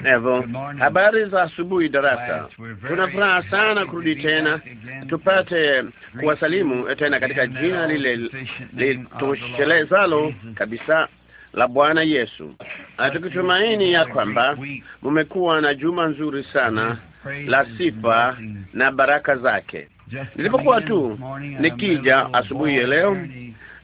Neville, habari za asubuhi darasa. Tuna furaha sana kurudi tena, tupate kuwasalimu tena katika uh, jina lile litoshelezalo kabisa la Bwana Yesu, ah, tukitumaini ya kwamba mumekuwa na juma nzuri sana la sifa na baraka zake. Nilipokuwa tu nikija asubuhi ya leo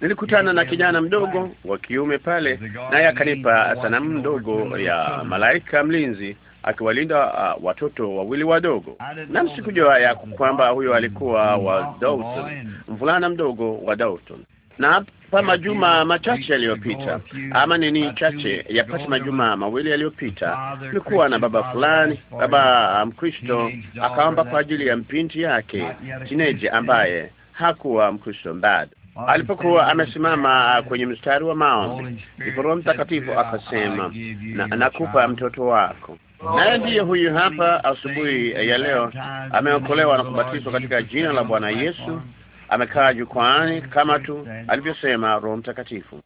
nilikutana na kijana mdogo wa kiume pale, naye akanipa sanamu ndogo ya malaika mlinzi akiwalinda uh, watoto wawili wadogo, na msikujua ya kwamba huyo alikuwa wa Dalton, mvulana mdogo wa Dalton. Na pa majuma machache yaliyopita, ama nini chache, yapata majuma mawili yaliyopita, nilikuwa na baba fulani, baba ah, Mkristo, um, akaomba kwa ajili ya mpinti yake tineje ambaye hakuwa Mkristo bado alipokuwa amesimama kwenye mstari wa maombi, ndipo Roho Mtakatifu akasema, na anakupa mtoto wako oh, naye ndiye huyu hapa. Asubuhi ya leo ameokolewa na kubatizwa katika jina la Bwana Yesu. Amekaa jukwaani kama tu alivyosema Roho Mtakatifu,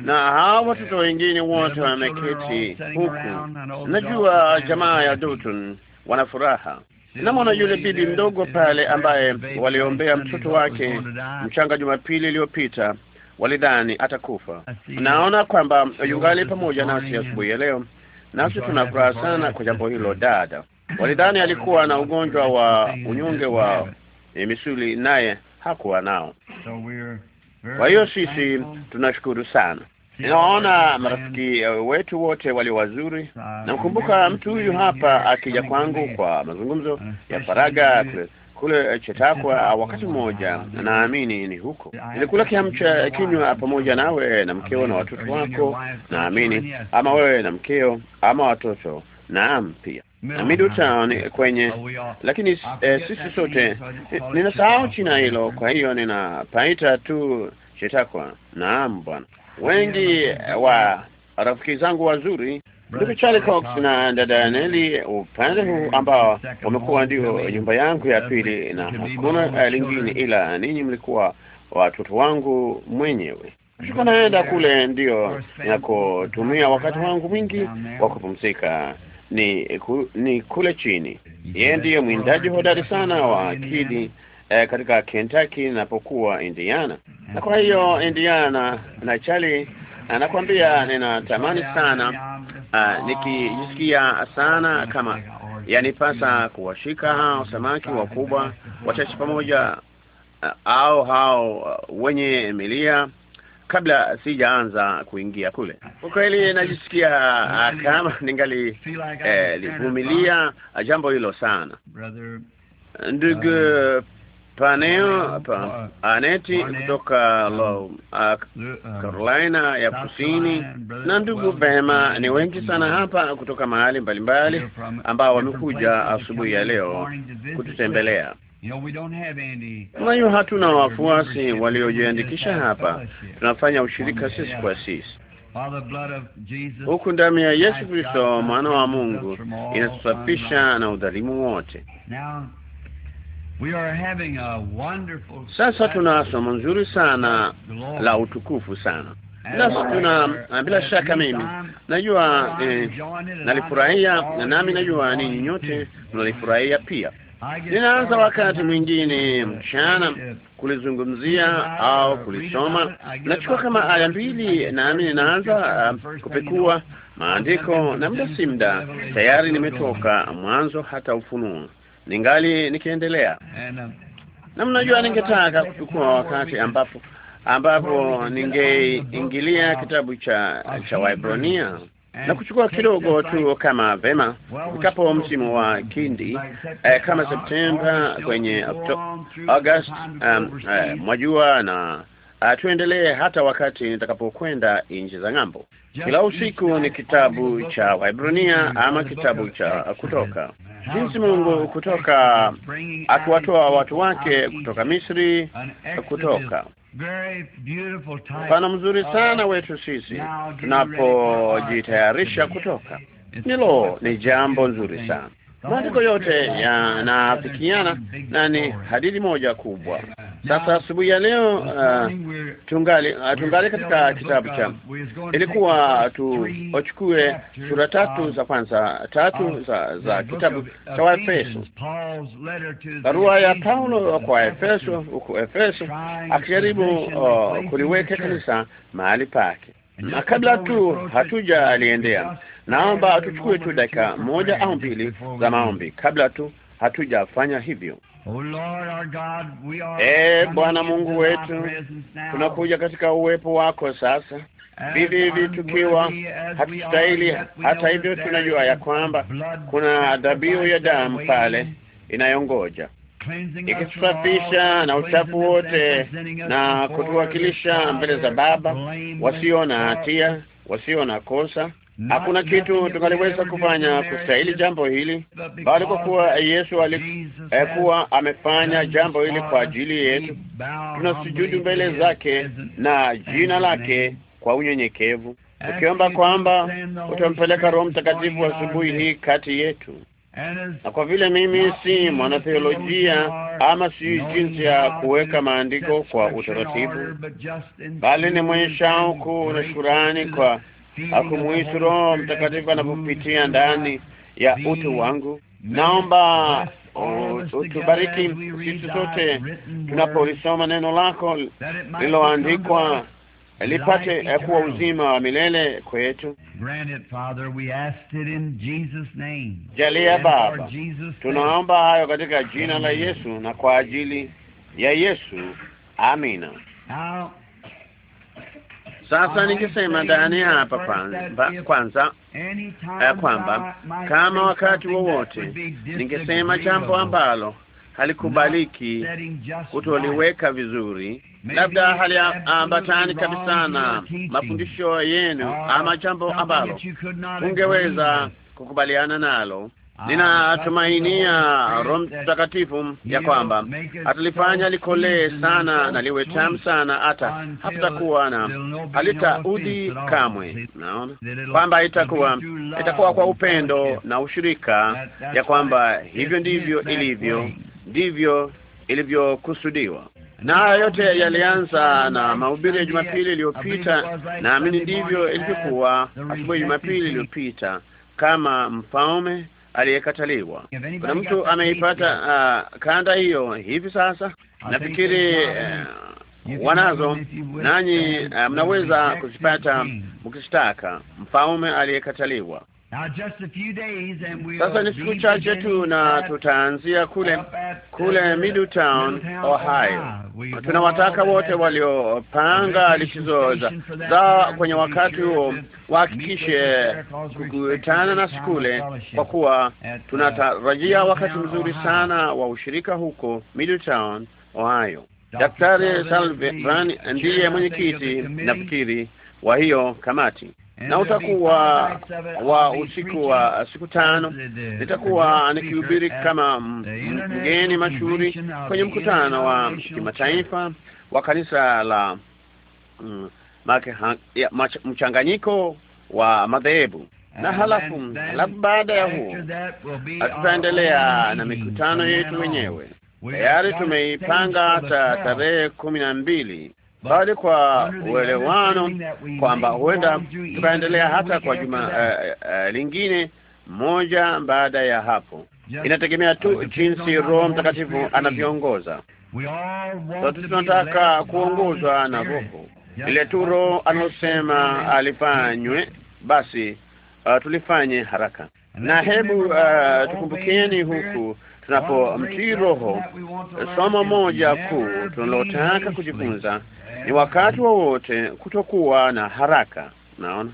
na hao watoto wengine wote wameketi huku. Najua jamaa ya Dutton wana furaha Namwona yule bibi mdogo pale ambaye waliombea mtoto wake mchanga Jumapili iliyopita, walidhani atakufa. Naona kwamba yungali pamoja nasi asubuhi ya leo, nasi tunafuraha sana kwa jambo hilo. Dada walidhani alikuwa na ugonjwa wa unyonge wa misuli, naye hakuwa nao. Kwa hiyo sisi tunashukuru sana ninawaona marafiki eh, wetu wote walio wazuri. Namkumbuka mtu huyu hapa akija kwangu kwa mazungumzo eh, ya faraga kule, kule eh, Chetakwa ah, wakati mmoja, naamini ni huko nilikula kiamcha kinywa pamoja nawe na mkeo na watoto wako, naamini ama wewe na mkeo ama watoto, naam pia Midtown kwenye lakini eh, sisi sote ninasahau china hilo. Kwa hiyo ninapaita tu Chetakwa. Naam bwana, wengi wa rafiki zangu wazuri, ndugu Charlie Cox na dada Nelly, upande huu ambao wamekuwa ndio nyumba yangu ya pili, na hakuna eh, lingine ila ninyi, mlikuwa watoto wangu mwenyewe. Shuka naenda kule, ndio nakutumia wakati wangu mwingi wa kupumzika ni, ku, ni kule chini. Yeye ndiyo mwindaji hodari sana wa akili eh, katika Kentucky ninapokuwa Indiana. Na kwa hiyo Indiana na Charlie anakuambia eh, ninatamani sana uh, nikijisikia sana kama yanipasa kuwashika hao samaki wakubwa wachache pamoja uh, au hao uh, wenye milia kabla sijaanza kuingia kule. Kwa kweli najisikia uh, kama ningali livumilia uh, jambo hilo sana, ndugu uh, Paneo pa Aneti kutoka uh, uh, uh, Carolina ya Kusini na ndugu Vema ni wengi sana hapa kutoka mahali mbalimbali ambao wamekuja asubuhi ya leo kututembelea. Unajua, hatuna wafuasi waliojiandikisha hapa, tunafanya ushirika sisi kwa sisi huku damu ya Yesu Kristo mwana wa Mungu inatusafisha na udhalimu wote. Sasa tuna somo nzuri sana la utukufu sana nasi tuna ah, bila shaka, mimi najua eh, nalifurahia nami najua ninyi nyote mnalifurahia pia. Ninaanza wakati mwingine mchana kulizungumzia au uh, kulisoma, nachukua kama aya mbili, nami ninaanza uh, kupekua maandiko na muda si muda tayari nimetoka mwanzo hata Ufunuo ningali nikiendelea eh, na mnajua, ningetaka kuchukua wakati ambapo ambapo ningeingilia kitabu cha cha Waebrania eh. na kuchukua kidogo tu kama vema ikapo msimu wa kindi eh, kama Septemba kwenye August um, eh, mwajua na Uh, tuendelee hata wakati nitakapokwenda nchi za ng'ambo. Kila usiku ni kitabu cha Waebrania ama kitabu cha Kutoka, jinsi Mungu kutoka akiwatoa watu wake kutoka Misri. Kutoka mfano mzuri sana wetu sisi tunapojitayarisha kutoka. Nilo ni jambo nzuri sana. Maandiko yote yanaafikiana na ni hadithi moja kubwa sasa asubuhi ya leo uh, tungali uh, tungali katika kitabu cha ilikuwa ochukue sura tatu za kwanza tatu za za kitabu cha Waefeso, barua ya Paulo kwa Efeso, huko Efeso akijaribu uh, kuliweka kanisa mahali pake, na kabla tu hatuja aliendea, naomba tuchukue tu dakika moja au mbili za maombi kabla tu hatujafanya hivyo. E Bwana Mungu wetu, tunakuja katika uwepo wako sasa hivi tukiwa hatustahili. Hata hivyo, tunajua ya kwamba kuna dhabihu ya damu pale inayongoja ikitusafisha na uchafu wote na kutuwakilisha mbele za Baba, wasio na hatia, wasio na kosa Hakuna kitu tungaliweza kufanya kustahili jambo hili, bali kwa kuwa Yesu alikuwa eh, amefanya jambo hili kwa ajili yetu, tunasujudu mbele zake na jina lake kwa unyenyekevu, ukiomba kwamba utampeleka Roho Mtakatifu asubuhi hii kati yetu. Na kwa vile mimi si mwanatheolojia ama si jinsi ya kuweka maandiko kwa utaratibu, bali ni mwenye shauku na shukrani kwa hakumuishi Roho Mtakatifu anapopitia ndani ya utu wangu. Naomba utubariki sisi sote tunapolisoma neno lako lililoandikwa lipate eh, kuwa uzima wa milele kwetu. Jalia Baba, tunaomba hayo katika jina la Yesu na kwa ajili ya Yesu, amina. Sasa ningesema ndani hapa kwanza, kwanza ya kwamba kama wakati wowote ningesema jambo ambalo halikubaliki kutoliweka vizuri, labda haliambatani kabisa na mafundisho yenu, ama jambo ambalo ungeweza kukubaliana nalo Ninatumainia ah, Roho Mtakatifu ya kwamba atalifanya likolee sana na liwe tamu sana, hata hapatakuwa na halitaudhi kamwe. Naona kwamba itakuwa itakuwa kwa upendo na ushirika, ya kwamba hivyo ndivyo ilivyo, ndivyo ilivyokusudiwa. Na yote yalianza na mahubiri ya Jumapili iliyopita, naamini ndivyo ilivyokuwa asubuhi Jumapili iliyopita, kama mfalme aliyekataliwa. Kuna mtu ameipata uh, kanda hiyo hivi sasa, nafikiri uh, wanazo nanyi, uh, mnaweza kuzipata mkishtaka mfalme aliyekataliwa. Sasa ni siku chache tu na tutaanzia kule kule Middletown, Ohio. Tunawataka wote waliopanga likizo zao kwenye wakati huo wahakikishe kukutana na skule, kwa kuwa uh, tunatarajia wakati mzuri sana wa ushirika huko Middletown, Ohio. Daktari Salvran ndiye mwenyekiti nafikiri wa hiyo kamati na utakuwa wa usiku wa uh, siku tano. Nitakuwa nikihubiri kama mgeni mashuhuri kwenye mkutano wa kimataifa wa kanisa la mm, mchanganyiko wa madhehebu na halafu, halafu baada ya huo tutaendelea na mikutano yetu wenyewe. Tayari tumeipanga hata tarehe kumi na mbili bali kwa uelewano kwamba huenda tukaendelea hata kwa juma uh, uh, lingine moja baada ya hapo. Inategemea tu jinsi Roho Mtakatifu anavyoongoza. Sote tunataka kuongozwa na Roho ile tu Roho analosema alifanywe, basi uh, tulifanye haraka. Na hebu uh, tukumbukeni huku tunapomtii Roho, somo moja kuu tunalotaka kujifunza ni wakati wowote, kutokuwa na haraka. Naona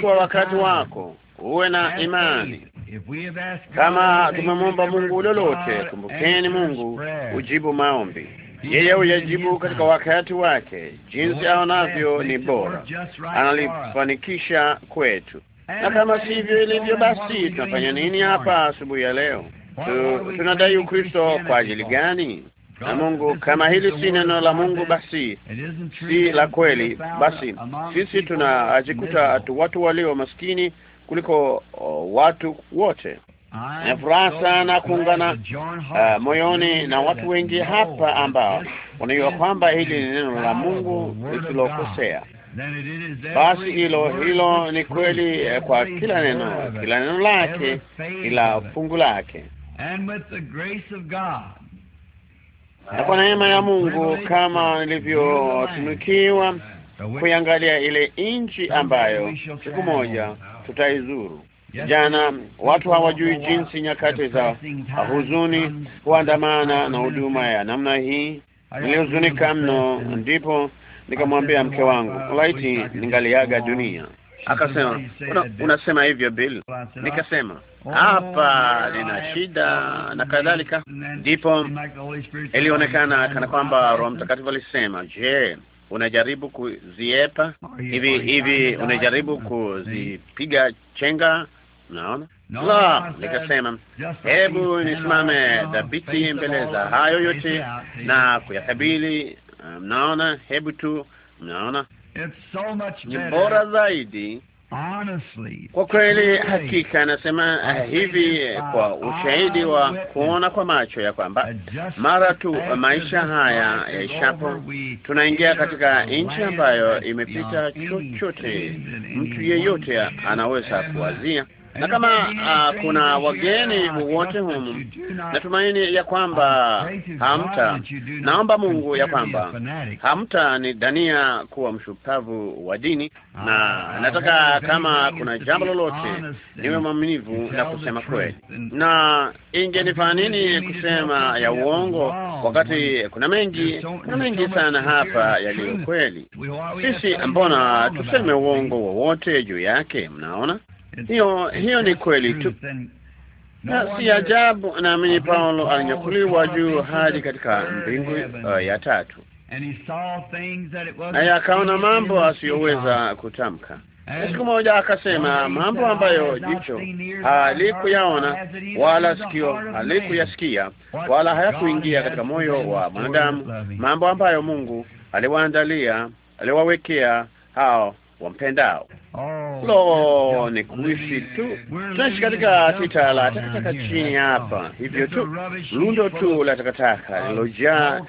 kwa wakati wako, uwe na imani. Kama tumemwomba Mungu lolote, kumbukeni Mungu ujibu maombi yeye huyajibu katika wakati wake, jinsi aonavyo ni bora, analifanikisha kwetu. Na kama sivyo ilivyo, basi tunafanya nini hapa asubuhi ya leo? Tu, tunadai Ukristo kwa ajili gani? na Mungu. Kama hili si neno la Mungu, basi si la kweli. Basi sisi tunajikuta watu walio maskini kuliko watu wote. Na furaha sana kuungana uh, moyoni na watu wengi hapa ambao wanajua kwamba hili ni neno la Mungu lisilokosea. Basi hilo hilo ni kweli eh, kwa kila neno, kila neno lake, kila fungu lake na kwa neema ya Mungu kama nilivyotunukiwa kuiangalia ile nchi ambayo siku moja tutaizuru. Jana watu hawajui jinsi nyakati za huzuni kuandamana na huduma ya namna hii. Nilihuzunika mno, ndipo nikamwambia mke wangu, laiti ningaliaga dunia Akasema, unasema hivyo Bill? Nikasema oh, hapa nina shida na kadhalika. Ndipo ilionekana kana kwamba Roho Mtakatifu alisema, je, unajaribu kuziepa oh, hivi oh, hivi, unajaribu kuzipiga chenga? Naona la, nikasema hebu nisimame dhabiti mbele za hayo yote na kuyakabili. Mnaona, hebu tu, mnaona ni bora zaidi kwa kweli. Hakika anasema eh, hivi eh, uh, kwa ushahidi wa kuona kwa macho ya kwamba mara tu maisha haya yaishapo, tunaingia katika nchi ambayo imepita chochote mtu yeyote anaweza kuwazia na kama uh, kuna wageni wowote humu, natumaini ya kwamba hamta, naomba Mungu ya kwamba hamta ni dania kuwa mshupavu wa dini, na nataka kama kuna jambo lolote niwe mwaminivu na kusema kweli, na ingenifaa nini kusema ya uongo wakati kuna mengi, kuna mengi sana hapa yaliyo kweli. Sisi mbona tuseme uongo wowote juu yake? Mnaona? Hiyo hiyo ni kweli tu, na si ajabu. Naamini Paulo alinyakuliwa juu hadi katika mbingu uh, ya tatu, naye akaona mambo asiyoweza kutamka. Siku moja akasema mambo ambayo jicho halikuyaona wala sikio halikuyasikia wala hayakuingia katika moyo wa mwanadamu, mambo ambayo Mungu aliwaandalia aliwawekea hao wampendao. Oh, Lo, ni kuishi tu, tunaishi katika tita la takataka chini hapa, oh. hivyo tu, lundo tu la takataka uh,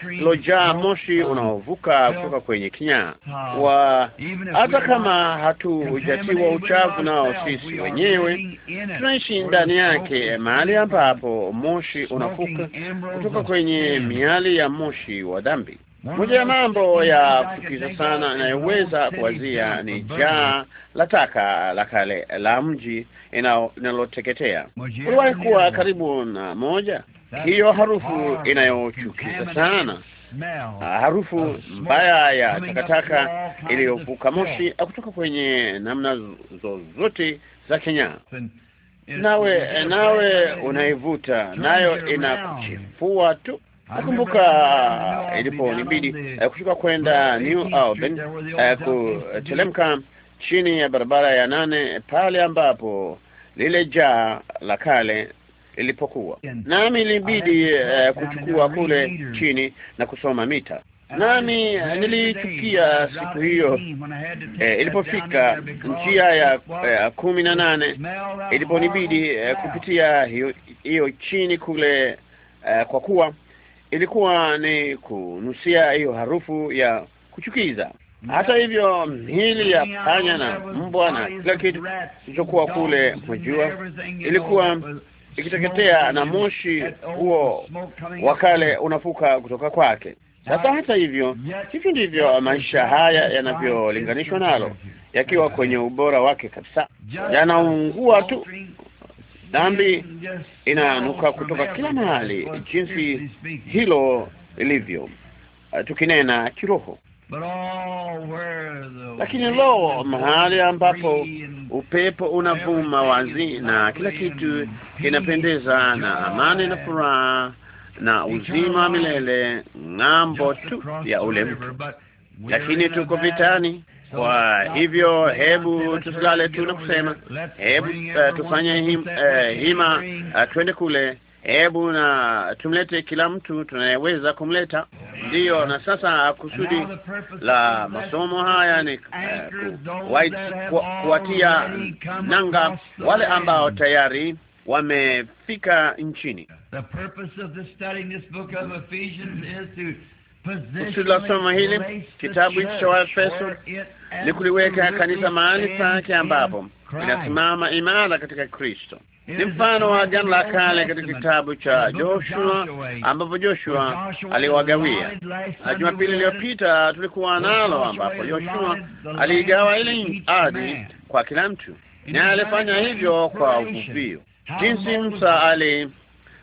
lilojaa moshi uh, unaovuka kutoka kwenye kinyaa uh, wa, hata kama hatujatiwa uchafu nao sisi wenyewe, tunaishi ndani yake, mahali ambapo moshi unafuka kutoka kwenye miali ya moshi wa dhambi. Moja ya mambo ya kuchukiza sana inayoweza kuwazia ni jaa la taka la kale la mji inaloteketea. Uliwahi kuwa karibu na moja hiyo harufu inayochukiza sana, ah, harufu mbaya ya takataka iliyovuka moshi kutoka kwenye namna zozote za Kenya nawe nawe unaivuta nayo inakuchefua tu Nakumbuka eh, iliponibidi eh, kushuka kwenda New Albany, eh, kutelemka chini ya barabara ya nane pale ambapo lile jaa la kale lilipokuwa, nami ilibidi kuchukua kule chini na kusoma mita nami nilichukia siku hiyo eh, ilipofika njia ya eh, kumi na nane iliponibidi eh, kupitia hiyo, hiyo chini kule eh, kwa kuwa ilikuwa ni kunusia hiyo harufu ya kuchukiza. Hata hivyo miili ya panya na mbwa na kila kitu kilichokuwa kule, mwajua, ilikuwa ikiteketea na moshi huo wa kale unafuka kutoka kwake. Sasa hata hivyo, hivyo ndivyo maisha haya yanavyolinganishwa nalo, yakiwa kwenye ubora wake kabisa, yanaungua tu dhambi inaanuka kutoka kila mahali, jinsi hilo ilivyo eh, tukinena kiroho. Lakini lo, mahali ambapo upepo unavuma wazi na kila kitu kinapendeza na amani na furaha na uzima wa milele ng'ambo tu ya ule mtu, lakini tuko vitani kwa hivyo hebu tusilale tu na kusema hebu uh, tufanye him, uh, hima uh, twende kule hebu na tumlete kila mtu tunayeweza kumleta. Ndiyo, na sasa kusudi la masomo haya ni kuwatia nanga wale ambao tayari wamefika nchini tusilosoma hili kitabu hichi cha Waefeso ni kuliweka kanisa mahali pake ambapo inasimama imara katika Kristo. Ni mfano wa Agano la Kale katika kitabu cha Joshua ambapo Joshua aliwagawia. Jumapili iliyopita tulikuwa nalo ambapo Joshua aliigawa ile ardhi kwa kila mtu, naye alifanya hivyo kwa uvuvio, jinsi Musa ali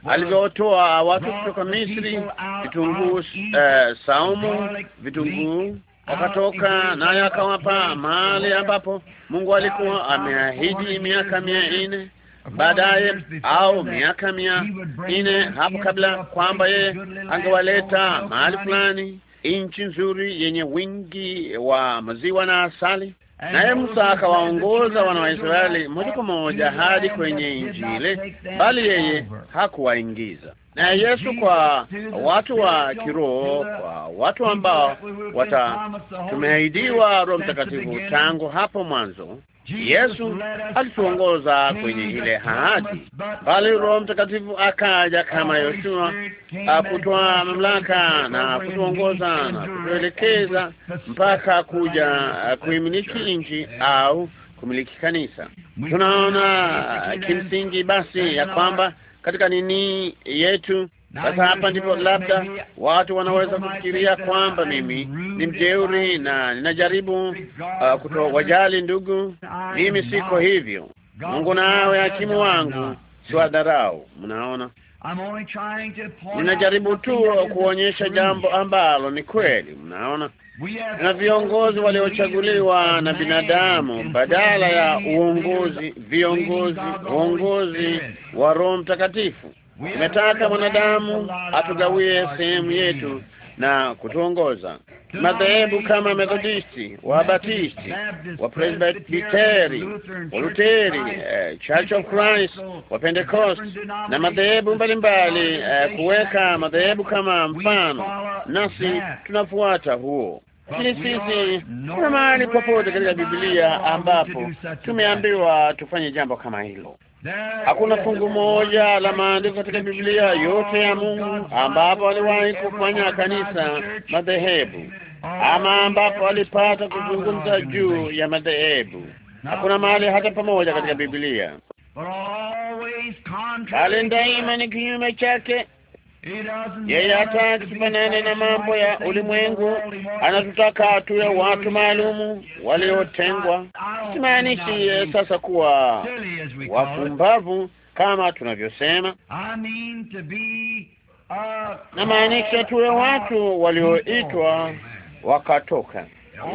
alivyotoa watu kutoka Misri, vitunguu eh, saumu, vitunguu wakatoka naye akawapa mahali ambapo Mungu alikuwa ameahidi miaka mia nne baadaye au miaka mia nne hapo kabla, kwamba yeye angewaleta mahali fulani, nchi nzuri yenye wingi wa maziwa na asali, naye Musa akawaongoza wana wa Israeli moja kwa moja hadi kwenye nchi ile, bali yeye hakuwaingiza. Na Yesu kwa watu wa kiroho, kwa watu ambao wata tumeahidiwa Roho Mtakatifu tangu hapo mwanzo, Yesu alituongoza kwenye ile ahadi, bali Roho Mtakatifu akaja kama Yoshua akutoa mamlaka na kutuongoza na kutuelekeza mpaka kuja kuimiliki nchi au kumiliki kanisa. Tunaona kimsingi basi ya kwamba katika nini yetu sasa hapa ndipo labda watu wanaweza kufikiria kwamba mimi ni mjeuri na ninajaribu uh, kutowajali ndugu. Mimi siko hivyo. Mungu na awe hakimu wangu, wadharau Mnaona, ninajaribu tu kuonyesha jambo ambalo ni kweli. Mnaona, na viongozi waliochaguliwa na binadamu badala ya uongozi, viongozi, uongozi wa Roho Mtakatifu. Tumetaka mwanadamu atugawie sehemu yetu na kutuongoza. Madhehebu kama Methodisti, Wabatisti, Wapresbiteri, Waluteri, eh, Church of Christ, Wapentecost na madhehebu mbalimbali eh, kuweka madhehebu kama mfano, nasi tunafuata huo lakini sisi kuna mahali popote katika Biblia ambapo tumeambiwa tufanye jambo kama hilo. Hakuna fungu moja la maandiko katika Biblia yote ya Mungu ambapo aliwahi kufanya kanisa madhehebu ama ambapo alipata kuzungumza juu ya madhehebu. Hakuna mahali hata pamoja katika Biblia, bali daima ni kinyume chake yeye hataki tufanane na mambo ya ulimwengu, anatutaka tuwe watu maalumu waliotengwa. Simaanishi sasa kuwa wapumbavu kama tunavyosema, na tuwe watu walioitwa wakatoka.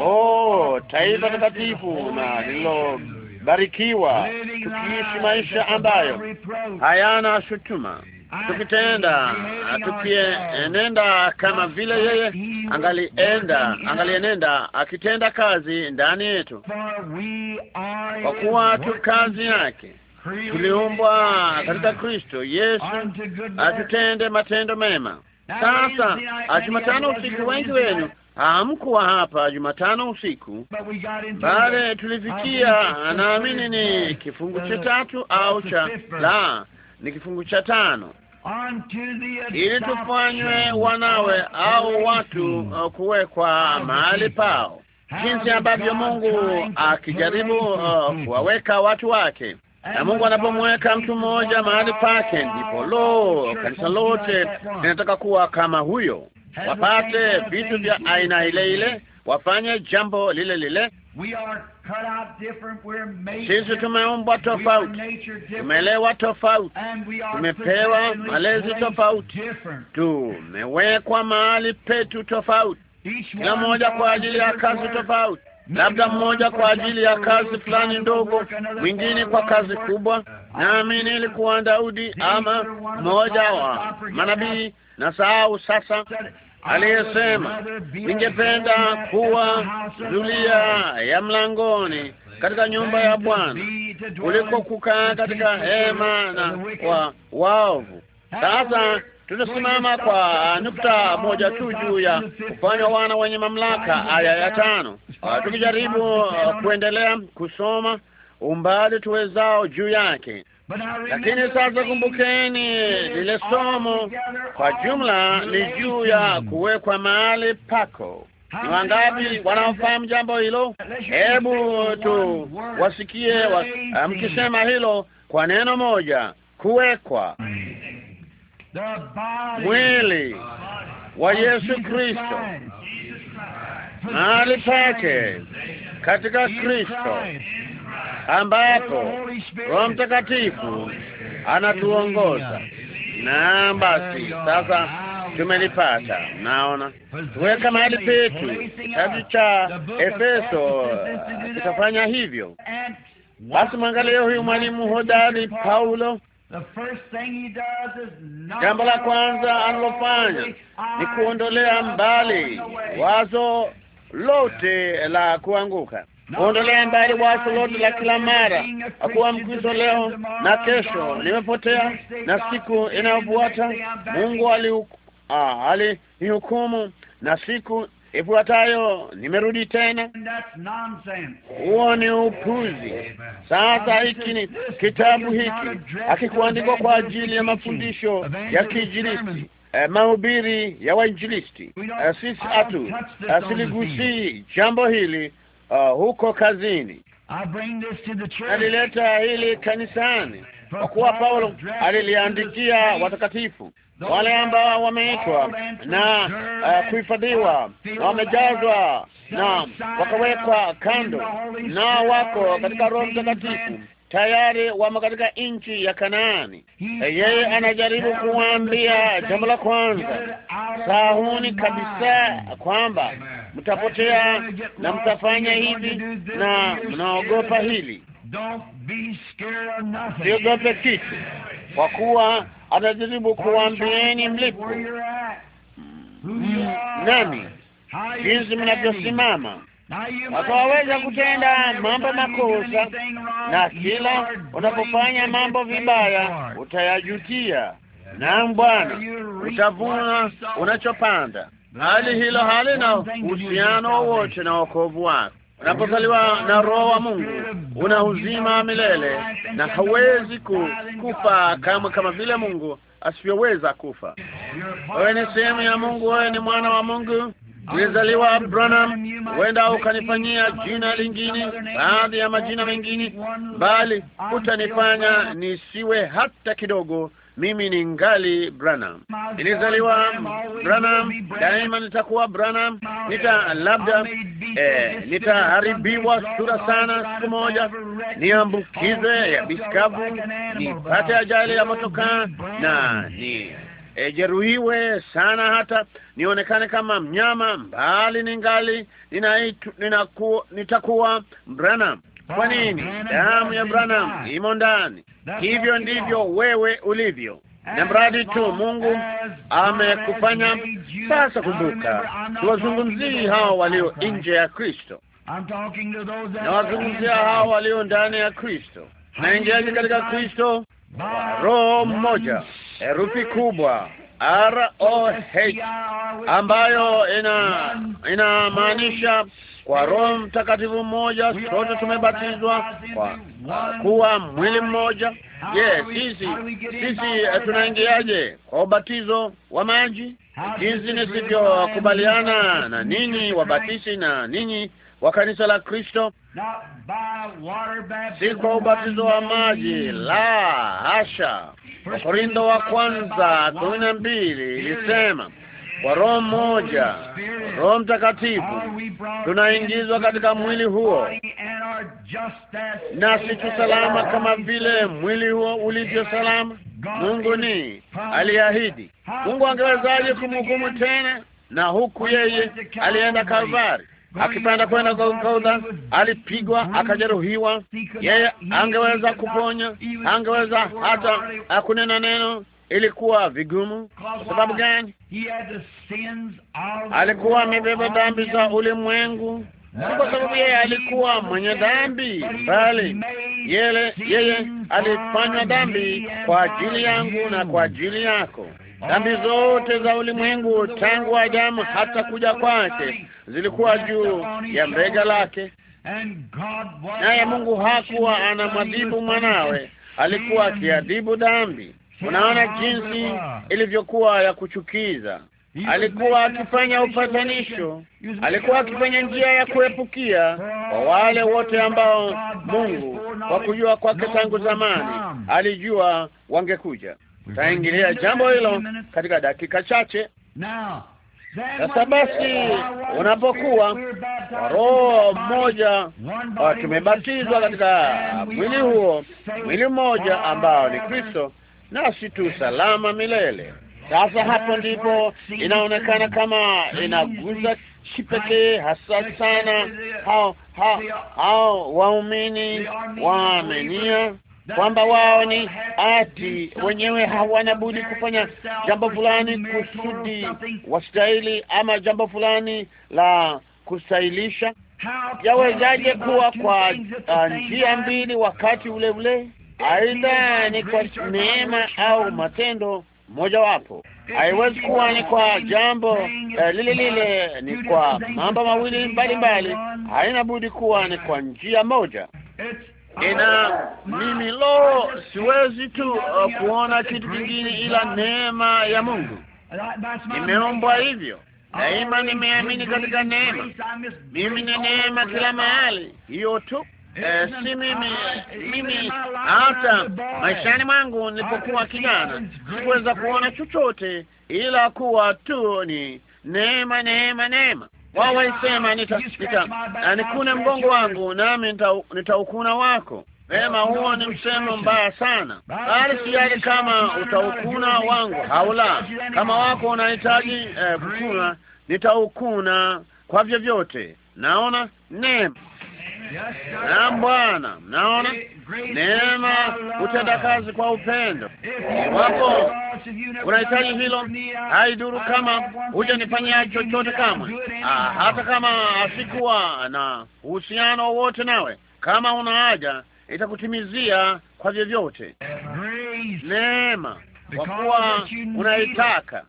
Oh, taifa takatifu na lililobarikiwa, tukiishi maisha ambayo hayana shutuma tukitenda tukienenda kama vile yeye angalienda angalienenda akitenda kazi ndani yetu, kwa kuwa tu kazi yake tuliumbwa katika Kristo Yesu atutende matendo mema. Sasa Jumatano usiku wengi wenu hamkuwa hapa Jumatano usiku, bali tulifikia, naamini ni kifungu cha tatu au cha la ni kifungu cha tano ili tufanywe wanawe au watu uh, kuwekwa mahali pao, jinsi ambavyo Mungu akijaribu uh, kuwaweka watu wake na Mungu anapomweka mtu mmoja mahali pake, ndipo lo, kanisa lote linataka kuwa kama huyo, wapate vitu vya aina ile ile, wafanye jambo lile lile, sisi tumeumbwa tofauti, tumelewa tofauti, tumepewa malezi tofauti, tumewekwa mahali petu tofauti, kila mmoja kwa ajili ya kazi tofauti, labda mmoja kwa ajili ya kazi fulani ndogo, mwingine kwa kazi kubwa. Naamini ilikuwa Daudi ama mmoja wa manabii, na sahau sasa aliyesema, ningependa kuwa zulia ya mlangoni katika nyumba ya Bwana kuliko kukaa katika hema na kwa waovu. Sasa tutasimama kwa nukta moja tu juu ya kufanywa wana wenye mamlaka, aya ya tano, ah, tukijaribu ah, kuendelea kusoma umbali tuwezao juu yake. Lakini sasa kumbukeni, lile somo kwa jumla ni juu ya hmm. kuwekwa mahali pako. Ni wangapi wanaofahamu jambo hilo? Hebu tu wasikie wa, mkisema hilo kwa neno moja, kuwekwa mwili wa Yesu Kristo mahali pake katika Kristo ambapo Roho Mtakatifu anatuongoza. Na basi sasa tumelipata, naona tuweka mahali petu. Kitabu cha Efeso eh, kitafanya hivyo. Basi mwangalie huyu mwalimu hodari Paulo. Jambo la kwanza analofanya ni kuondolea mbali wazo lote la kuanguka kuondolea mbali wazo lote la kila mara akuwa Mkristo leo na kesho nimepotea na siku inayofuata Mungu alinihukumu, ali ah, na siku ifuatayo nimerudi tena. Huo ni upuzi. Sasa hiki ni kitabu hiki akikuandikwa kwa ajili ya mafundisho ya kiinjilisti, eh, mahubiri ya wainjilisti. Eh, sisi hatu asiligusii eh, jambo hili uh, huko kazini. Alileta hili kanisani kwa kuwa Paulo aliliandikia watakatifu wale ambao wameitwa na uh, kuhifadhiwa na wamejazwa na wakawekwa kando, nao wako katika Roho Mtakatifu tayari wamo katika nchi ya Kanaani. Yeye anajaribu kuwaambia jambo la kwanza sahuni kabisa kwamba mtapotea na mtafanya hivi na mnaogopa hili. Siogope kitu, kwa kuwa anajaribu kuwaambieni mlipo mm. nani, jinsi mnavyosimama wakawaweza kutenda mambo makosa, na kila unapofanya mambo vibaya utayajutia. Naam Bwana, utavuna unachopanda. Hali hilo halina uhusiano wowote na wokovu wako. Unapozaliwa na Roho wa Mungu una uzima milele na hauwezi ku, kufa kama kama vile Mungu asivyoweza kufa. Wewe ni sehemu ya Mungu, wewe ni mwana wa Mungu, nilizaliwa Branham, huenda ukanifanyia jina lingine, baadhi ya majina mengine, bali utanifanya nisiwe hata kidogo. Mimi ni ngali Branham, nilizaliwa Branham, daima nitakuwa Branham. Nita labda eh, nitaharibiwa sura sana, siku moja niambukize ya eh, biskavu, nipate ajali ya motokaa na ni ejeruhiwe sana hata nionekane kama mnyama, mbali ningali ninaitu, ninaku, nitakuwa Branham. Kwa nini? Damu ya Branham imo ndani. Hivyo ndivyo wewe ulivyo, na mradi tu Mungu amekufanya. Sasa kumbuka, siwazungumzii hao walio nje ya Kristo, nawazungumzia hao walio ndani ya Kristo. Naingiaje katika Kristo? Roho mmoja herufi kubwa R O H ambayo ina inamaanisha kwa Roho Mtakatifu mmoja sote tumebatizwa kwa kuwa mwili mmoja. Je, yes, sisi sisi tunaingiaje kwa ubatizo wa maji? Jinsi nisivyokubaliana na ninyi wabatisi na ninyi wa kanisa la Kristo, si kwa ubatizo wa maji, la hasha Wakorintho wa kwanza kumi na mbili ilisema kwa roho mmoja, Roho Mtakatifu, tunaingizwa katika mwili huo, nasi tu salama kama vile mwili huo ulivyo salama. Mungu ni aliahidi. Mungu angewezaje kumhukumu tena? Na huku yeye alienda Kalvari akipanda kwenda Golgotha, alipigwa akajeruhiwa. Yeye angeweza kuponya, angeweza hata akunena ah, neno, ilikuwa vigumu. Kwa sababu gani? Alikuwa amebeba dhambi za ulimwengu. Si kwa sababu yeye alikuwa mwenye dhambi, bali yeye alifanywa dhambi kwa ajili yangu na kwa ajili yako. Dhambi zote za ulimwengu tangu Adamu hata kuja kwake zilikuwa juu ya mbega lake, naye Mungu hakuwa anamwadhibu mwanawe, alikuwa akiadhibu dhambi. Unaona jinsi ilivyokuwa ya kuchukiza. Alikuwa akifanya upatanisho, alikuwa akifanya njia ya kuepukia kwa wale wote ambao Mungu kwa kujua kwake tangu zamani alijua wangekuja taingilia jambo hilo katika dakika chache. Sasa basi, unapokuwa roho mmoja uh, tumebatizwa katika mwili huo, mwili mmoja ambao ni Kristo, nasi tu salama milele. Sasa hapo ndipo inaonekana kama inaguza kipekee hasa sana hao hao hao waumini waamenia kwamba wao ni ati wenyewe hawana budi kufanya jambo fulani kusudi wastahili, ama jambo fulani la kustahilisha. Yawezaje kuwa kwa uh, njia mbili wakati ule ule? Aidha ni kwa neema au matendo mojawapo, haiwezi kuwa ni kwa jambo eh, lile lile. Ni kwa mambo mawili mbalimbali, haina budi kuwa ni kwa njia moja ina mimi, lo, siwezi tu uh, kuona kitu kingine ila neema ya Mungu. Nimeombwa hivyo daima, nimeamini katika neema. Mimi ni neema kila mahali, hiyo tu. Eh, si mimi mimi, hata maishani mwangu nilipokuwa kijana sikuweza kuona chochote ila kuwa tu ni neema, neema, neema wao walisema nikune mgongo wangu nami nitaukuna wako. Vema, huo ni msemo mbaya sana, bali siyali kama utaukuna wangu haula. Kama wako unahitaji eh, kukuna, nitaukuna kwa vyovyote. Naona neema na Bwana. Mnaona neema utenda kazi kwa upendo. Iwapo unahitaji hilo, haiduru kama hujanifanyia chochote kamwe, ah, hata kama asikuwa na uhusiano wowote nawe. Kama una haja, itakutimizia kwa vyovyote. Neema kwa kuwa unaitaka,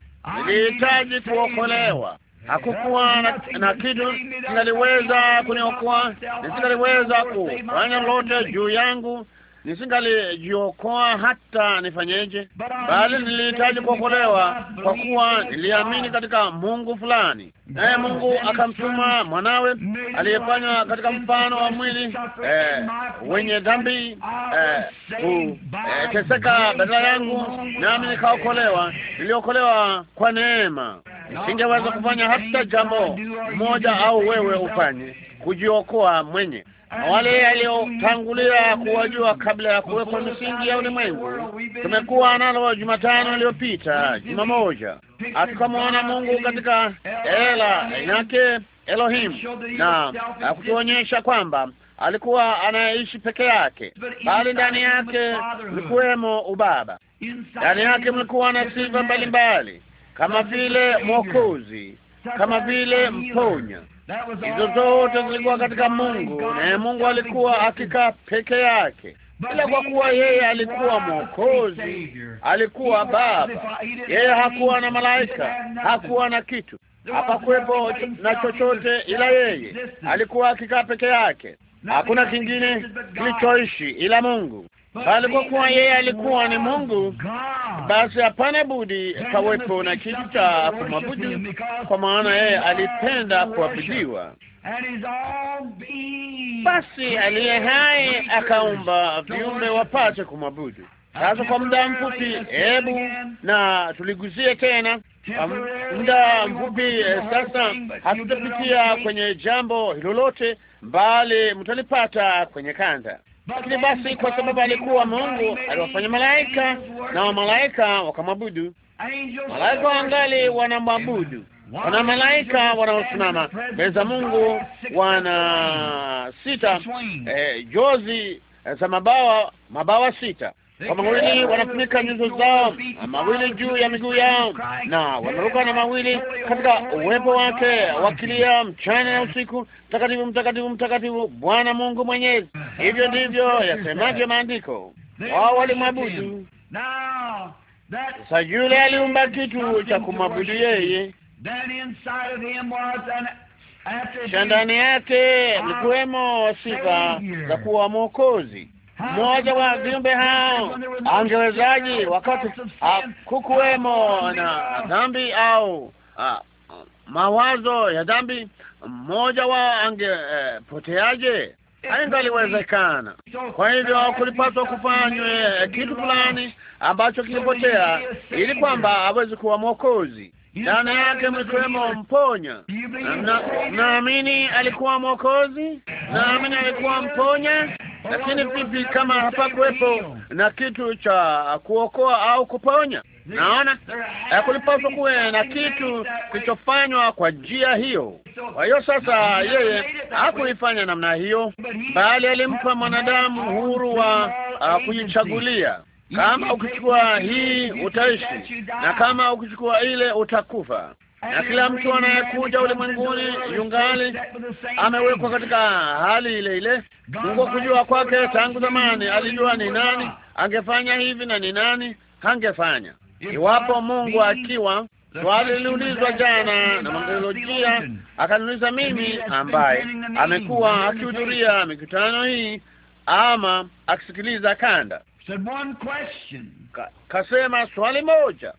nilihitaji kuokolewa hakukuwa na, kitu singaliweza kuniokoa na singaliweza kufanya lote juu yangu nisingalijiokoa hata nifanyeje, bali nilihitaji kuokolewa kwa kuwa niliamini katika Mungu fulani, naye Mungu akamtuma mwanawe aliyefanywa katika mfano wa mwili eh, wenye dhambi kuteseka eh, eh, badala yangu, nami nikaokolewa. Niliokolewa kwa neema, nisingeweza kufanya hata jambo moja, au wewe ufanye kujiokoa mwenye wale aliyotangulia kuwajua kabla ya kuwekwa misingi ya ulimwengu. Tumekuwa nalo Jumatano iliyopita, juma moja, hatukamwona Mungu katika ela yake Elohim, na akutuonyesha kwamba alikuwa anaishi peke yake, bali ndani yake mlikuwemo ubaba, ndani yake mlikuwa na sifa mbalimbali kama vile Mwokozi kama vile mponya. Hizo zote zilikuwa katika Mungu, naye Mungu alikuwa akikaa peke yake ila kwa kuwa yeye alikuwa Mwokozi, alikuwa Baba, yeye hakuwa na malaika, hakuwa na kitu, hapakuwepo na chochote, ila yeye alikuwa akikaa peke yake. Hakuna kingine kilichoishi ila Mungu, bali kwa kuwa yeye alikuwa ni Mungu, basi hapana budi pawepo na kitu cha kumwabudu, kwa maana yeye alipenda kuabudiwa. Basi aliye hai akaumba viumbe wapate kumwabudu. Sasa kwa muda mfupi, hebu na tuliguzie tena muda mfupi eh, sasa. Hatutapitia kwenye jambo hilo lote, bali mtalipata kwenye kanda lakini basi, kwa sababu alikuwa Mungu, aliwafanya malaika na wa malaika wakamwabudu. Malaika wangali wanamwabudu, wana malaika wanaosimama mbele za Mungu, wana sita eh, jozi za mabawa mabawa sita mawili wanafunika nyuso zao mawili juu ya miguu yao, na wameruka na mawili katika uwepo wake, wakilia mchana na usiku, mtakatifu, mtakatifu, mtakatifu Bwana Mungu Mwenyezi. Hivyo ndivyo yasemavyo maandiko. Wao walimwabudu sasa yule aliumba kitu cha kumwabudu yeye, cha ndani yake likuwemo sifa za kuwa Mwokozi mmoja wa viumbe hao angewezaji, wakati hakukuwemo ah, na dhambi au a, ah, mawazo ya dhambi, mmoja wao angepoteaje? haingaliwezekana. Kwa hivyo kulipaswa kufanywe kitu fulani ambacho kilipotea, ili kwamba aweze kuwa Mwokozi ndani yake mwikiwemo mponya. Naamini na alikuwa mwokozi, naamini alikuwa mponya, lakini vipi kama hapakuwepo na kitu cha kuokoa au kuponya? Naona eh, kulipaswa kuwe na kitu kilichofanywa kwa njia hiyo. Kwa hiyo sasa, yeye hakuifanya namna hiyo, bali alimpa mwanadamu uhuru wa ah, kujichagulia. Kama ukichukua hii utaishi, na kama ukichukua ile utakufa na kila mtu anayekuja ulimwenguni yungali amewekwa katika hali ile ile. Mungu kujua kwake tangu zamani, alijua ni nani angefanya hivi na ni nani hangefanya. Iwapo Mungu akiwa swali liliulizwa jana na mwangeolojia, akaniuliza mimi, ambaye amekuwa akihudhuria mikutano hii ama akisikiliza kanda, kasema swali moja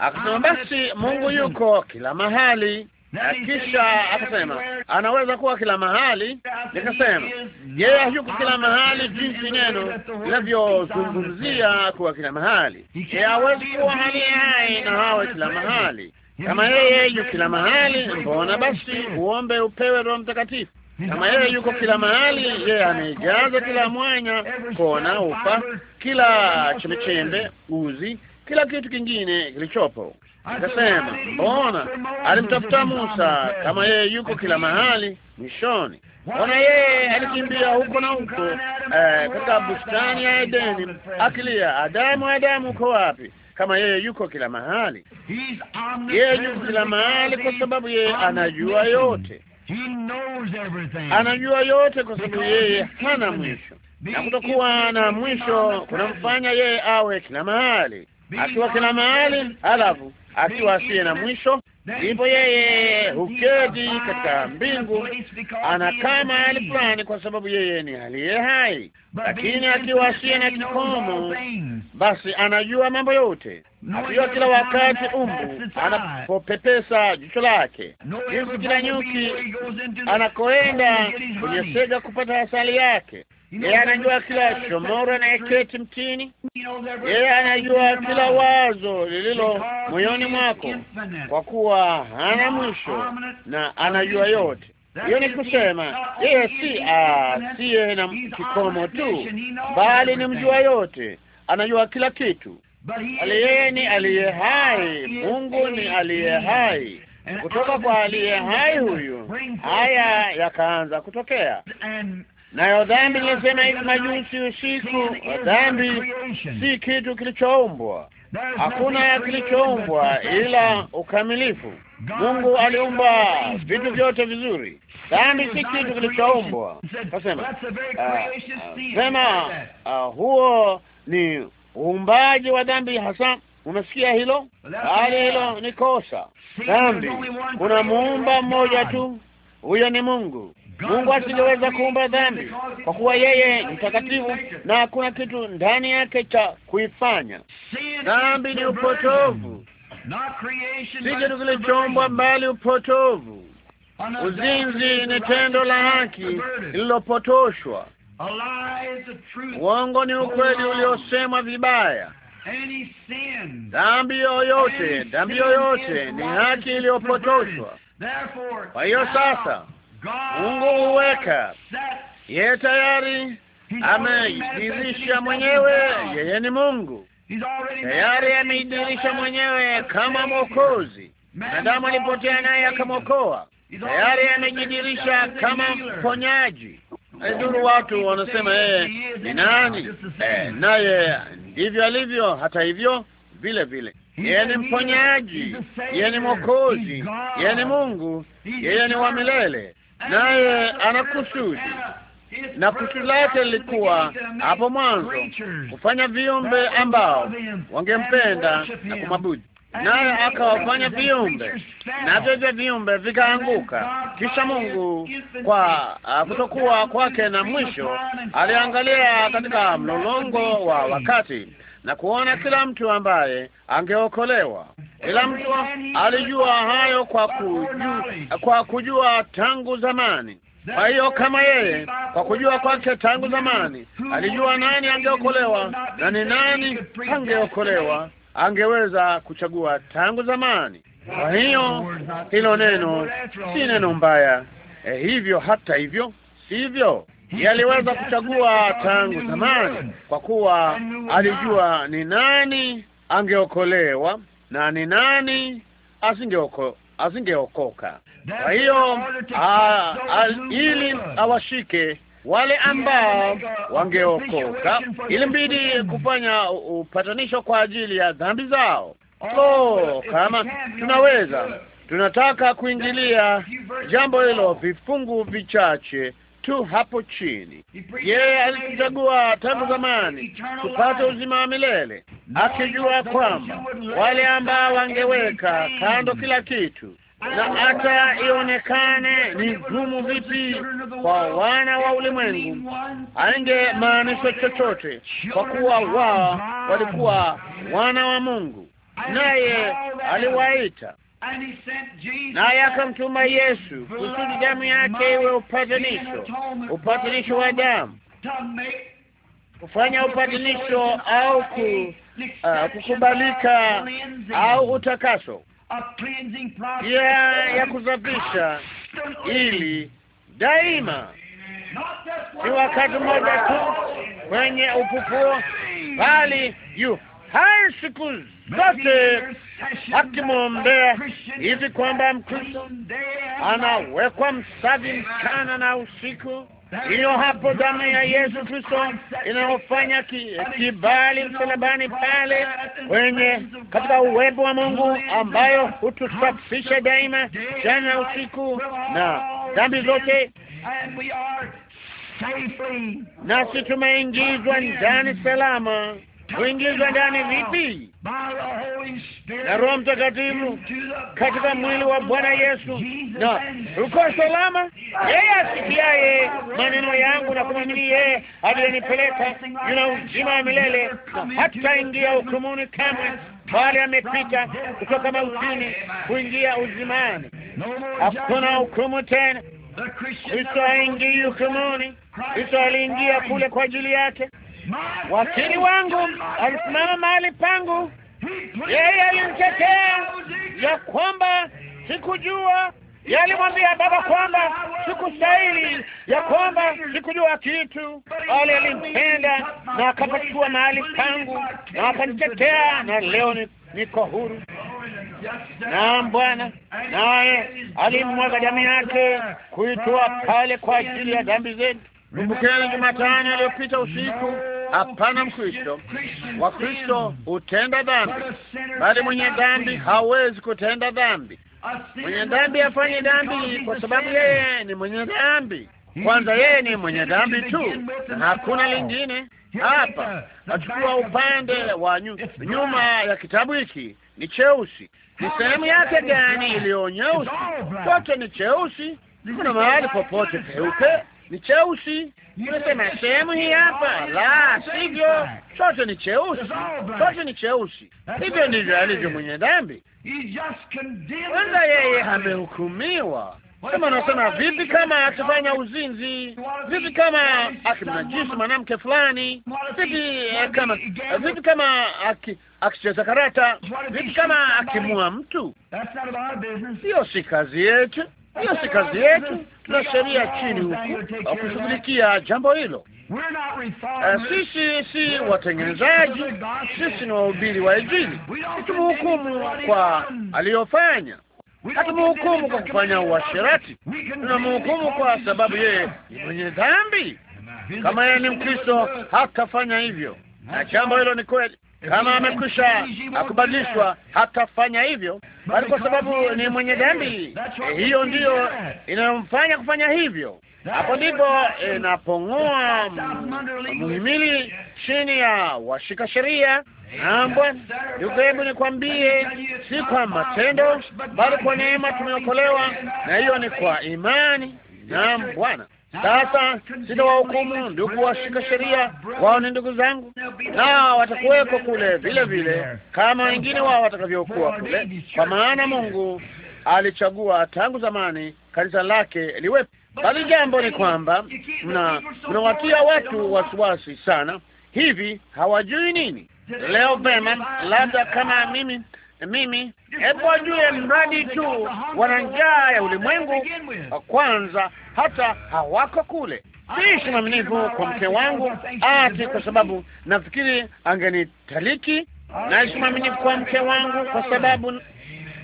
Akasema basi Mungu yuko kila mahali, na kisha akasema anaweza kuwa kila mahali. Nikasema yeye hayuko kila mahali jinsi neno linavyozungumzia kuwa kila mahali. Yeye hawezi kuwa hali hai na hawe kila mahali. Kama yeye yu kila mahali, mbona basi uombe upewe Roho Mtakatifu? Kama yeye yuko kila mahali, yeye amejaza kila mwanya, kona, ufa, kila chembechembe, uzi, kila kitu kingine kilichopo. akasema mbona alimtafuta Musa kama yeye yuko kila mahali? Mwishoni, mbona yeye alikimbia huko na huko eh, katika bustani ya Edeni akilia, Adamu, Adamu, uko wapi? Kama yeye yuko kila mahali, yeye yuko kila mahali kwa sababu yeye anajua yote anajua yote, kwa sababu yeye hana mwisho, na kutokuwa na mwisho kunamfanya yeye awe kila mahali, akiwa kila mahali, halafu akiwa asiye na mwisho ndipo yeye huketi katika mbingu, anakama hali fulani, kwa sababu yeye ni aliye hai, lakini akiwa asiye na kikomo, basi anajua mambo yote, akiwa kila wakati umbu anapopepesa jicho lake, jinsi kila nyuki anakoenda kwenye sega kupata asali yake yeye anajua kila shomoro anayeketi mtini. Yeye anajua kila wazo lililo moyoni mwako, kwa kuwa hana mwisho na anajua yote. Hiyo ni kusema yeye si asiye na kikomo tu, bali ni mjua yote, anajua kila kitu. Aliye ni aliye hai, Mungu ni aliye hai. Kutoka kwa aliye hai huyu haya yakaanza kutokea nayo dhambi, linasema hivi majusi usiku, dhambi si kitu kilichoumbwa, hakuna kilichoumbwa ila ukamilifu. Mungu aliumba vitu vyote vizuri. Dhambi si kitu kilichoumbwa, kasema uh, uh, sema uh, huo ni uumbaji wa dhambi hasa. Unasikia hilo? Bali hilo ni kosa. Dhambi kuna muumba mmoja tu, huyo ni Mungu. Mungu asingeweza kuumba dhambi kwa kuwa yeye ni mtakatifu na hakuna kitu ndani yake cha kuifanya dhambi. Ni upotovu, si kitu kilichombwa, bali upotovu. Uzinzi ni tendo la haki lililopotoshwa. Uongo ni ukweli uliosemwa vibaya. Dhambi yoyote, dhambi yoyote ni haki iliyopotoshwa. Kwa hiyo sasa Mungu huweka yeye tayari, ameidirisha mwenyewe, yeye ni Mungu tayari, ameidirisha mwenyewe kama Mwokozi. Mwanadamu alipotea naye akamwokoa, tayari amejidirisha kama mponyaji. Aidhuru watu wanasema yeye eh, ni nani, eh, naye ndivyo alivyo. Hata hivyo vile vile yeye ni mponyaji, yeye ni mwokozi, yeye ni Mungu, yeye ni wa milele naye ana kusudi na kusudi lake lilikuwa hapo mwanzo kufanya viumbe ambao wangempenda na kumwabudu, naye akawafanya viumbe, navyo hivyo viumbe vikaanguka. Kisha Mungu kwa ah, kutokuwa kwake na mwisho, aliangalia katika mlolongo wa wakati na kuona kila mtu ambaye angeokolewa. Kila mtu alijua hayo kwa kujua, kwa kujua tangu zamani. Kwa hiyo kama yeye kwa kujua kwake tangu zamani alijua nani angeokolewa na ni nani angeokolewa, angeweza kuchagua tangu zamani. Kwa hiyo hilo neno si neno mbaya. Eh, hivyo hata hivyo sivyo? yaliweza kuchagua tangu zamani, kwa kuwa alijua ni nani angeokolewa na ni nani asingeoko asingeokoka. Kwa hiyo ili awashike wale ambao wangeokoka, ilimbidi kufanya upatanisho kwa ajili ya dhambi zao. So, kama tunaweza tunataka kuingilia jambo hilo vifungu vichache tu hapo chini. Yeye alikuchagua tangu zamani kupata uzima wa milele, akijua kwamba wale ambao wangeweka kando kila kitu na hata ionekane ni gumu vipi kwa wana wa ulimwengu, ainge maanisha chochote, kwa kuwa wao walikuwa wana wa Mungu, naye aliwaita naye akamtuma Yesu kusudi damu yake iwe upatanisho, upatanisho wa damu, kufanya upatanisho au ku, uh, kukubalika au utakaso, pia ya kusafisha, ili daima, si wakati mmoja tu kwenye upupuo bali yu hai siku zote akimwombea hivi kwamba Mkristo anawekwa msafi mchana na usiku. Hiyo hapo damu ya Yesu Kristo inayofanya kibali msalabani pale kwenye katika uwepo wa Mungu, ambayo hutusafisha daima jana na usiku na dhambi zote, nasi tumeingizwa ndani salama kuingizwa ndani vipi na Roho Mtakatifu katika mwili wa Bwana Yesu, na uko salama. Yeye asikiaye maneno yangu na kumwamini yeye aliyenipeleka yuna uzima wa milele, na hataingia hukumuni kamwe, bali amepita kutoka mautini kuingia uzimani. Hakuna hukumu tena. Kristo haingii hukumuni. Kristo aliingia kule kwa ajili yake wakili wangu alisimama mahali pangu, yeye alinitetea ya kwamba sikujua yalimwambia baba kwamba sikustahili, ya kwamba sikujua kitu, bali alimpenda na akapachua mahali pangu na akanitetea, na leo niko huru. Naam Bwana, naye alimwaga damu yake kuitoa pale kwa ajili ya dhambi zetu. Kumbukeni Jumatano aliyopita usiku Hapana Mkristo. Wakristo hutenda dhambi, bali mwenye dhambi hawezi kutenda dhambi. Mwenye dhambi afanye dhambi, kwa sababu yeye ni mwenye dhambi. Kwanza yeye ni mwenye dhambi tu, na hakuna lingine. Hapa Achukua upande wa nyuma ya kitabu hiki, ni cheusi. Ni sehemu yake gani iliyo nyeusi? Chote ni cheusi, kuna mahali popote peupe ni cheusi. Nimesema sehemu hii hapa, la sivyo chote ni cheusi, chote ni cheusi. Hivyo ndivyo alivyo mwenye dhambi. Kwanza yeye amehukumiwa kama anasema vipi, kama akifanya uzinzi, vipi kama akimnajisi mwanamke fulani, vipi kama vipi kama akicheza karata, vipi kama akimua mtu? Hiyo si kazi yetu hiyo si kazi yetu. Tuna sheria chini huku kushughulikia jambo hilo. Eh, sisi si watengenezaji, sisi ni wahubiri wa Injili. Hatumuhukumu kwa aliyofanya, hatumuhukumu kwa kufanya uasherati. Tunamhukumu kwa sababu yeye ni mwenye dhambi. Kama yeye ni Mkristo, hatafanya hivyo, na jambo hilo ni kweli. Kama amekwisha akubadilishwa, hatafanya hivyo, bali kwa sababu ni mwenye dhambi, eh, hiyo ndiyo inayomfanya kufanya hivyo. Hapo ndipo inapong'oa eh, muhimili chini ya washika sheria. Naam Bwana, ndugu, hebu nikwambie, si kwa matendo, bali kwa neema tumeokolewa, na hiyo ni kwa imani. Naam Bwana. Sasa sitawahukumu ndugu washika sheria, wao ni ndugu zangu, na watakuwepo kule vile vile kama wengine wao watakavyokuwa kule, kwa maana Mungu alichagua tangu zamani kanisa lake liwepo. Bali jambo ni kwamba mnawatia watu wasiwasi sana hivi, hawajui nini. Leo vema, labda kama mimi na mimi, hebu wajue mradi tu wana njaa ya ulimwengu wa kwanza, hata hawako kule. Siishi mwaminifu kwa mke wangu ati kwa sababu nafikiri angenitaliki. Naishi mwaminifu kwa mke wangu kwa sababu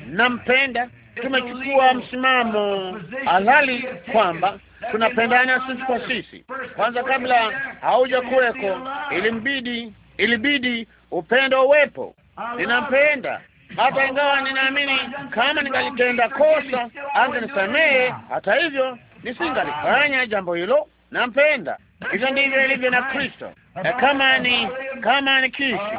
nampenda. Tumechukua msimamo halali kwamba tunapendana sisi kwa sisi. Kwanza kabla hauja kuweko, ilimbidi ilibidi upendo uwepo. Ninampenda hata ingawa ninaamini kama ningalitenda kosa angenisamehe. Hata hivyo nisingalifanya jambo hilo. Nampenda. Hivyo ndivyo ilivyo na Kristo. Kama ni kama nikiishi,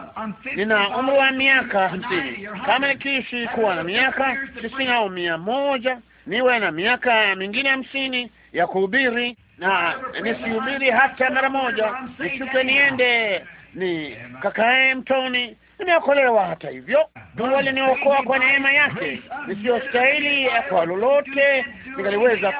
nina umri wa miaka hamsini, kama nikiishi kuwa na miaka tisini au mia moja, niwe na miaka mingine hamsini ya kuhubiri na nisihubiri hata mara moja, nishuke niende ni kakae mtoni Nimeokolewa hata hivyo, Mungu aliniokoa kwa neema yake, nisiyostahili kwa lolote ningaliweza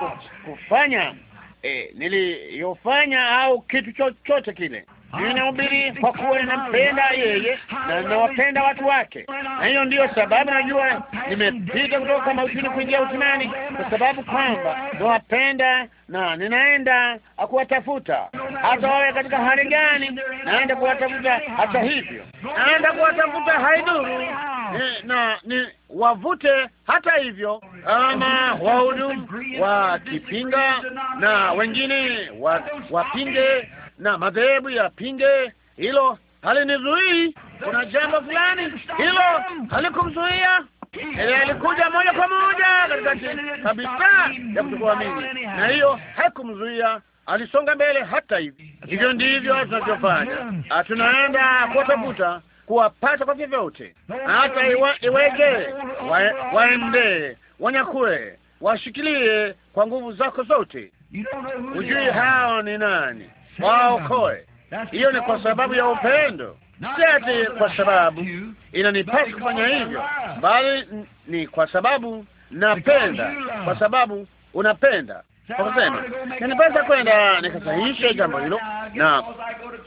kufanya eh, niliyofanya au kitu chochote kile. Ah, ninahubiri kwa kuwa ninampenda yeye na ninawapenda watu wake, na hiyo ndiyo sababu najua nimepita kutoka mautini kuingia utimani, kwa sababu kwamba ninawapenda na ninaenda kuwatafuta, hata wawe katika hali gani, naenda kuwatafuta. Hata hivyo naenda kuwatafuta, haidhuru na ni wavute. Hata hivyo, ama wahudumu wakipinga na wengine wapinge na madhehebu ya pinge hilo halinizuii. Kuna jambo fulani hilo halikumzuia, ile alikuja moja kwa moja katikati kabisa ya mimi, na hiyo haikumzuia alisonga mbele. Hata hivi, hivyo ndivyo tunavyofanya, tunaenda kuwatafuta kuwapata kwa vyovyote, hata iwa, iwege waendee, wanyakue, washikilie kwa nguvu zako zote. Hujui hao ni nani? waokoe. Hiyo ni kwa sababu ya upendo, si ati kwa sababu inanipasa kufanya hivyo, bali ni kwa sababu napenda, kwa sababu unapenda kwa kusema kwenda nikasahishe jambo hilo na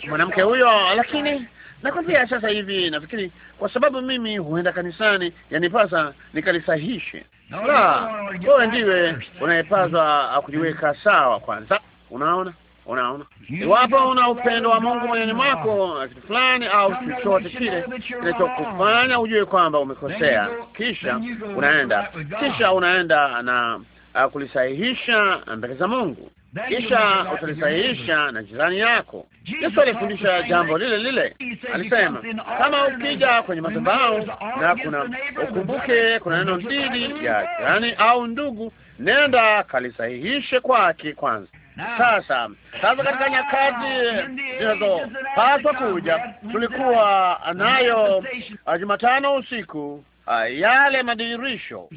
mwanamke huyo, lakini nakwambia sasa hivi nafikiri kwa sababu mimi huenda kanisani, yanipasa nikalisahishe. La, wewe ndiwe unayepaswa mm-hmm. kujiweka sawa kwanza, unaona. Unaona, iwapo una upendo wa Mungu moyoni mwako, kitu fulani au chochote kile kinachokufanya ujue kwamba umekosea, kisha unaenda kisha unaenda na uh, kulisahihisha mbele za Mungu, kisha utalisahihisha na jirani yako. Yesu alifundisha jambo lile lile, alisema kama ukija kwenye madhabahu na kuna ukumbuke kuna neno dhidi ya jirani au ndugu, nenda kalisahihishe kwake kwanza sasa sasa, katika nyakati zinazopaswa kuja, tulikuwa nayo Jumatano usiku Uh, yale madirisho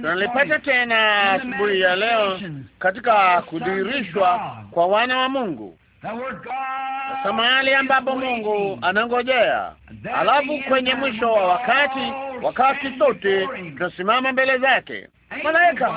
tunalipata tena asubuhi ya leo katika kudirishwa kwa wana wa Mungu, sasa mahali ambapo Mungu anangojea. Alafu kwenye mwisho wa wakati, wakati sote tunasimama mbele zake. Malaika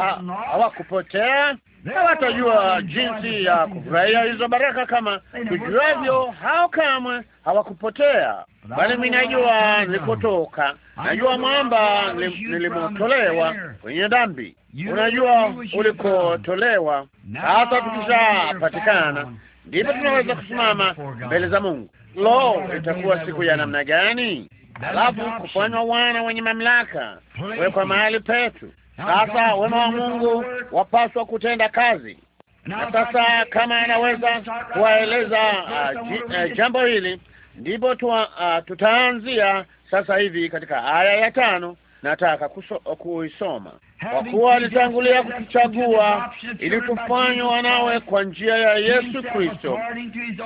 hawakupotea, hawatajua jinsi ya kufurahia hizo baraka kama tujuavyo. Hao kamwe hawakupotea, bali mimi najua nilikotoka, najua mwamba nilimotolewa kwenye dhambi. Unajua ulikotolewa. Sasa tukishapatikana, ndipo tunaweza kusimama mbele za Mungu. Lo, itakuwa siku ya namna gani! Alafu kufanywa wana wenye mamlaka, kuwekwa mahali petu sasa wema wa Mungu wapaswa kutenda kazi, na sasa kama anaweza kuwaeleza uh, uh, jambo hili, ndipo uh, tutaanzia sasa hivi katika aya ya tano. Nataka kuisoma kwa kuwa alitangulia kutuchagua ili tufanywe wanawe kwa njia ya Yesu Kristo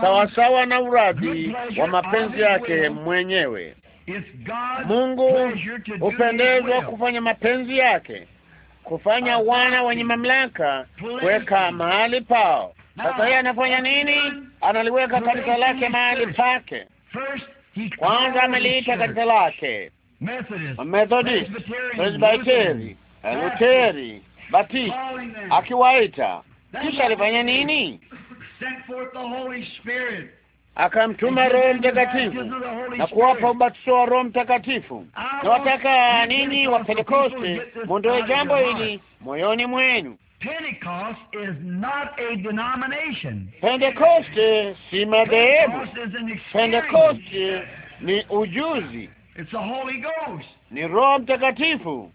sawasawa na uradhi wa mapenzi yake mwenyewe. Mungu hupendezwa kufanya mapenzi yake, kufanya wana wenye mamlaka kuweka mahali pao. Sasa yeye anafanya nini? Analiweka kanisa lake mahali pake. Kwanza ameliita kanisa lake Methodisti, Presbiteri, Luteri, akiwaita. Kisha alifanya nini? akamtuma Roho Mtakatifu na kuwapa ubatizo wa Roho Mtakatifu. Na wataka ninyi wa Pentekoste mwondoe jambo hili moyoni mwenu. Pentekoste si madhehebu. Pentekoste ni ujuzi, ni Roho Mtakatifu,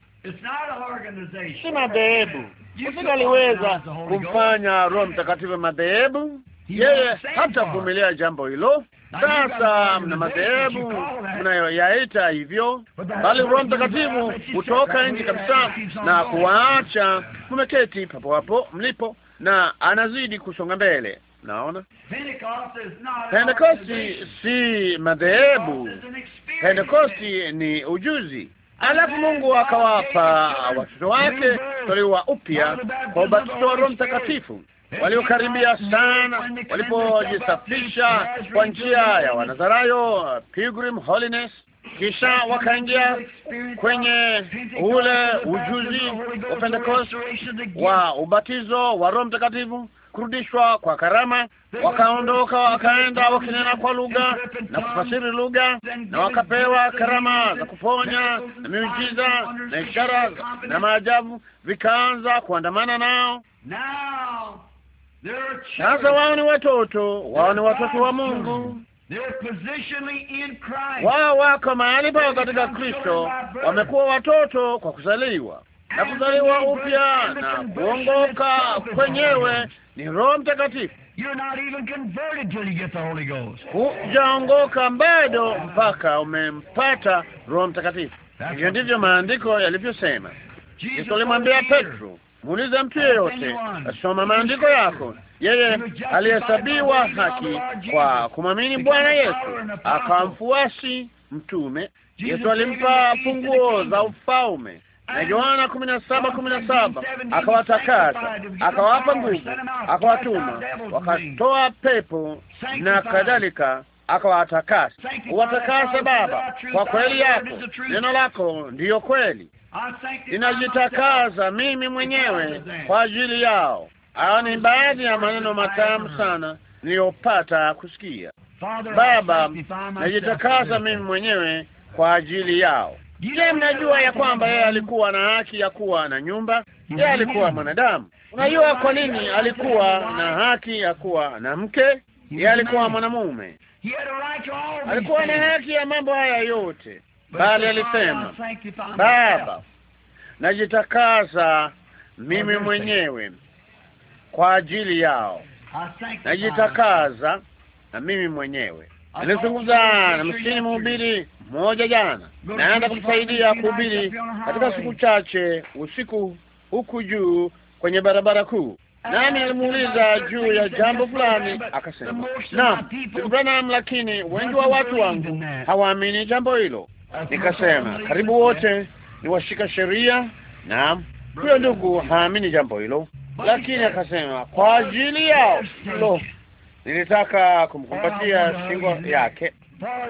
si madhehebu. Usingaliweza kumfanya Roho Mtakatifu madhehebu yeye hatavumilia jambo hilo. Sasa mna madhehebu eh? mnayoyaita hivyo, bali Roho Mtakatifu hutoka nje kabisa na kuwaacha mmeketi papo hapo mlipo, na anazidi kusonga mbele. Naona Pentekosti si madhehebu, Pentekosti ni ujuzi. Alafu Mungu akawapa watoto wake toliwa upya kwa ubatizo wa Roho Mtakatifu waliokaribia sana walipojisafisha kwa njia ya Wanazarayo, Pilgrim Holiness, kisha wakaingia kwenye ule ujuzi wa Pentecost wa ubatizo wa Roho Mtakatifu, kurudishwa kwa karama. Wakaondoka wakaenda wakinena kwa lugha na kufasiri lugha, na wakapewa karama za kuponya na miujiza na ishara na maajabu, vikaanza kuandamana nao. Sasa wao ni watoto, wao ni watoto wa Mungu, wao wako mahali pao katika Kristo. Wamekuwa watoto kwa kuzaliwa na kuzaliwa upya na kuongoka kwenyewe ni Roho Mtakatifu. Hujaongoka bado mpaka umempata Roho Mtakatifu. Hivyo ndivyo maandiko yalivyosema. Yesu alimwambia Petro, muulize mtu yeyote, asoma maandiko yako. Yeye aliyehesabiwa haki kwa kumwamini Bwana Yesu, akamfuasi mtume. Yesu alimpa funguo za ufalme na Yohana kumi na saba kumi na saba akawatakasa, akawapa nguvu, akawatuma wakatoa pepo na kadhalika, akawatakasa. Uwatakase Baba kwa kweli yako, neno lako ndiyo kweli. Ninajitakaza mimi mwenyewe kwa ajili yao. Haya ni baadhi ya maneno matamu sana niliyopata kusikia. Baba, najitakaza mimi mwenyewe kwa ajili yao. Je, mnajua ya kwamba yeye alikuwa na haki ya kuwa na nyumba? Yeye alikuwa mwanadamu. Unajua kwa nini alikuwa na haki ya kuwa na mke? Yeye alikuwa mwanamume, alikuwa na haki ya mambo haya yote bali alisema, Baba, najitakasa mimi mwenyewe kwa ajili yao, najitakasa na mimi mwenyewe. Nilizungumza na msikini mhubiri mmoja jana, naenda kukusaidia kuhubiri katika siku chache usiku huku juu kwenye barabara kuu, nami alimuuliza juu ya jambo fulani, akasema naam, Branham, lakini wengi wa watu wangu hawaamini jambo hilo. Nikasema karibu wote ni washika sheria. Naam, huyo ndugu haamini jambo hilo, lakini akasema kwa ajili yao lo, nilitaka kumkumbatia shingo yake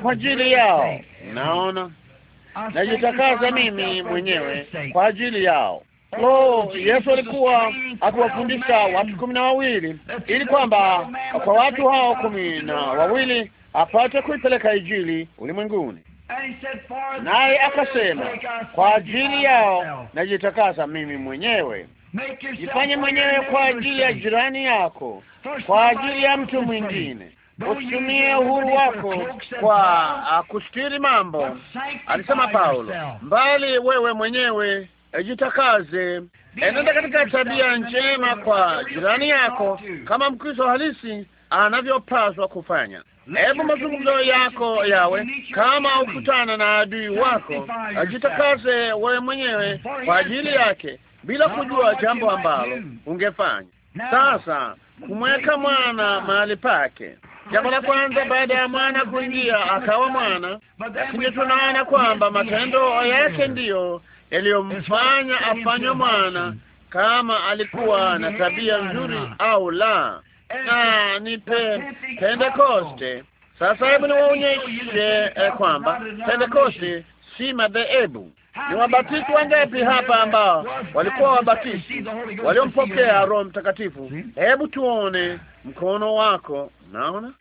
kwa ajili yao. Naona najitakaza mimi mwenyewe kwa ajili yao. Lo, Yesu alikuwa akiwafundisha watu kumi na wawili ili kwamba kwa watu hao kumi na wawili apate kuipeleka Injili ulimwenguni naye akasema, kwa ajili yao najitakasa mimi mwenyewe. Jifanye mwenyewe kwa ajili ya jirani yako, kwa ajili ya mtu mwingine, usitumie uhuru wako kwa kustiri mambo, alisema Paulo, mbali wewe mwenyewe jitakaze. Enenda katika tabia njema kwa jirani yako, kama Mkristo halisi anavyopaswa kufanya. Hebu mazungumzo yako yawe kama ukutana na adui wako, ajitakase wewe mwenyewe kwa ajili yake, bila kujua jambo ambalo ungefanya sasa. Kumweka mwana mahali pake, jambo la kwanza baada ya mwana kuingia akawa mwana, lakini tunaona kwamba matendo yake ndiyo yaliyomfanya afanywe mwana, kama alikuwa na tabia nzuri au la na ni Pentekoste. Sasa hebu niwaonyeshe eh, eh, kwamba Pentekoste si madhehebu. Ni wabatisi wangapi hapa ambao walikuwa wabatisi waliompokea Roho Mtakatifu? Hebu tuone mkono wako. Naona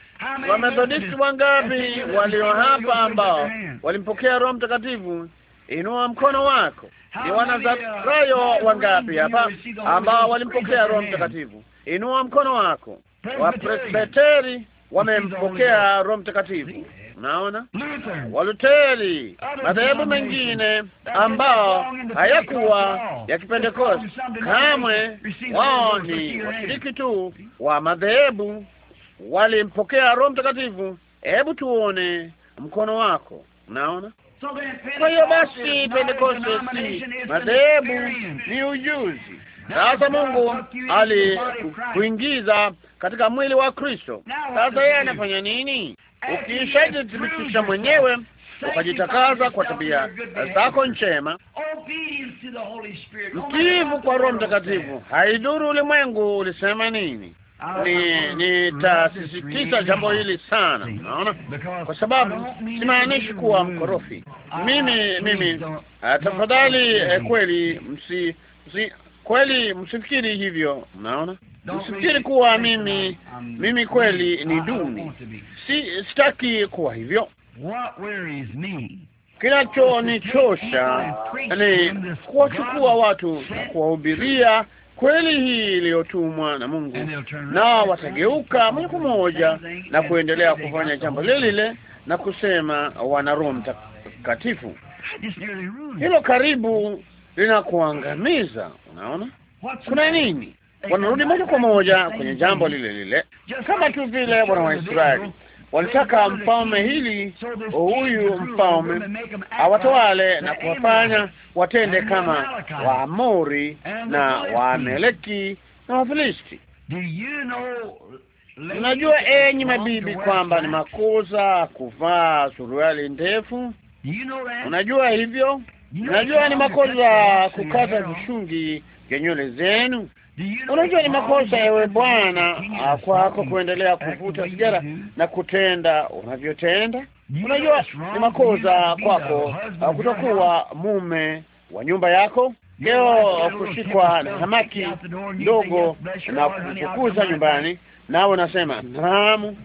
wamethodisti wangapi walio hapa ambao walimpokea Roho Mtakatifu? Inua mkono wako. Ni uh, wanazarayo wangapi hapa ambao walimpokea Roho Mtakatifu? Inua mkono wako. wapresbeteri wamempokea Roho Mtakatifu. Unaona, Waluteri, madhehebu mengine ambao hayakuwa ya Kipentekoste kamwe, wao ni washiriki tu wa madhehebu, walimpokea Roho Mtakatifu. Hebu tuone mkono wako. Unaona, kwa hiyo basi Pentekoste si madhehebu, ni ujuzi sasa Mungu alikuingiza katika mwili wa Kristo. Sasa yeye anafanya nini? Ukiishajithibitisha mwenyewe ukajitakaza kwa tabia zako njema, mkivu kwa Roho Mtakatifu, haidhuru ulimwengu ulisema nini. Ni nitasisitiza jambo hili sana, unaona, kwa sababu simaanishi kuwa mkorofi mimi mimi. Tafadhali eh, kweli msi Kweli msifikiri hivyo, mnaona, msifikiri kuwa mimi um, mimi kweli ni duni. Si sitaki kuwa hivyo. Kinachonichosha ni kuwachukua watu na kuwahubiria kweli hii iliyotumwa na Mungu, na watageuka moja kwa moja na kuendelea kufanya jambo lile lile na kusema wana Roho Mtakatifu. Hilo karibu linakuangamiza. Unaona kuna nini? Wanarudi moja kwa moja kwenye jambo lile lile, kama tu vile wana wa Israeli walitaka mfalme hili oh, huyu mfalme awatawale na kuwafanya watende kama Waamori na Waameleki na Wafilisti. unajua enyi mabibi, kwamba ni makosa kuvaa suruali ndefu. Unajua hivyo Unajua ni makosa kukata vishungi vya nywele zenu. Unajua ni makosa yawe bwana ah, kwako kuendelea kuvuta sigara na kutenda unavyotenda. Unajua ni makosa kwako ah, kutokuwa mume wa nyumba yako. Leo kushikwa na samaki ndogo na kufukuza nyumbani, nawe unasema naam,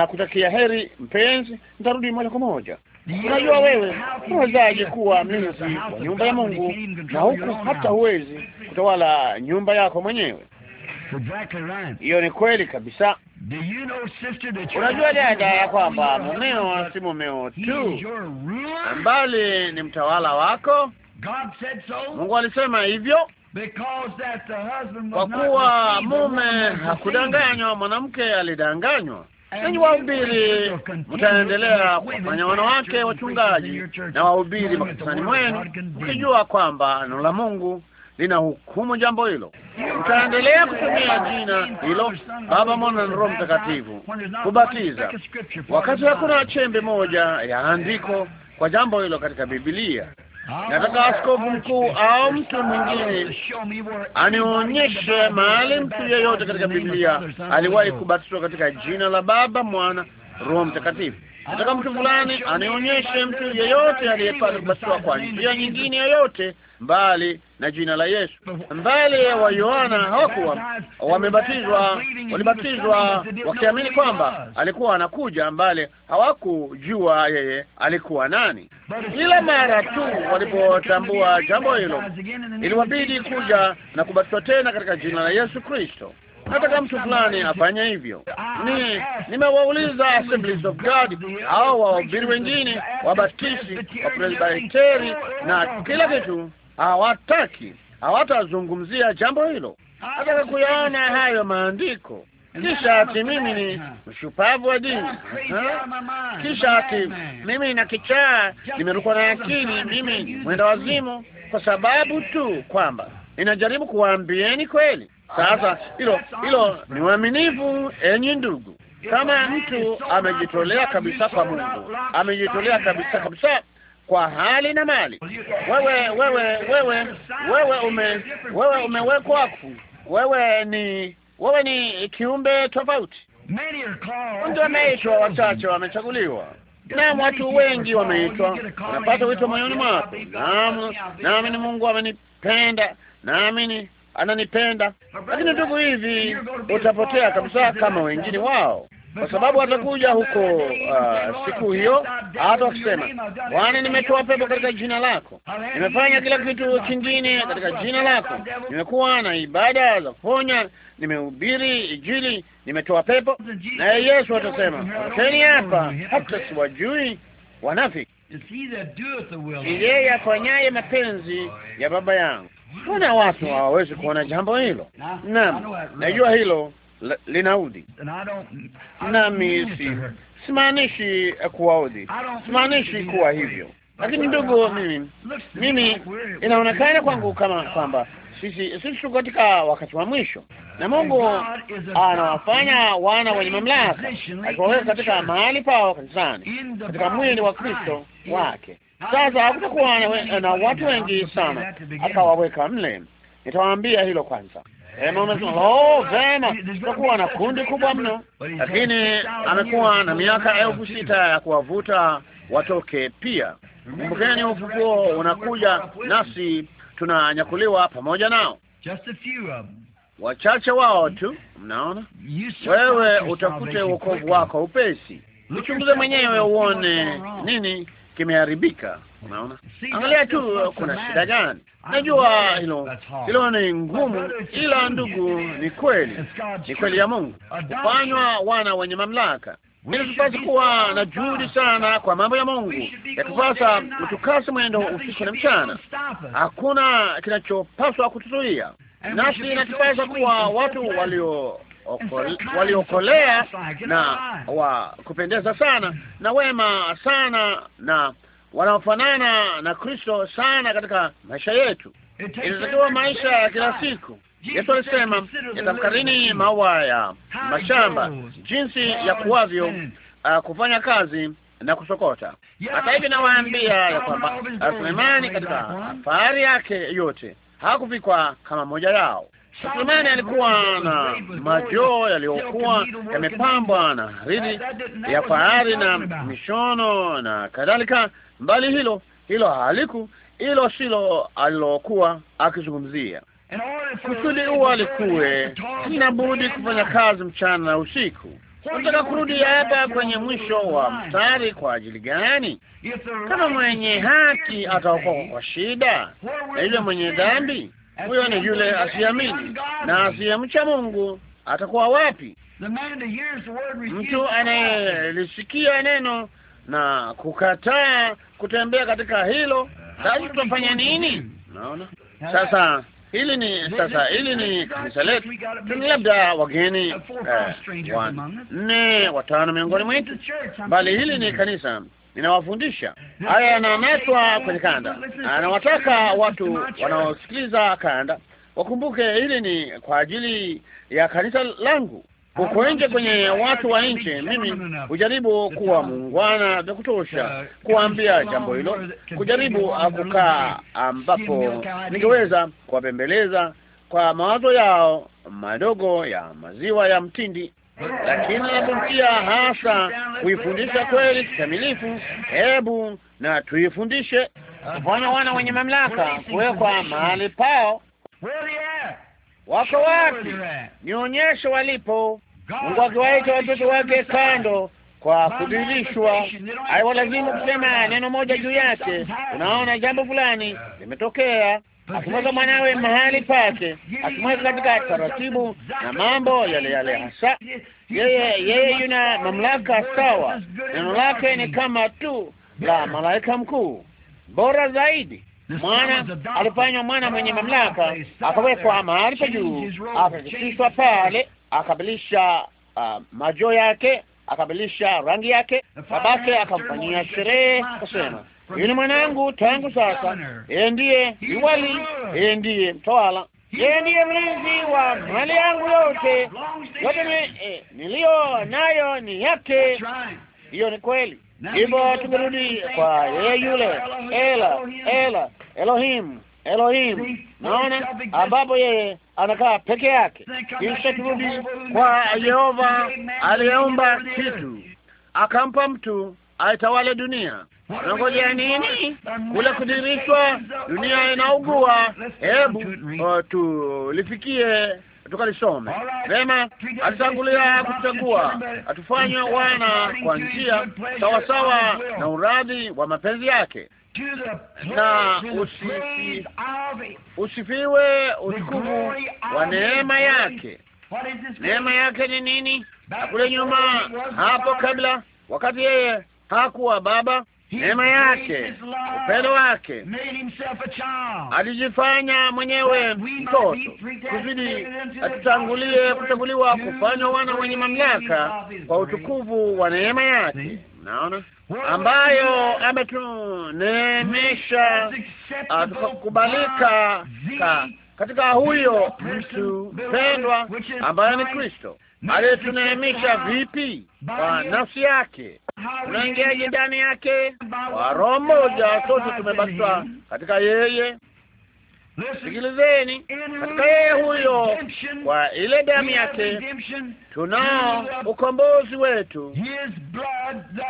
ah, kutakia heri mpenzi, nitarudi moja kwa moja. Unajua wewe unawezaje kuwa mlinzi wa nyumba ya Mungu na huku hata huwezi kutawala nyumba yako mwenyewe? Hiyo ni kweli kabisa. Unajua dada, ya kwamba mumeo si mumeo tu, mbali ni mtawala wako. Mungu alisema hivyo kwa kuwa mume hakudanganywa, mwanamke alidanganywa. Ninyi wahubiri mtaendelea kufanya wanawake wachungaji na wahubiri makanisani mwenu, mkijua kwamba neno la Mungu lina hukumu jambo hilo. Mtaendelea kutumia jina hilo Baba, Mwana na Roho Mtakatifu kubatiza, wakati hakuna chembe moja ya andiko kwa jambo hilo katika Biblia. Nataka askofu mkuu au mtu mwingine anionyeshe mahali mtu yeyote katika Biblia aliwahi kubatizwa katika jina la Baba, Mwana, Roho Mtakatifu. Nataka mtu fulani anionyeshe mtu yeyote aliyepata kubatizwa kwa njia nyingine yoyote mbali na jina la Yesu. mbali wa Yohana hawakuwa wamebatizwa, walibatizwa wakiamini kwamba alikuwa anakuja, mbali hawakujua yeye alikuwa nani. Kila mara tu walipotambua jambo hilo, iliwabidi kuja na kubatizwa tena katika jina la Yesu Kristo. Nataka mtu fulani afanye hivyo. Ni nimewauliza Assemblies of God au wahubiri wengine, wabatisi Wapresbiteri na kila kitu hawataki, hawatazungumzia jambo hilo, hataka kuyaona hayo maandiko. Kisha ati mimi ni mshupavu wa dini, ah, kisha ati mimi na kichaa, nimerukwa na akili, mimi mwenda wazimu, kwa sababu tu kwamba inajaribu kuwaambieni kweli. Sasa hilo hilo ni uaminifu, enyi ndugu. Kama mtu amejitolea kabisa kwa Mungu, amejitolea kabisa kabisa kwa hali na mali. Wewe wewe wewe wewe ume wewe umewekwa wakfu. Wewe ni wewe ni kiumbe tofauti. Ndio wameitwa, wachache wamechaguliwa. Naam, watu wengi wameitwa, unapata wito moyoni mwako. Naam, naamini Mungu amenipenda, naamini ananipenda, lakini ndugu, hivi utapotea kabisa kama wengine wao kwa sababu atakuja huko uh, siku hiyo hata kusema, Bwana, nimetoa pepo katika jina lako, nimefanya kila kitu kingine katika jina lako, nimekuwa na ibada za kuponya, nimehubiri Injili, nimetoa pepo. Naye Yesu atasema, tokeni hapa, hata siwajui wanafiki. Ni yeye afanyaye mapenzi ya Baba yangu. Kuna watu hawawezi kuona jambo hilo. Naam, najua hilo linaudhi, nami si simaanishi kuwaudhi, simaanishi kuwa hivyo, lakini ndugu, mimi mimi inaonekana kwangu kama kwamba sisi sisi tuko katika wakati wa mwisho, na Mungu anawafanya wana wenye mamlaka, akiwaweka katika mahali pao kanisani, katika mwili wa Kristo wake. Sasa hakutakuwa na watu wengi sana, akawaweka mle. Nitawaambia hilo kwanza. Hema eh, unasema oh, vema, tutakuwa na kundi kubwa mno, lakini amekuwa na miaka elfu sita ya kuwavuta watoke pia. Kumbukeni, ufufuo unakuja, nasi tunanyakuliwa pamoja nao, wachache wao tu. Mnaona, wewe utafute wokovu wako upesi, uchunguze mwenyewe uone nini kimeharibika. Unaona, angalia tu, kuna shida gani? Najua hilo hilo ni ngumu, ila ndugu, ni kweli, ni kweli ya Mungu kufanywa wana wenye mamlaka. Inatupasa kuwa na juhudi sana kwa mambo ya Mungu, yatupasa utukasi mwendo usiku na mchana. Hakuna kinachopaswa kutuzuia, nasi inatupasa kuwa watu walio waliokolea na wa kupendeza sana na wema sana na wanaofanana na Kristo sana katika maisha yetu. Inatakiwa maisha ya kila siku. Yesu alisema, yatafakarini maua ya mashamba, jinsi ya kuwavyo uh, kufanya kazi na kusokota. Hata hivi nawaambia ya kwamba uh, Sulemani katika fahari yake yote hakuvikwa kama moja yao. Sulemani alikuwa na majoo yaliyokuwa yamepambwa na hariri ya fahari na mishono na kadhalika. Mbali hilo hilo haliku hilo silo alilokuwa akizungumzia. Kusudi huo alikuwe sina budi kufanya kazi mchana na usiku. unataka kurudi hapa kwenye mwisho wa mstari. Kwa ajili gani? Kama mwenye haki ataokoka kwa shida, na yule mwenye dhambi huyo ni yule asiamini na asiyemcha Mungu, atakuwa wapi? Mtu anayelisikia neno na kukataa kutembea katika hilo, sasa tutafanya nini? Naona sasa hili ni sasa, hili ni kanisa letu, tuna labda wageni eh, wanne watano miongoni mwetu, bali hili ni kanisa ninawafundisha haya yananaswa kwenye kanda. Anawataka ah, watu wanaosikiliza kanda wakumbuke hili ni kwa ajili ya kanisa langu uko nje kwenye watu wa nje. Mimi hujaribu kuwa muungwana vya kutosha kuwaambia jambo hilo, kujaribu ah, kukaa ambapo ningeweza kuwapembeleza kwa mawazo yao madogo ya maziwa ya mtindi lakini napofikia hasa kuifundisha kweli kikamilifu, hebu na tuifundishe kufanya wana wenye mamlaka kuwekwa mahali pao. Wako wapi? Nionyeshe walipo. Mungu akiwaita watoto wake kando kwa kudhihirishwa, lazima kusema neno moja juu yake. Unaona, jambo fulani limetokea akimweka mwanawe mahali pake, akimweka katika taratibu na mambo yale yale hasa. Yeye yeye yuna mamlaka sawa, neno lake ni kama tu la malaika mkuu, bora zaidi. Mwana alifanywa mwana mwenye mamlaka, akawekwa mahali pa juu, akakitishwa pale, akabilisha uh, majo yake, akabilisha rangi yake, babake akamfanyia sherehe, kusema ini mwanangu tangu sasa. Yeye ndiye iwali, yeye ndiye mtawala, yeye ndiye mlinzi wa mali yangu yote. Yote ni, eh, niliyo nayo ni yake. Hiyo ni kweli. Hivyo tumerudi kwa yeye yule ela ela Elohim Elohim, naona ambapo yeye anakaa peke yake. Kisha turudi kwa Yehova aliyeumba kitu akampa mtu aitawale dunia Unangojea nini? Kule kudirishwa, dunia inaugua. Hebu uh, tulifikie tukalisome vema. Alitangulia kuchagua atufanye wana kwa njia sawasawa na uradhi wa mapenzi yake, na usifiwe utukufu wa neema yake. Neema yake ni nini? Na kule nyuma hapo kabla, wakati yeye hakuwa baba neema yake, upendo wake, alijifanya mwenyewe mtoto kuzidi atutangulie kuchaguliwa kufanywa wana wenye mamlaka kwa utukufu wa neema yake, naona ambayo ametuneemesha tukakubalika ah, katika huyo mtu pendwa ambaye ni Kristo alituneemisha vipi kwa nafsi yake? Tunaingiaje ndani yake kwa roho moja? Sote tumebatizwa katika yeye. Sikilizeni, katika yeye huyo, kwa ile damu yake tunao ukombozi wetu,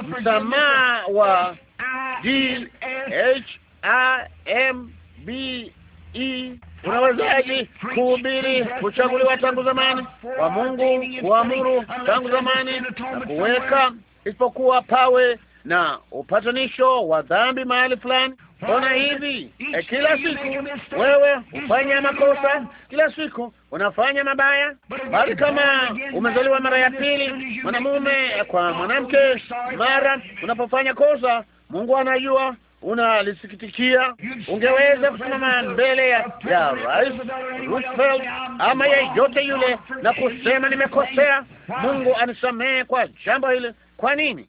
msamaha wa D H I M B E Unawezaje kuhubiri kuchaguliwa tangu zamani kwa Mungu kuamuru tangu zamani na kuweka isipokuwa pawe na upatanisho wa dhambi mahali fulani. Ona hivi e, kila siku wewe hufanya makosa, kila siku unafanya mabaya, bali kama umezaliwa mara ya pili, mwanamume kwa mwanamke, mara unapofanya kosa, Mungu anajua unalisikitikia. Ungeweza kusimama mbele ya ya Rais Roosevelt ama yeyote yule na kusema nimekosea, Mungu anisamehe kwa jambo hili. Kwa nini?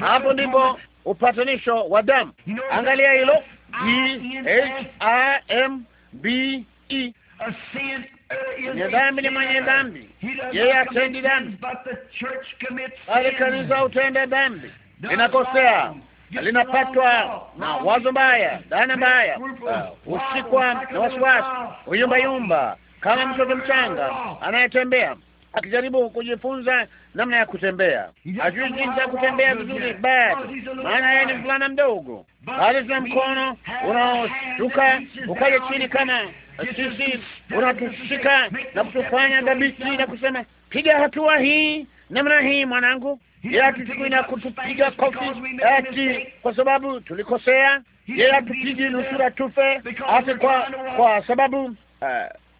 Hapo ndipo upatanisho wa damu. Angalia hilo D e h i m b e mwenye dhambi ni mwenye dhambi, yeye atendi dhambi, bali kanisa dhambi, Ninakosea, linapatwa na wazo mbaya, dhana mbaya, hushikwa uh, na wasiwasi, huyumbayumba kama mtoto mchanga anayetembea akijaribu kujifunza namna ya kutembea, hajui jinsi ya kutembea vizuri bado, maana yeye ni mvulana mdogo bali zina mkono unaoshuka ukaja chini kama sisi, unatushika na kutufanya dhabiti na kusema piga hatua hii namna hii, mwanangu, yeye atupigwi na kutupiga kofi ati kwa sababu tulikosea. Yeye atupigi nusura tufe ati kwa, kwa sababu uh,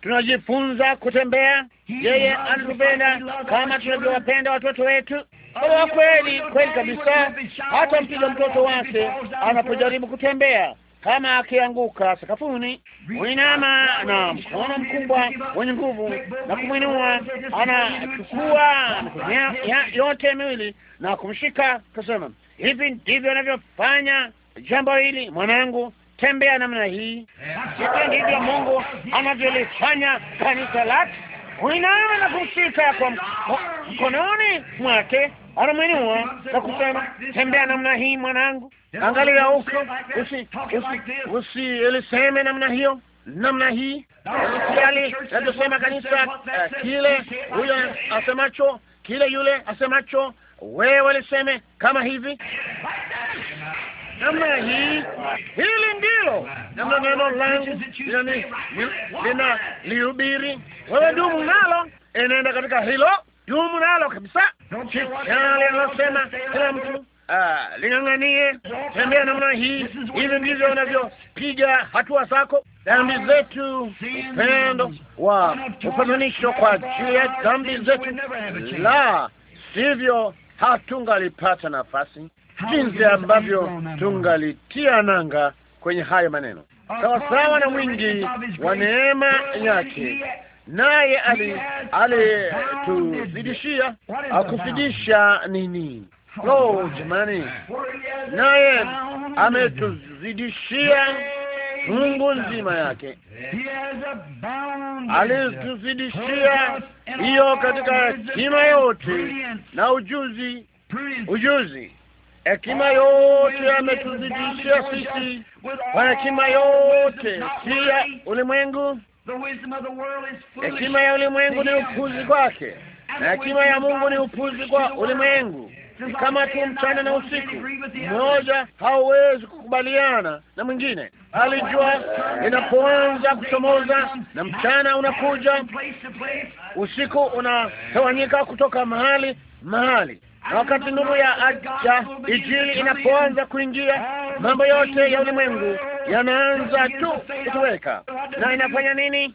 tunajifunza kutembea. Yeye anatupenda kama tunavyowapenda watoto wetu. Kwa kweli kweli kabisa, hata mpiga mtoto wake anapojaribu kutembea kama akianguka sakafuni, uinama na mkono mkubwa wenye nguvu na kumwinua, anachukua yote miwili na kumshika, kasema, hivi ndivyo anavyofanya jambo hili mwanangu, tembea namna hii. Hivyo ndivyo Mungu anavyolifanya kanisa lake, uinama na kumshika kwa mkononi mwake anamwinua na kusema, tembea namna hii mwanangu, angalia huko, usiliseme namna hiyo namna hii ali navyosema kanisa kile, huyo asemacho kile, yule asemacho, wewe liseme kama hivi, namna hii. Hili ndilo namna neno langu lina lihubiri, wewe dumu nalo, enenda katika hilo dumu nalo kabisa. Chale anasema kila mtu ah, ling'ang'anie tembea namna hii. Hivi ndivyo unavyopiga hatua zako. Dhambi ah, zetu, upendo wa upatanisho kwa ajili ya dhambi zetu, la sivyo hatungalipata nafasi, jinsi ambavyo tungalitia nanga kwenye hayo maneno, sawasawa na wingi wa neema yake naye alituzidishia akuzidisha nini? Lo, jamani, naye ametuzidishia Mungu nzima yake alituzidishia hiyo katika hekima yote na ujuzi, ujuzi hekima yote ametuzidishia sisi kwa hekima yote, pia ulimwengu Hekima ya ulimwengu ni upuzi kwake, na hekima ya Mungu ni upuzi kwa ulimwengu. Ni kama tu mchana na usiku, mmoja hauwezi kukubaliana na mwingine. Hali jua kuchomoza na mchana unakuja, usiku unatawanyika kutoka mahali mahali wakati nuru ya ja Injili inapoanza kuingia, mambo yote ya ulimwengu yanaanza tu kutoweka. Na inafanya nini?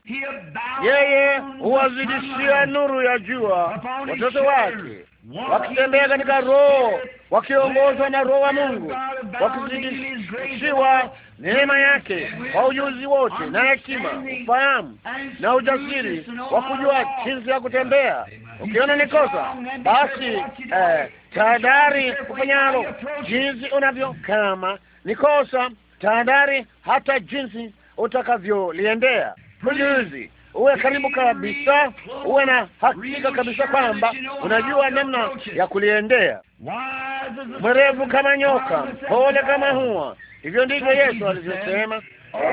Yeye huwazidishia nuru ya jua watoto wake wakitembea katika Roho, wakiongozwa na Roho wa Mungu, wakizidishiwa neema yake kwa ujuzi wote na hekima, ufahamu na ujasiri wa kujua jinsi ya kutembea. Ukiona ni kosa, basi eh, tahadhari kufanyalo, jinsi unavyo. Kama ni kosa, tahadhari hata jinsi utakavyoliendea. Ujuzi uwe karibu kabisa, uwe na hakika kabisa kwamba unajua namna ya kuliendea mwerevu kama nyoka, pole kama hua. Hivyo ndivyo Yesu alivyosema.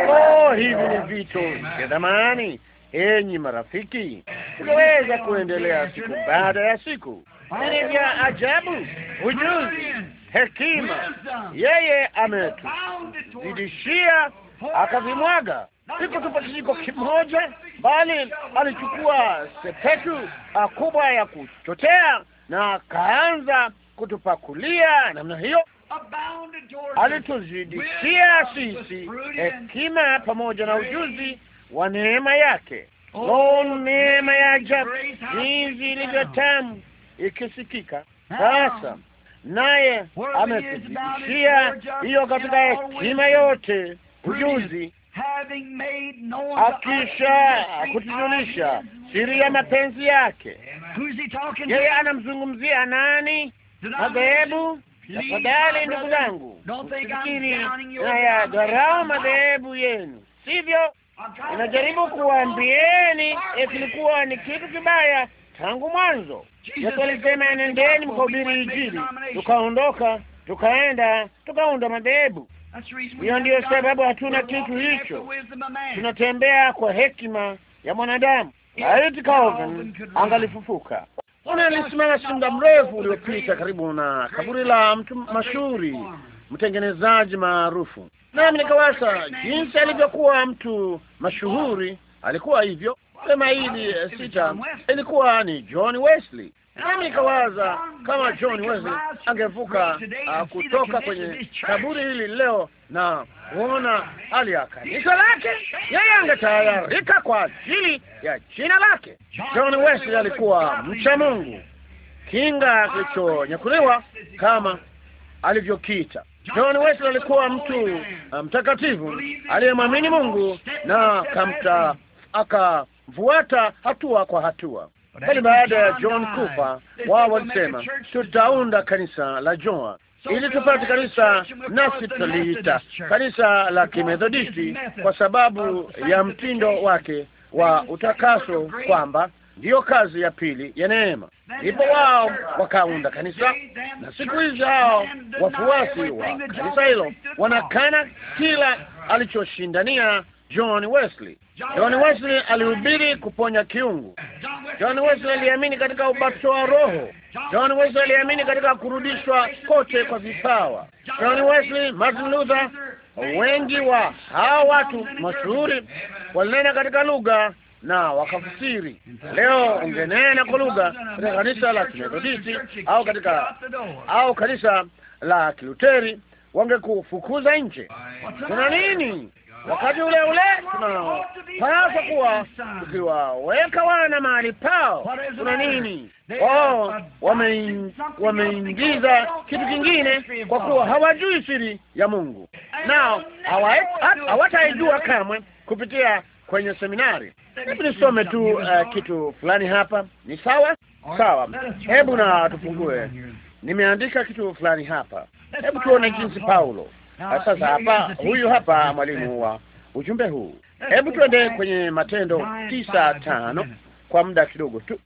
Oh, hivi ni vitu vya thamani, enyi marafiki. Tunaweza kuendelea siku baada ya siku. Ni vya ajabu, ujuzi, hekima, yeye ametuzidishia akavimwaga siku tupa kijiko kimoja, bali alichukua sepetu kubwa ya kuchotea na akaanza kutupakulia namna hiyo, alituzidishia sisi hekima pamoja na ujuzi wa neema yake. Oh, Lo, neema ya ajabu, jinsi ilivyo tamu ikisikika! Sasa naye ametuzidishia hiyo katika hekima yote, ujuzi akisha kutujulisha siri ya mapenzi yake. Yeye anamzungumzia nani? madhehebu. Tafadhali ndugu zangu, msifikiri ya dharau madhehebu yenu, sivyo? Inajaribu kuwaambieni kilikuwa ni kitu kibaya tangu mwanzo. Yesu alisema, nendeni mkahubiri Injili, tukaondoka tukaenda tukaunda madhehebu. Hiyo ndiyo sababu hatuna kitu hicho, tunatembea kwa hekima ya mwanadamu. Laiti Calvin angalifufuka! Ona alisimama si muda mrefu uliopita karibu na kaburi la mtu mashuhuri, mtengenezaji maarufu, nami nikawaza jinsi alivyokuwa mtu mashuhuri. Alikuwa hivyo sema hili eh, sita, ilikuwa ni John Wesley nami nikawaza kama John Wesley angevuka uh, kutoka kwenye kaburi hili leo na kuona hali ya kanisa lake, yeye angetayarika kwa ajili ya jina lake. John Wesley alikuwa mcha Mungu, kinga kilichonyakuliwa kama alivyokiita. John Wesley alikuwa mtu uh, mtakatifu aliyemwamini Mungu na kamta akamfuata hatua kwa hatua bali baada ya John kufa wao walisema tutaunda kanisa la Joa ili tupate kanisa, nasi tutaliita kanisa la Kimethodisti kwa sababu ya mtindo wake wa utakaso, kwamba ndiyo kazi ya pili ya neema. Ndipo wao wakaunda kanisa, na siku hizi hao wafuasi wa kanisa hilo wanakana kila alichoshindania John Wesley. John Wesley alihubiri kuponya kiungu. John Wesley aliamini katika ubatizo wa Roho. John Wesley aliamini katika kurudishwa kote kwa vipawa. John Wesley, Martin Luther, wengi wa hawa watu mashuhuri walinena katika lugha na wakafusiri. Leo ungenena kwa lugha katika kanisa la Kimethodisti au katika au kanisa la Kiluteri, wangekufukuza nje. Kuna nini? wakati ule ule tunapaswa kuwa tukiwaweka wana mahali pao. Kuna nini? Oh, wameingiza kitu kingine, kwa kuwa hawajui siri ya Mungu, nao hawataijua kamwe kupitia kwenye seminari. Hebu nisome tu uh, kitu fulani hapa. Ni sawa sawa, hebu na tufungue. Nimeandika kitu fulani hapa, hebu tuone jinsi Paulo Na sasa ah, hapa, huyu hapa mwalimu wa ujumbe huu. Hebu tuende kwenye Matendo tisa tano kwa muda kidogo tu.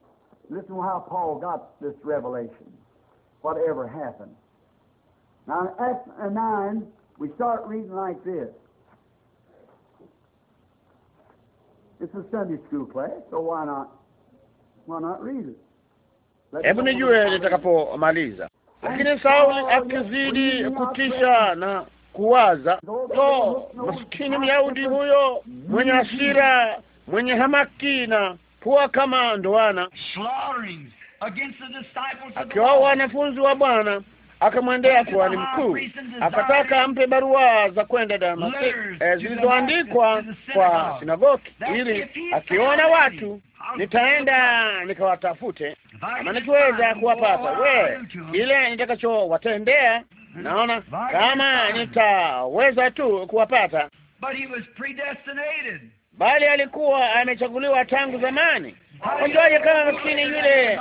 Hebu nijue nitakapomaliza, lakini Sauli akizidi kutisha na kuwaza no, maskini Myahudi huyo mwenye hasira, mwenye hamaki na pua kama ndoana, akiwa wanafunzi wa Bwana akamwendea kuhani mkuu akataka ampe barua za kwenda Damaski e, eh, zilizoandikwa kwa sinagogi, ili akiona watu nitaenda nikawatafute, ama nikiweza kuwapata, we ile nitakachowatendea Naona kama nitaweza tu kuwapata, bali alikuwa amechaguliwa tangu zamani. Unjuaje kama maskini yule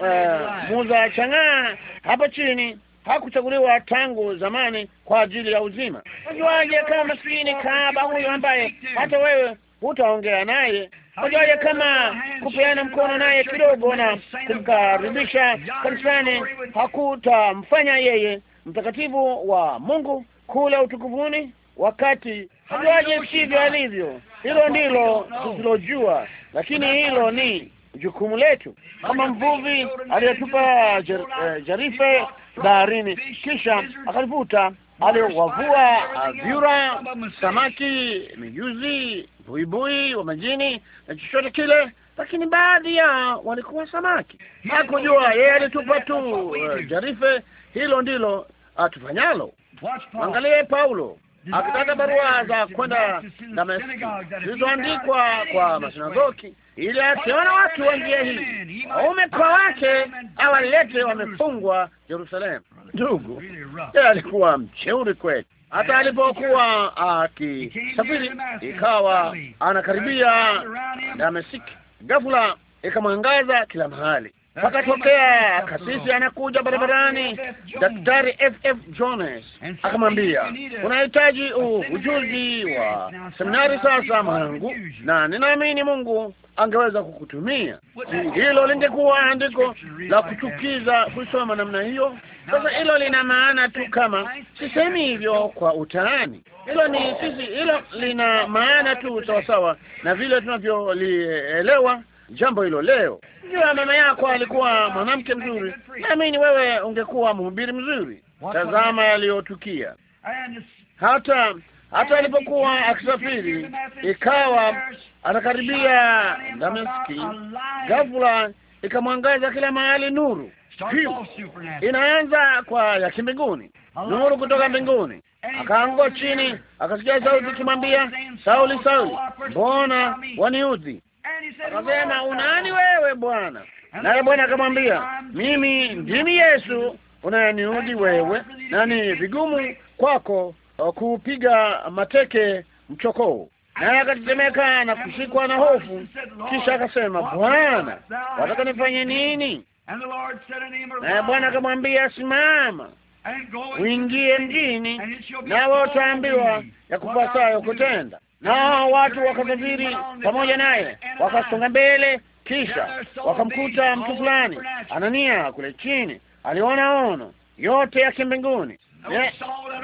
uh, muza chang'aa hapo chini hakuchaguliwa tangu zamani kwa ajili ya uzima? Unjuaje kama maskini kahaba huyo ambaye hata wewe hutaongea naye? Unjuaje kama kupeana mkono naye kidogo na kumkaribisha kanisani hakutamfanya yeye mtakatifu wa Mungu kule utukufuni, wakati hajaje sivyo alivyo. Hilo ndilo tusilojua, lakini hilo ni jukumu letu, kama mvuvi aliyetupa jar, eh, jarife baharini, kisha akalivuta, aliwavua eh, vyura, samaki, mijuzi, buibui wa majini na chochote kile, lakini baadhi yao walikuwa samaki. Hakujua yeye alitupa tu eh, jarife. Hilo ndilo atufanyalo. Angalie Paulo akitaka barua za kwenda Damasiko zilizoandikwa kwa masinagogi, ili akiona watu wa njia hii, waume kwa wake, awalete wamefungwa Yerusalemu. Ndugu yeye alikuwa mcheuri kweli. Hata alipokuwa akisafiri, ikawa anakaribia Damasiki, gafula ikamwangaza kila mahali pakatokea kasisi anakuja barabarani, Daktari FF Jones akamwambia, unahitaji ujuzi wa seminari sasa mwanangu, na ninaamini Mungu angeweza kukutumia. Hilo lingekuwa andiko la kuchukiza kusoma namna hiyo. Sasa hilo lina maana tu, kama sisemi hivyo kwa utaani, hilo ni sisi, hilo lina maana tu sawasawa na vile tunavyolielewa jambo hilo leo. Jua mama yako alikuwa mwanamke mzuri, naamini wewe ungekuwa mhubiri mzuri. Tazama yaliyotukia hata hata alipokuwa akisafiri, ikawa atakaribia Dameski, ghafla ikamwangaza kila mahali nuru hiyo. Inaanza kwa ya kimbinguni, nuru kutoka mbinguni. Akaanguka chini, akasikia sauti ikimwambia, Sauli, Sauli, mbona waniudhi? akasema, unani wewe Bwana? Naye Bwana akamwambia, mimi ndimi Yesu unayeniudi wewe, na ni vigumu kwako uh, kuupiga mateke mchokoo. Naye akatetemeka na kushikwa na hofu, kisha akasema, Bwana, wataka nifanye nini? Naye Bwana akamwambia, simama uingie mjini, nawe utaambiwa ya kupasayo kutenda nao watu wakasafiri pamoja naye wakasonga mbele, kisha wakamkuta mtu fulani Anania kule chini, aliona ono yote ya kimbinguni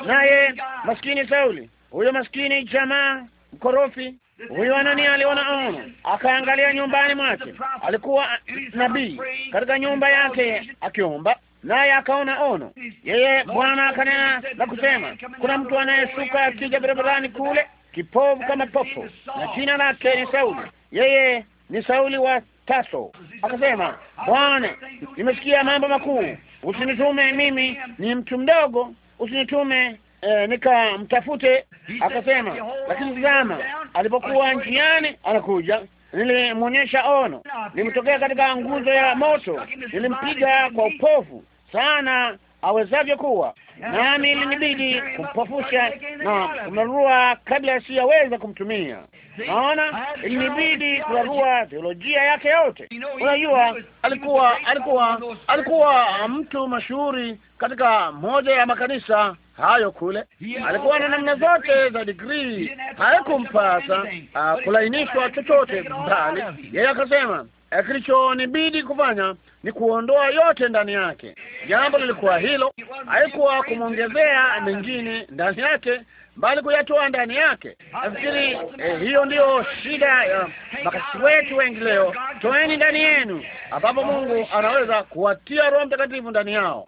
naye maskini Sauli, huyo maskini jamaa mkorofi huyo Anania aliona ono, akaangalia nyumbani mwake, alikuwa nabii katika nyumba yake akiomba, naye akaona ono. Yeye Bwana akanena na kusema, kuna mtu anayesuka akija barabarani kule kipovu kama popo, na jina lake ni Sauli. Yeye ni Sauli wa Taso. Akasema, Bwana, nimesikia mambo makuu, usinitume mimi, ni mtu mdogo, usinitume E, nikamtafute. Akasema, lakini tazama, alipokuwa njiani anakuja, nilimwonyesha ono, nilimtokea katika nguzo ya moto, nilimpiga kwa upofu sana awezavyo kuwa, nami ilinibidi kumpofusha na kumrua kabla siyaweza kumtumia. Naona ilinibidi kurarua theolojia yake yote. Unajua, alikuwa alikuwa alikuwa mtu mashuhuri katika moja ya makanisa hayo kule. Alikuwa na namna zote za digrii, haikumpasa uh, kulainishwa chochote, bali yeye akasema eh, kilichonibidi kufanya ni kuondoa yote ndani yake. Jambo lilikuwa hilo, haikuwa kumwongezea mengine ndani yake, bali kuyatoa ndani yake. Nafikiri eh, hiyo ndiyo shida ya makasi wetu wengi leo. Toeni ndani yenu, ambapo Mungu anaweza kuwatia Roho Mtakatifu ndani yao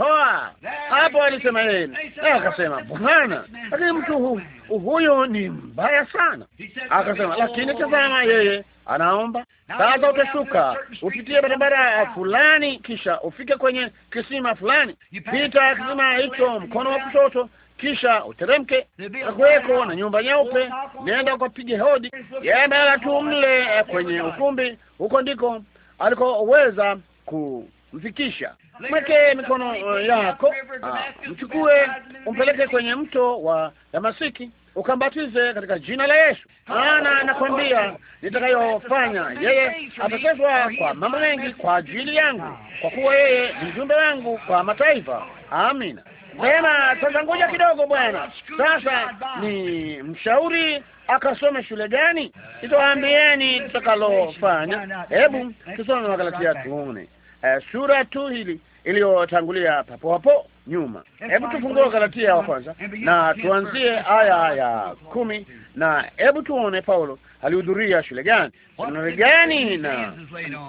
toa hapo, alisema yeye. Akasema, Bwana, lakini mtu huyo ni mbaya sana. Akasema, lakini oh. tazama, yeye anaomba sasa, utashuka upitie barabara fulani, kisha ufike kwenye kisima fulani, pita kisima hicho mkono wa kushoto kisha uteremke akuweko na nyumba nyeupe, nenda ukapige hodi. Yeye tu mle eh, kwenye ukumbi, huko ndiko alikoweza ku mfikisha, mweke mikono uh, yako, ah, mchukue, umpeleke kwenye mto wa Damasiki ukambatize katika jina la Yesu. Maana nakwambia nitakayofanya, yeye atateswa kwa mambo mengi kwa ajili yangu, kwa kuwa yeye ni mjumbe wangu kwa mataifa. Amina. Sema sasa, ngoja kidogo bwana. Sasa ni mshauri akasome shule gani? Nitawaambieni tutakalofanya. Hebu tusome Wagalatia tuone. Eh, sura tu hili iliyotangulia papo hapo nyuma. Hebu tufungue Galatia wa kwanza na tuanzie aya ya kumi na hebu tuone Paulo alihudhuria shule gani, shule gani, na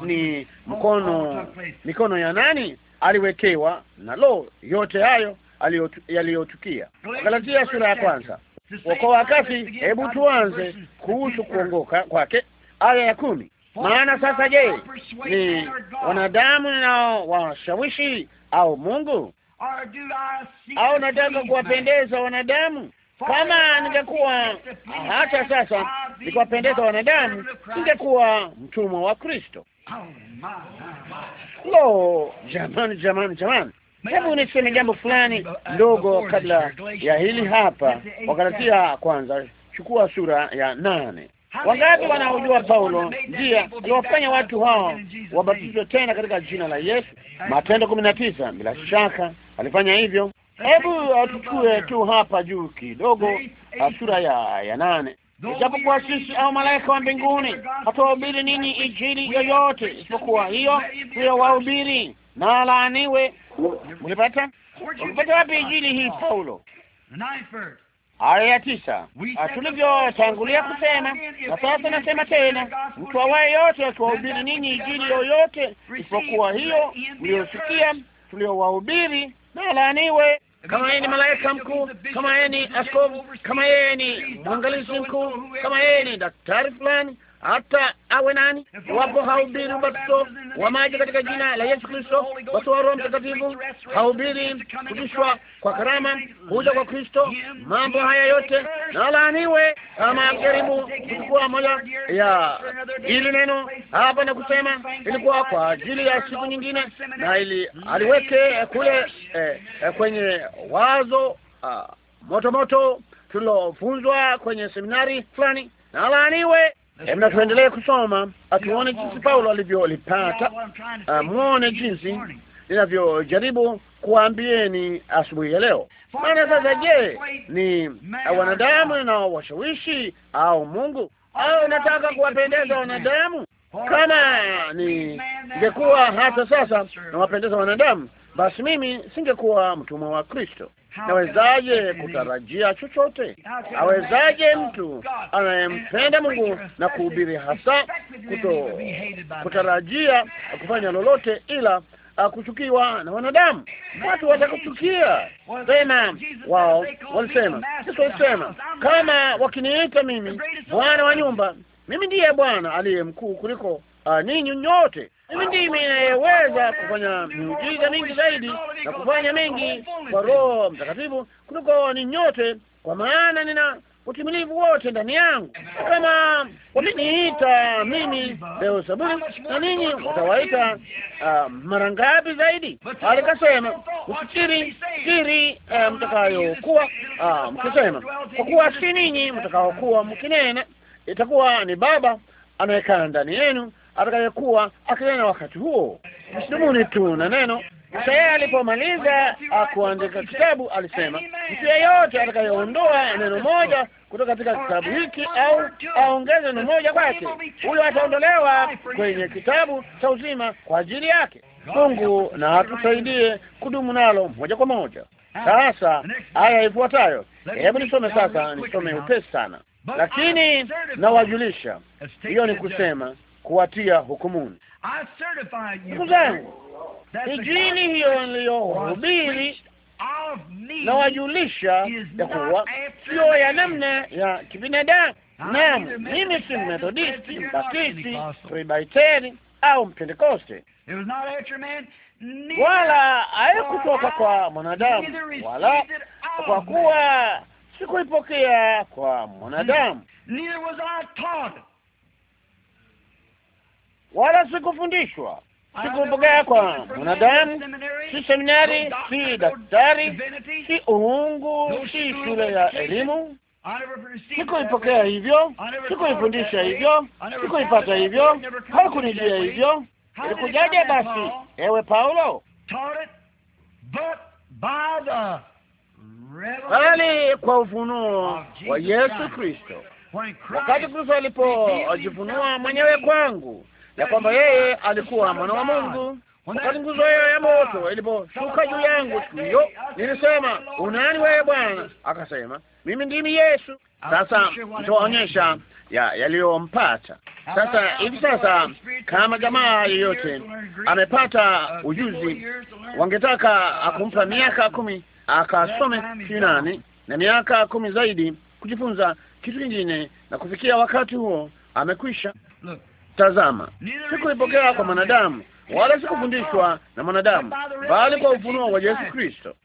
ni mkono mikono ya nani aliwekewa, na lo, yote hayo yaliyotukia. Galatia sura ya kwanza. Kwa wakati, hebu tuanze kuhusu kuongoka kwake, aya ya kumi. Maana sasa, je, ni wanadamu nao washawishi au Mungu? Au nataka kuwapendeza wanadamu? Kama ningekuwa hata sasa nikiwapendeza wanadamu, ningekuwa mtumwa wa Kristo. Oh, Lo, jamani, jamani, jamani! Hebu niseme jambo fulani uh, ndogo kabla ya hili hapa. Wagalatia kwanza, chukua sura ya nane. Wangapi wanaojua Paulo njia aliwafanya watu hao wabatizwe tena katika jina la Yesu? Matendo kumi na tisa. Bila shaka alifanya hivyo. Hebu tuchukue tu hapa juu kidogo, sura ya ya nane. Ijapokuwa sisi au malaika wa mbinguni hatawahubiri ninyi injili yoyote isipokuwa hiyo hiyo wahubiri, na laaniwe. Mlipata, mlipata wapi injili hii Paulo? aya ya tisa tulivyotangulia kusema. Na sasa nasema tena, mtu awaye yote akiwahubiri ninyi injili yoyote isipokuwa hiyo uliyosikia tuliyowahubiri, na laaniwe. Kama yeye ni malaika mkuu, kama yeye ni askofu, kama yeye ni mwangalizi mkuu, kama yeye ni daktari fulani hata awe nani. Iwapo haubiri ubatizo wa maji katika jina la Yesu Kristo, watu wa Roho Mtakatifu, haubiri kutishwa kwa karama, kuja kwa Kristo, mambo haya yote, na laaniwe kama karibu kuchukua moja ya ili neno hapa na kusema ilikuwa kwa ajili ya siku nyingine, na ili aliweke kule eh, eh, kwenye wazo uh, moto moto tulilofunzwa kwenye seminari fulani, na laaniwe Hebu na tuendelee kusoma, atuone jinsi Paulo alivyolipata, uh, muone jinsi ninavyojaribu kuwaambieni asubuhi ya leo. Maana sasa, je, ni wanadamu inaowashawishi au Mungu? Au nataka kuwapendeza wanadamu? Kama ningekuwa hata sasa nawapendeza wanadamu, basi mimi singekuwa mtumwa wa Kristo. Nawezaje kutarajia chochote? Awezaje mtu anayempenda Mungu na kuhubiri hasa kuto kutarajia kufanya lolote ila ah, kuchukiwa na wanadamu. Watu watakuchukia tena. Wao walisema, Yesu alisema, kama wakiniita mimi Bwana wa nyumba, mimi ndiye Bwana aliye mkuu kuliko Uh, ninyi nyote mimi ndimi inayeweza kufanya miujiza mingi zaidi na kufanya mengi kwa Roho Mtakatifu kuliko ni nyote, kwa maana nina utimilivu wote ndani yangu. Kama wameniita mimi Beelzebuli, na ninyi watawaita uh, mara ngapi zaidi? Alikasema ufikiri fikiri uh, ah, mtakayokuwa uh, mkisema, kwa kuwa si ninyi mtakaokuwa mkinena, itakuwa ni Baba anayekaa ndani yenu atakayekuwa akinena wakati huo. Msidumuni tu na neno. Yeye alipomaliza kuandika kitabu alisema, mtu yeyote atakayeondoa neno moja kutoka katika kitabu hiki au aongeze neno moja kwake, huyo ataondolewa kwenye kitabu cha uzima kwa ajili yake. Mungu na atusaidie kudumu nalo moja kwa moja. Sasa haya ifuatayo, hebu nisome sasa, nisome upesi sana, lakini nawajulisha, hiyo ni kusema kuwatia hukumuni. Ndugu zangu, injili hiyo niliyohubiri nawajulisha ya kuwa sio ya namna ya kibinadamu. Naam, mimi si Methodisti, Mbatisti, Presbiteri au Mpentekoste, wala haikutoka kwa mwanadamu, wala kwa kuwa sikuipokea kwa mwanadamu wala sikufundishwa, sikupokea kwa mwanadamu, si seminari, si daktari, si uungu, si shule ya elimu. Sikuipokea hivyo, sikuifundisha hivyo, sikuipata hivyo, hakunijia hivyo. Ilikujaje basi, ewe Paulo? Bali kwa ufunuo wa Yesu Kristo, wakati Kristo alipojifunua mwenyewe kwangu ya kwamba yeye alikuwa mwana wa Mungu. Wakati nguzo hiyo ya moto iliposhuka juu yangu siku hiyo, nilisema unani wewe Bwana? Akasema mimi ndimi Yesu. Sasa nitaonyesha yaliyompata sasa hivi. Sasa kama jamaa yeyote amepata ujuzi, wangetaka akumpa miaka kumi akasome Yunani na miaka kumi zaidi kujifunza kitu kingine, na kufikia wakati huo amekwisha. Tazama, sikuipokea kwa mwanadamu, wala sikufundishwa na mwanadamu, bali kwa ufunuo wa Yesu Kristo.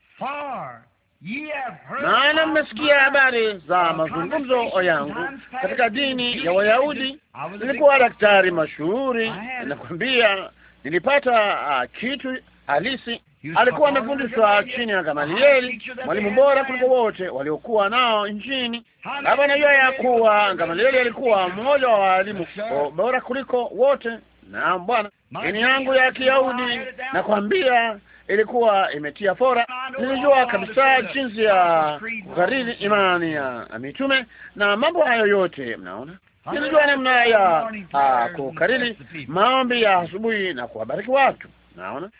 Maana mmesikia habari za mazungumzo yangu katika dini ya Wayahudi. Nilikuwa daktari mashuhuri, nakwambia, nilipata uh, kitu halisi alikuwa amefundishwa chini ya Gamalieli, mwalimu bora kuliko wote waliokuwa nao nchini. Labda anajua ya kuwa Gamalieli alikuwa mmoja wa walimu bora kuliko wote. Na bwana, dini yangu ya Kiyahudi nakwambia, ilikuwa imetia fora. Nilijua kabisa jinsi ya kukariri imani ya mitume na mambo hayo yote, mnaona nilijua namna ya ah, kukariri maombi ya asubuhi na kuwabariki watu, naona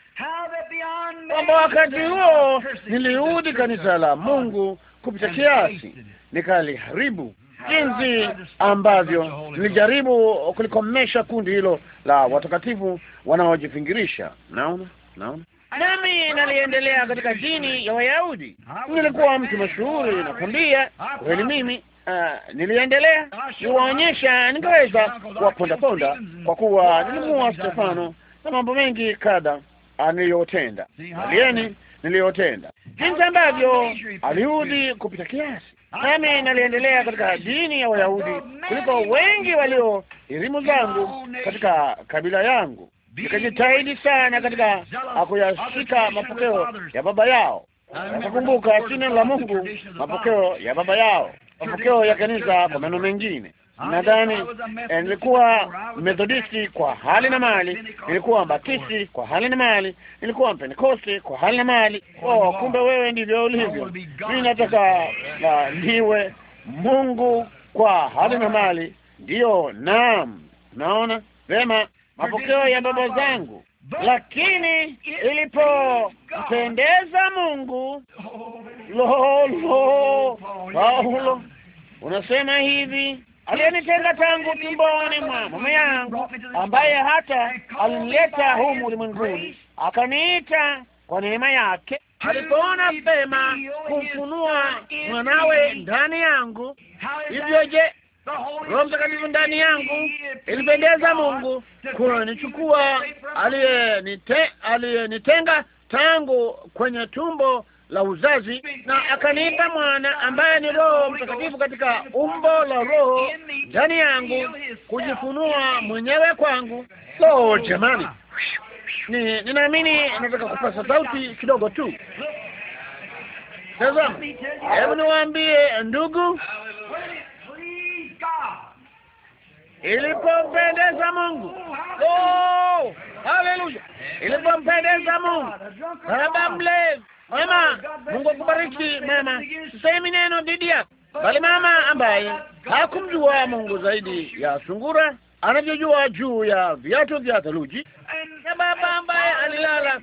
kwamba wakati huo niliudhi kanisa la Mungu kupita kiasi, nikaliharibu jinsi ambavyo nilijaribu kulikomesha kundi hilo la watakatifu wanaojifingirisha. Naona, naona nami naliendelea katika dini ya Wayahudi. Nilikuwa mtu mashuhuri, nakwambia kweli mimi. Uh, niliendelea niwaonyesha, kuwaponda kuwapondaponda kwa kuwa nilimuua Stefano na mambo mengi kadha niliyotenda alieni niliyotenda, jinsi ambavyo aliyahudi kupita kiasi. Nami naliendelea katika dini ya Wayahudi kuliko wengi walio elimu zangu katika kabila yangu, nikajitahidi sana katika akuyashika mapokeo ya baba yao, nakakumbuka si neno la Mungu, mapokeo ya baba yao, mapokeo ya kanisa, kwa maneno mengine Ah, nadhani eh, nilikuwa Methodisti kwa hali na mali, nilikuwa Baptisti kwa hali na mali, nilikuwa Pentekoste kwa hali na oh, mali. Oh, kumbe wewe ndivyo ulivyo. Mimi nataka niwe Mungu kwa hali na mali. Ndiyo, naam, naona vema mapokeo ya baba zangu, lakini ilipompendeza Mungu. Lo, lo, Paulo unasema hivi aliyenitenga tangu tumboni mwa mama yangu, ambaye hata alimleta humu ulimwenguni, akaniita kwa neema yake. Alipoona pema kumfunua mwanawe ndani yangu, hivyo je, Roho Mtakatifu ndani yangu ilipendeza Mungu kunichukua aliyenitenga tangu kwenye tumbo la uzazi, na akanipa mwana ambaye ni Roho Mtakatifu katika umbo la Roho ndani yangu kujifunua mwenyewe kwangu. Lo, jamani, ni ninaamini, nataka kupasa sauti kidogo tu. Tazama, hebu niwaambie ndugu, ilipopendeza Mungu oh! Haleluya! Ilipompendeza Mungu. Baba mlezi mama, Mungu akubariki mama. Sisemi neno dhidi yako, bali mama ambaye hakumjua Mungu zaidi ya sungura anavyojua juu ya viatu vya theluji, na baba ambaye alilala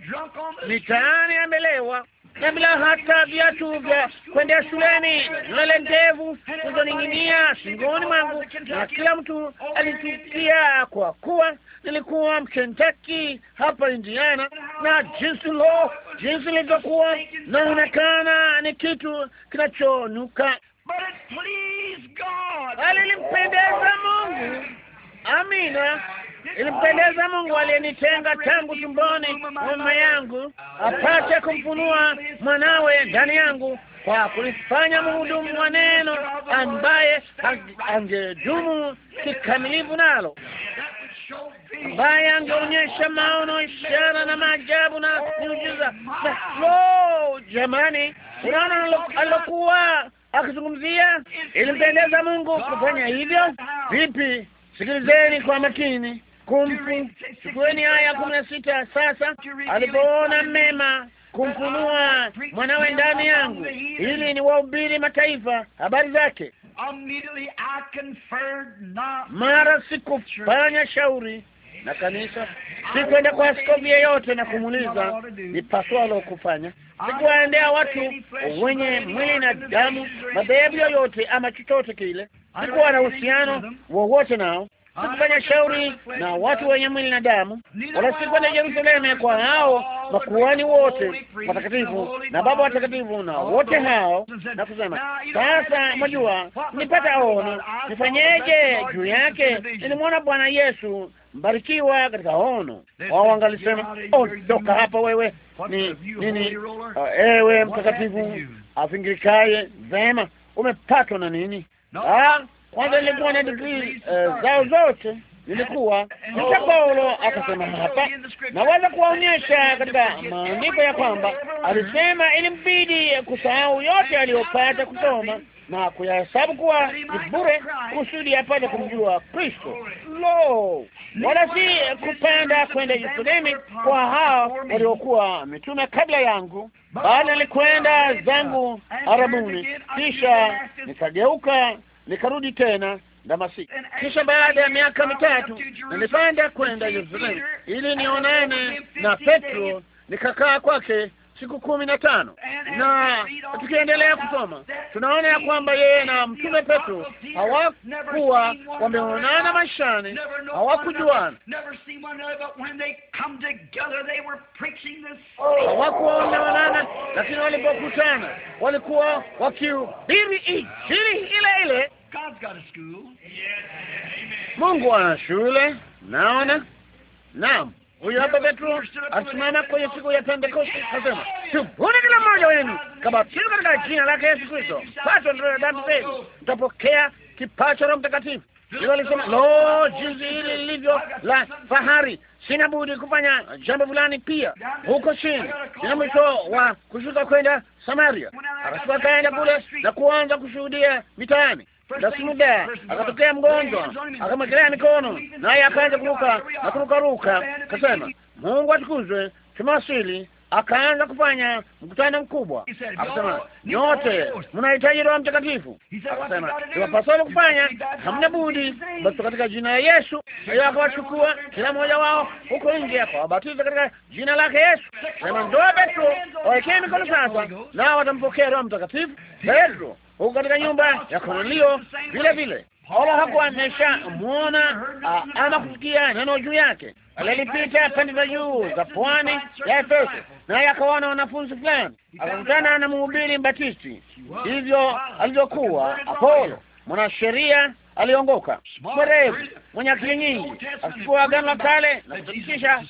mitaani amelewa na bila hata viatu vya kwenda shuleni, nywele ndevu zilizoning'inia shingoni mwangu, na kila mtu alitukia kwa kuwa nilikuwa Mkentaki hapa Indiana, na jinsi lo, jinsi nilivyokuwa naonekana ni kitu kinachonuka, bali Mungu. Amina. Ilimpendeza Mungu aliyenitenga tangu tumboni mama yangu apate kumfunua mwanawe ndani yangu kwa kulifanya mhudumu wa neno ambaye angedumu kikamilifu nalo, ambaye angeonyesha maono, ishara na maajabu na miujiza. Lo, jamani, unaona alilokuwa akizungumzia. Ilimpendeza Mungu kufanya hivyo. Vipi? Sikilizeni kwa makini kumfu. Chukueni haya kumi na sita. Sasa alipoona mema kumfunua mwanawe ndani yangu, ili ni wahubiri mataifa habari zake. Mara sikufanya shauri na kanisa, sikwenda kwa askofu yeyote na kumuuliza ni paswalo kufanya. Sikuwaendea watu wenye mwili na damu, madhehebu yoyote ama chochote kile. Sikuwa na uhusiano wowote nao sikufanya shauri na watu wenye mwili na damu, wala sikwenda Yerusalemu kwa hao makuhani wote watakatifu na baba watakatifu na wote hao, na kusema sasa, mwajua, nipata ono, nifanyeje juu yake? Nilimwona Bwana Yesu mbarikiwa katika ono. Wao wangalisema ondoka oh, hapa wewe, ni nini? Eh, ewe mtakatifu afingirikaye, vema, umepatwa na nini? Ah, kwanza nilikuwa na digrii eh, zao zote, nilikuwa sasa. Paulo akasema hapa, naweza kuwaonyesha katika maandiko ya kwamba alisema ilimbidi kusahau yote aliyopata kusoma na kuyahesabu kuwa ni bure kusudi apate kumjua Kristo. Lo, wala si kupanda kwenda Yerusalemu kwa hao waliokuwa mitume kabla yangu, bali nilikwenda zangu Arabuni, kisha nikageuka nikarudi tena Damasiki. Kisha baada ya miaka mitatu nilipanda kwenda Yerusalemu ili nionane na Petro, nikakaa kwake siku kumi na tano na tukiendelea kusoma tunaona ya kwamba yeye na mtume Petro oh, hawakuwa wameonana maishani, hawakujuana, hawakuonana, lakini walipokutana walikuwa wakihubiri injili ile ile. Mungu ana shule, naona naam. Huyo hapa Petro asimama kwenye siku ya Pentekoste, akasema tubuni, kila mmoja wenu kabatizwe katika jina lake Yesu Kristo, pacho ndio ya dhambi zenu, mtapokea kipacho Roho Mtakatifu. Hilo alisema, lo, jinsi hili lilivyo la fahari! Sina budi kufanya jambo fulani pia huko chini. Sina mwisho wa kushuka kwenda Samaria. Akashuka kaenda kule na kuanza kushuhudia mitaani basi akatokea mgonjwa akamwekelea mikono, naye akaanza kuruka na kurukaruka, akasema Mungu atukuzwe, tumewasili. Akaanza kufanya mkutano mkubwa, akasema nyote mnahitaji Roho Mtakatifu. Akasema iwapasalo kufanya, hamna budi basi katika jina la Yesu. Hiyo akawachukua kila mmoja wao huko nje, akawabatiza katika jina lake Yesu. Sema ndoa Petro, wawekee mikono sasa, nao watampokea Roho Mtakatifu. Petro huko katika nyumba ya Kornelio. Vile vile Paulo hakuwa amesha muona ama kusikia neno juu yake. Alilipita pande za juu za pwani ya Efeso, naye akaona wanafunzi fulani, akakutana na mhubiri Mbatisti. Hivyo alivyokuwa Apolo, mwanasheria aliongoka, mwerevu, mwenye akili nyingi, akichukua Agano la Kale na kuthibitisha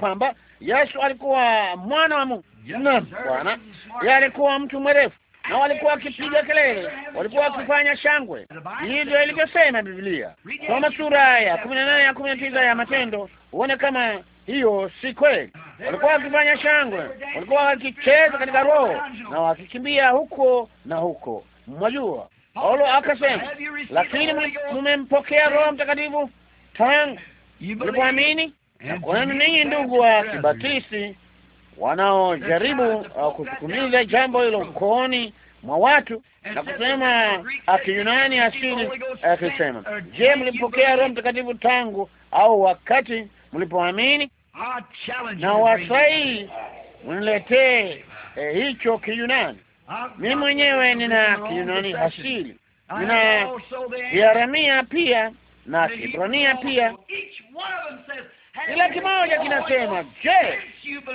kwamba Yesu alikuwa mwana wa Mungu. Naam Bwana, yeye alikuwa mtu mwerevu na walikuwa wakipiga kelele, walikuwa wakifanya shangwe. Hivyo ilivyosema Biblia. Soma sura ya kumi na nane ya kumi na tisa ya Matendo uone kama hiyo si kweli. Walikuwa wakifanya shangwe, walikuwa wakicheza katika roho na wakikimbia huko na huko. Mwajua, Paulo akasema, lakini mmempokea Roho Mtakatifu tangu mlipoamini, na kwenu ninyi ndugu wa kibatisi wanaojaribu uh, kusukumiza jambo hilo ukooni mwa watu na kusema akiyunani asili akisema, uh, je, mlipokea Roho Mtakatifu tangu au wakati mlipoamini? Na wasai mniletee eh, hicho Kiyunani. Mimi mwenyewe nina Kiyunani asili, nina Kiaramia pia na Kibrania pia, kila kimoja kinasema, je,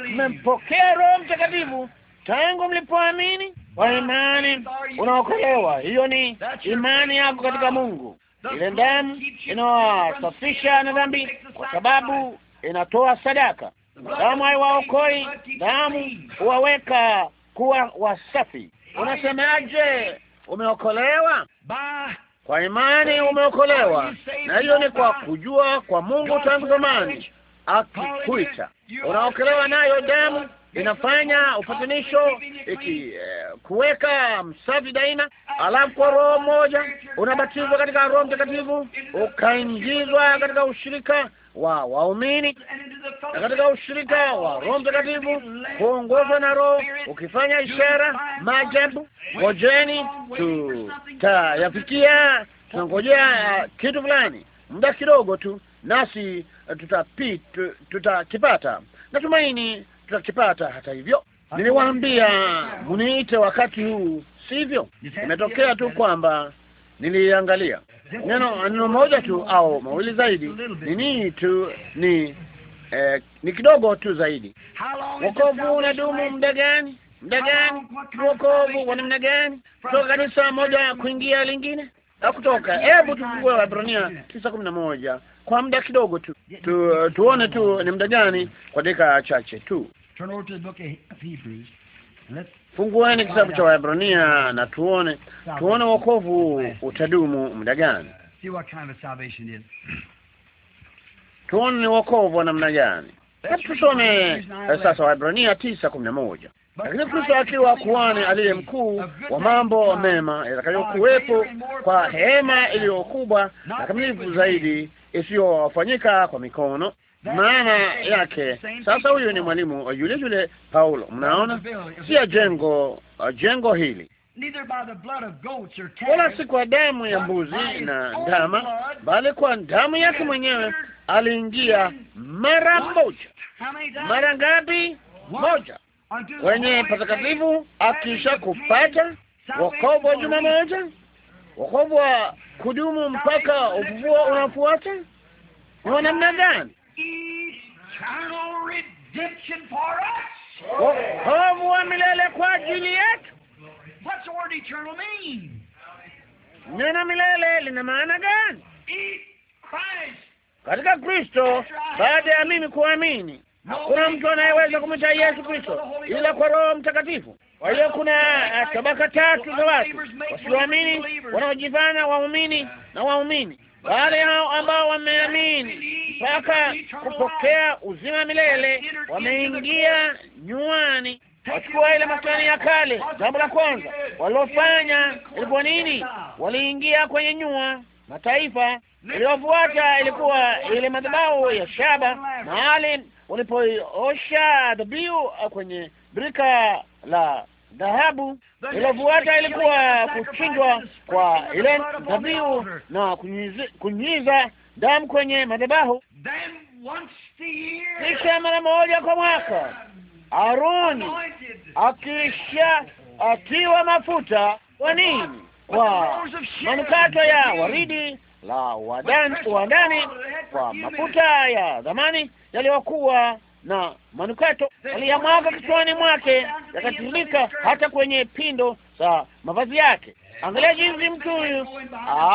mmempokea Roho Mtakatifu tangu mlipoamini? Kwa imani unaokolewa. Hiyo ni imani yako katika Mungu. Ile damu inawasafisha na dhambi, kwa sababu inatoa sadaka. Damu haiwaokoi, damu huwaweka kuwa wasafi. Unasemaje, umeokolewa? Kwa imani umeokolewa, na hiyo ni kwa kujua kwa Mungu tangu zamani akikuita. Unaokolewa nayo, damu inafanya upatanisho, ikikuweka msafi daima. Alafu kwa roho moja unabatizwa katika Roho Mtakatifu, ukaingizwa katika ushirika wa waumini na katika ushirika wa Roho Mtakatifu kuongozwa na Roho, ukifanya ishara, maajabu. Ngojeni tutayafikia, tunangojea eh, kitu fulani, muda kidogo tu, nasi eh, tutakipata. Natumaini tutakipata. Hata hivyo, niliwaambia muniite wakati huu, sivyo? Imetokea tu kwamba niliangalia neno neno moja tu au mawili zaidi, nini tu ni eh, ni kidogo tu zaidi. Wokovu unadumu muda gani? Muda gani? Wokovu wa namna gani? Kutoka kanisa moja kuingia lingine na kutoka. Hebu tufungue Waebrania tisa kumi na moja kwa muda kidogo tu, tu tuone tu ni muda gani, kwa dakika chache tu. Fungueni kitabu cha Waebrania na tuone, tuone wokovu utadumu muda gani, uh, tuone ni wokovu wa namna gani. Tusome eh, sasa Waebrania tisa kumi na moja. Lakini Kristo akiwa kuhani aliye mkuu wa mambo mema yatakayokuwepo eh, kwa hema iliyo kubwa na kamilifu zaidi isiyofanyika kwa mikono maana yake sasa, huyu ni mwalimu uh, yule yule Paulo. Mnaona, siyo jengo uh, jengo hili wala si kwa damu ya mbuzi na ndama, bali kwa damu yake mwenyewe aliingia mara moja. Mara ngapi? Moja kwenye patakatifu, akisha kupata wokovu wa juma moja, wokovu wa kudumu mpaka ufufuo unafuata. Ni wa namna gani? wokovu wa milele kwa ajili yetu. Neno milele lina maana gani katika Kristo? Baada ya mimi kuamini, hakuna mtu anayeweza kumwita Yesu Kristo ila kwa Roho Mtakatifu. Kwa hiyo kuna eh, tabaka tatu za watu wasioamini, wanaojivana waumini na waumini wale hao ambao wameamini mpaka kupokea uzima milele wameingia nyuani, wachukua ile maskani ya kale. Jambo la kwanza walilofanya ilikuwa nini? Waliingia kwenye nyua mataifa. Iliyofuata ilikuwa ile madhabahu ya shaba, mahali walipoosha dhabihu kwenye birika la Dhahabu iliyofuata ilikuwa kuchinjwa kwa ile dhabihu na kunyiza damu kwenye madhabahu. Kisha mara moja kwa mwaka Aroni akisha akiwa mafuta kwa nini? Kwa manukato ya waridi la wadani, wadani kwa mafuta ya dhamani yaliyokuwa na manukato aliyamwaga kichwani mwake yakatirika hata kwenye pindo za mavazi yake. Angalia jinsi mtu huyu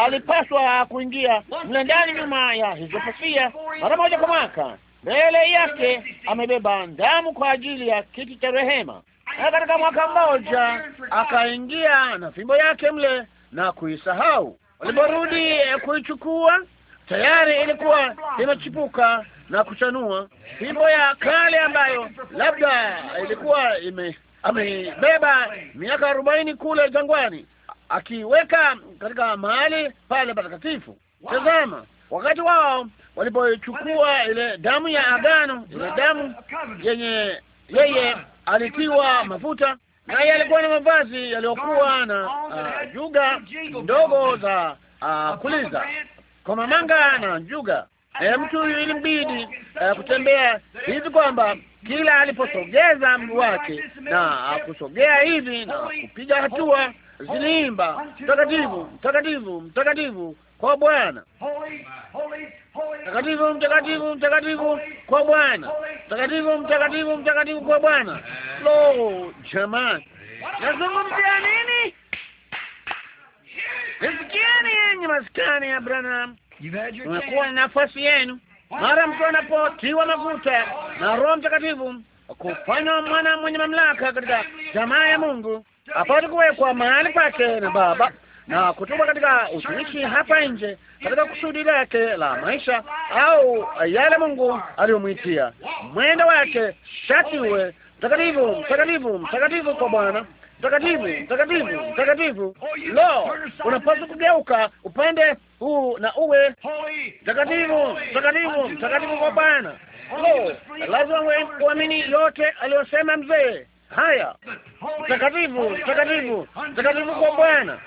alipaswa kuingia mle ndani nyuma ya hizo kofia mara moja kwa mwaka. Mbele yake amebeba damu kwa ajili ya kiti cha rehema, na katika mwaka mmoja akaingia na fimbo yake mle na kuisahau. Waliporudi kuichukua tayari ilikuwa imechipuka na kuchanua fimbo ya kale ambayo labda ilikuwa ime amebeba miaka arobaini kule jangwani, akiweka katika mahali pale patakatifu. Tazama, wakati wao walipochukua ile damu ya agano, ile damu yenye yeye alitiwa mafuta, naye alikuwa na mavazi yaliyokuwa na uh, juga ndogo za uh, kuliza kwa mamanga na juga mtu huyu ilimbidi uh, eh, kutembea hivi kwamba kila aliposogeza mguu wake na akusogea hivi na kupiga hatua ziliimba mtakatifu, mtakatifu, mtakatifu kwa Bwana, mtakatifu, mtakatifu, mtakatifu kwa Bwana, mtakatifu, mtakatifu, mtakatifu kwa Bwana. Lo, jamani, nazungumzia nini? Nisikieni yenye maskani ya Branham umekuwa na nafasi yenu mara mtu anapotiwa mafuta na Roho Mtakatifu kufanywa mwana mwenye mamlaka katika jamaa ya Mungu, apate kuwekwa mahali pake na Baba na kutuba katika utumishi hapa nje katika kusudi lake la maisha au yale Mungu aliyomwitia mwendo wake, shati uwe mtakatifu, mtakatifu, mtakatifu kwa Bwana mtakatifu, mtakatifu, mtakatifu. Lo, unapaswa kugeuka upande huu na uwe mtakatifu, mtakatifu, mtakatifu kwa Bwana. Lo, lazima uamini yote aliyosema mzee. Haya, mtakatifu, mtakatifu, mtakatifu kwa Bwana.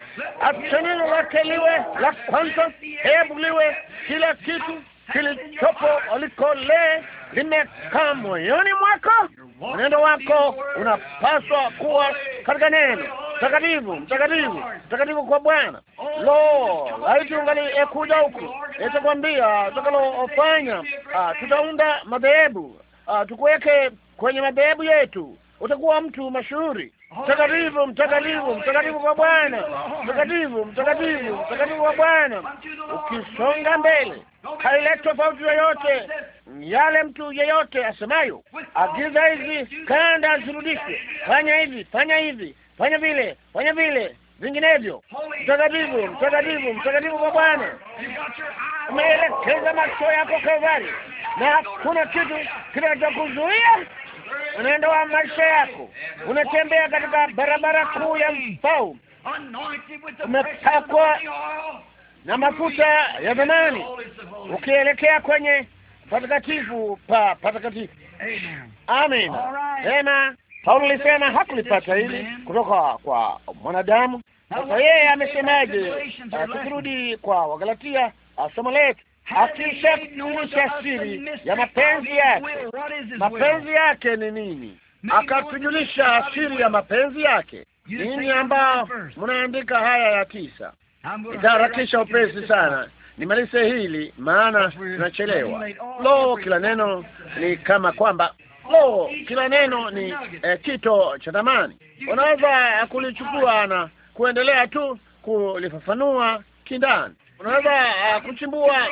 Acha lake liwe la kwanza, hebu liwe kila kitu kilichopo alikole limekaa moyoni mwako. Mwenendo wako unapaswa kuwa katika neno mtakatifu, mtakatifu, mtakatifu kwa Bwana. Lo, laiti ekuja huku, nitakwambia utakalofanya. Ah, tutaunda madhehebu, ah, tukuweke kwenye madhehebu yetu, utakuwa mtu mashuhuri. Mtakatifu, mtakatifu, mtakatifu kwa Bwana, mtakatifu, mtakatifu, mtakatifu kwa Bwana. Ukisonga mbele haileti tofauti yoyote yale mtu yeyote asemayo. Agiza hizi kanda zirudishwe, fanya hivi, fanya hivi, fanya vile, fanya vile, vinginevyo. Mtakatifu, mtakatifu, mtakatifu kwa Bwana, umeelekeza macho yako Kalvari, na kuna kitu kinachokuzuia unaenda wa maisha yako, unatembea katika barabara kuu ya mpau, umepakwa na mafuta ya dhamani, ukielekea kwenye patakatifu pa patakatifu. Amen. Tena Paulo alisema hakulipata hili kutoka kwa mwanadamu. Sasa yeye amesemaje? Ah, tukirudi kwa Wagalatia, ah, somo letu akishaficha siri ya mapenzi yake. Mapenzi yake ni nini? Akatujulisha siri ya mapenzi yake. Ninyi ambao mnaandika haya ya tisa nitaharakisha upesi sana nimalize hili, maana tunachelewa. Lo, kila neno ni kama kwamba lo, kila neno ni eh, kito cha thamani. Unaweza kulichukua na kuendelea tu kulifafanua kindani. Unaweza eh, kuchimbua,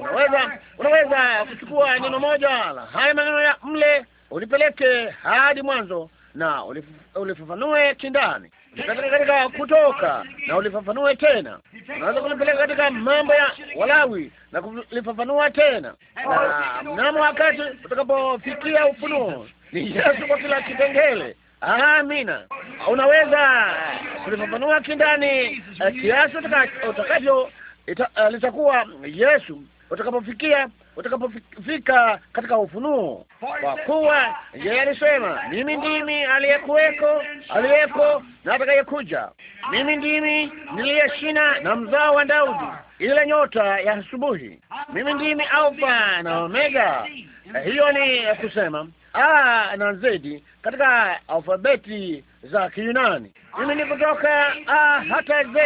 unaweza unaweza kuchukua neno moja la haya maneno ya mle ulipeleke hadi mwanzo na ulifafanue kindani katika Kutoka na ulifafanue tena. Unaweza kulipeleka katika mambo ya Walawi na kulifafanua tena, na mnamo wakati utakapofikia Ufunuo ni Yesu kwa kila kipengele. Amina, unaweza kulifafanua kindani eh, kiasi utakavyo, eh, litakuwa Yesu utakapofikia utakapofika katika ufunuo, kwa kuwa yeye alisema, mimi ndimi aliyekuweko, aliyeko na atakayekuja, mimi ndimi niliye shina na mzao wa Daudi, ile nyota ya asubuhi, mimi ndimi Alfa na Omega. Hiyo ni kusema A na Z katika alfabeti za Kiyunani. Mimi ni kutoka A hata Z,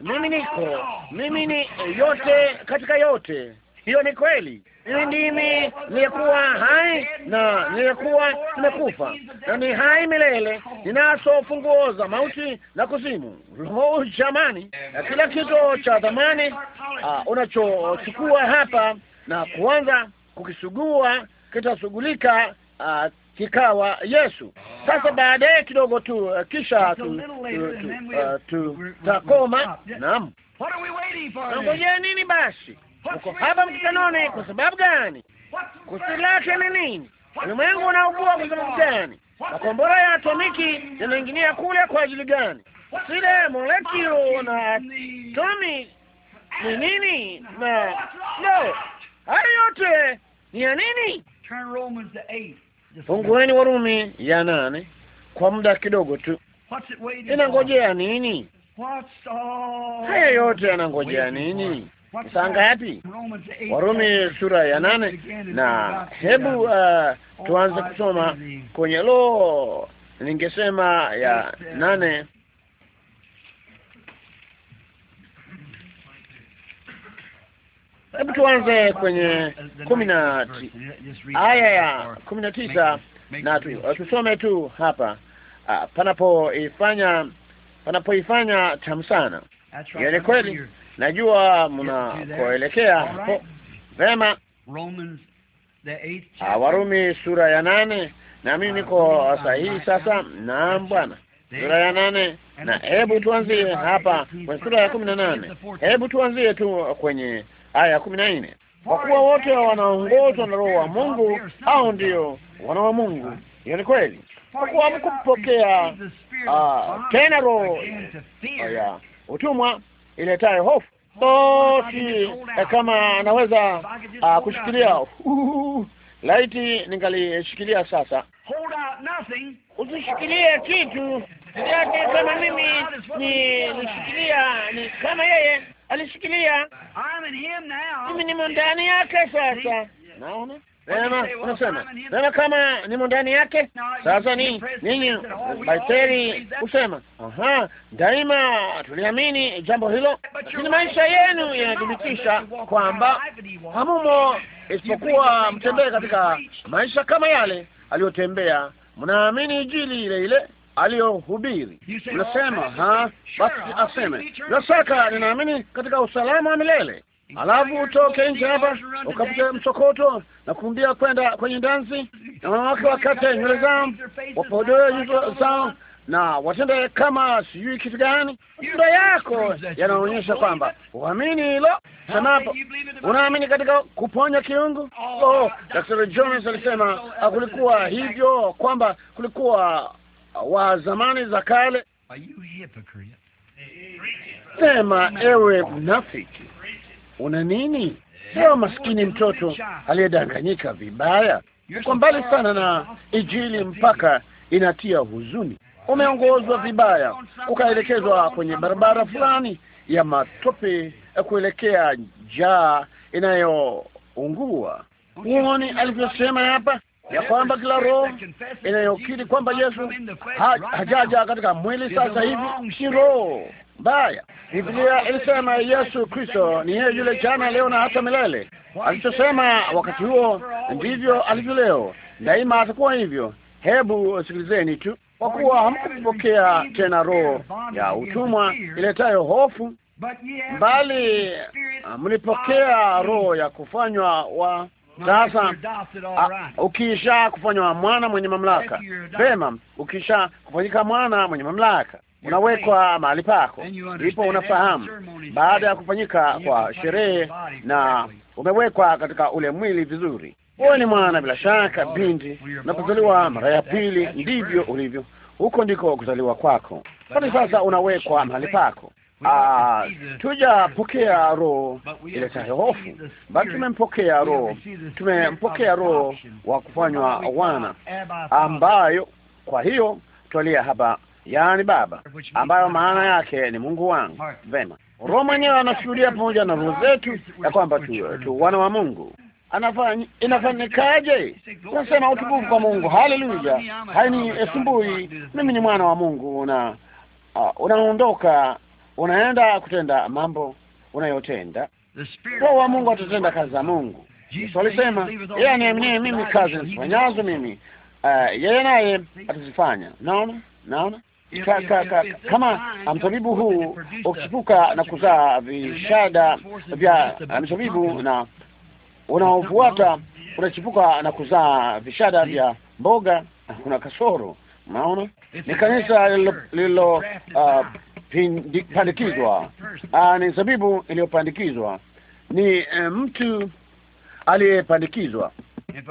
mimi niko, mimi ni yote katika yote hiyo ni kweli. Mimi ndimi niliyekuwa hai na niliyekuwa nimekufa, na ni hai milele, ninazo funguo za mauti na kuzimu. Lo, jamani, na kila kitu cha dhamani uh, ah, unachochukua hapa na kuanza kukisugua kitasugulika, uh, kikawa Yesu. Sasa baadaye kidogo tu, uh, kisha tu, tutakoma. Naam, nangojea nini basi? uko hapa mkutanoni kwa sababu gani? Kusudi lake ni nini? Ulimwengu unaugua kwa sababu gani? Makombora ya atomiki yanaingilia kule kwa ajili gani? Zile molekuli na atomi ni nini? Na no, hayo yote ni ya nini? Fungueni Warumi ya nane kwa muda kidogo tu. Inangojea nini? Haya yote yanangojea nini? Sanga yapi? Warumi sura ya nane. Na hebu uh, tuanze kusoma kwenye lo, ningesema ya nane Hebu tuanze kwenye kumi na aya ya kumi na tisa na uh, tusome tu hapa uh, panapoifanya panapoifanya tamu sana. Ni yaani kweli najua mnakoelekea hapo vema. Ah, Warumi sura ya nane na mimi ah, niko sahihi sasa? Naam bwana, sura ya nane na hebu tuanzie hapa kwenye sura ya kumi na nane hebu tuanzie tu kwenye aya ya kumi na nne kwa kuwa wote wanaongozwa na Roho wa Mungu hao ndio wana wa Mungu. Hiyo ni kweli, kwa kuwa mkupokea ah, tena roho ya utumwa iletayo hofu basi kama anaweza uh, ah, kushikilia laiti ningalishikilia sasa. Usishikilie kitu yake, kama mimi ni nishikilia, ni kama yeye alishikilia. Mimi nimo ndani yake sasa, naona Vema, unasema vema, kama nimo ndani yake. Sasa ni ninyi Baiteri husema aha, daima tuliamini jambo hilo, lakini maisha yenu yanathibitisha kwamba hamumo, isipokuwa mtembee katika maisha kama yale aliyotembea. Mnaamini Injili ile ile aliyohubiri. Unasema oh, basi aseme, bila shaka ninaamini katika usalama wa milele alafu utoke nje hapa ukapita msokoto na kumbia kwenda kwenye dansi, na wanawake wakate nywele zao, wapodoe nyuso zao na watende kama sijui kitu gani. Matunda yako yanaonyesha kwamba uamini hilo. Semapo unaamini katika kuponya kiungu. Oh, Dr. Jones alisema kulikuwa hivyo kwamba kulikuwa uh, wa zamani za kale. Sema ewe mnafiki una nini? Sio maskini mtoto aliyedanganyika vibaya. Uko mbali sana na Injili mpaka inatia huzuni. Umeongozwa vibaya, ukaelekezwa kwenye barabara fulani ya matope kuelekea njaa inayoungua. Huoni alivyosema hapa? ya kwamba kila roho inayokiri kwamba Yesu hajaja katika mwili sasa hivi si roho mbaya. Biblia ilisema Yesu Kristo ni yeye yule jana, leo na hata milele. Alichosema wakati huo ndivyo alivyo leo, daima atakuwa hivyo. Hebu sikilizeni tu, kwa kuwa hamkupokea tena roho ya utumwa iletayo hofu, bali ah, mlipokea roho ya kufanywa wa sasa ukisha kufanywa mwana mwenye mamlaka pema ukisha kufanyika mwana mwenye mamlaka unawekwa mahali pako, ndipo unafahamu baada ya kufanyika kwa sherehe, na umewekwa katika ule mwili vizuri. Wewe ni mwana bila shaka, binti. Unapozaliwa mara ya pili, ndivyo ulivyo, huko ndiko kuzaliwa kwako. Basi sasa unawekwa mahali pako Ah, tujapokea roho iletayo hofu, bali tumempokea roho, tumempokea roho wa kufanywa wana, ambayo kwa hiyo twalia hapa, yaani Baba, ambayo maana yake ni Mungu wangu. Vema, roho mwenyewe anashuhudia pamoja na roho zetu ya kwamba tu, tu wana wa Mungu. Anafanya, inafanyikaje? Unasema utukufu kwa Mungu, haleluya! Haini esumbui, mimi ni mwana wa Mungu na uh, unaondoka unaenda kutenda mambo unayotenda. Roho wa Mungu atatenda kazi za Mungu. Yesu alisema yeye aniaminie mimi, kazi nisifanyazo mimi eh, yeye naye atazifanya. Naona, naona Ka, ka, ka, kama mzabibu huu ukichipuka na kuzaa vishada vya mzabibu na unaofuata unachipuka na kuzaa vishada vya mboga, kuna kasoro. Unaona, ni kanisa lililo pandikizwa. Ah, ni zabibu iliyopandikizwa, ni eh, mtu aliyepandikizwa.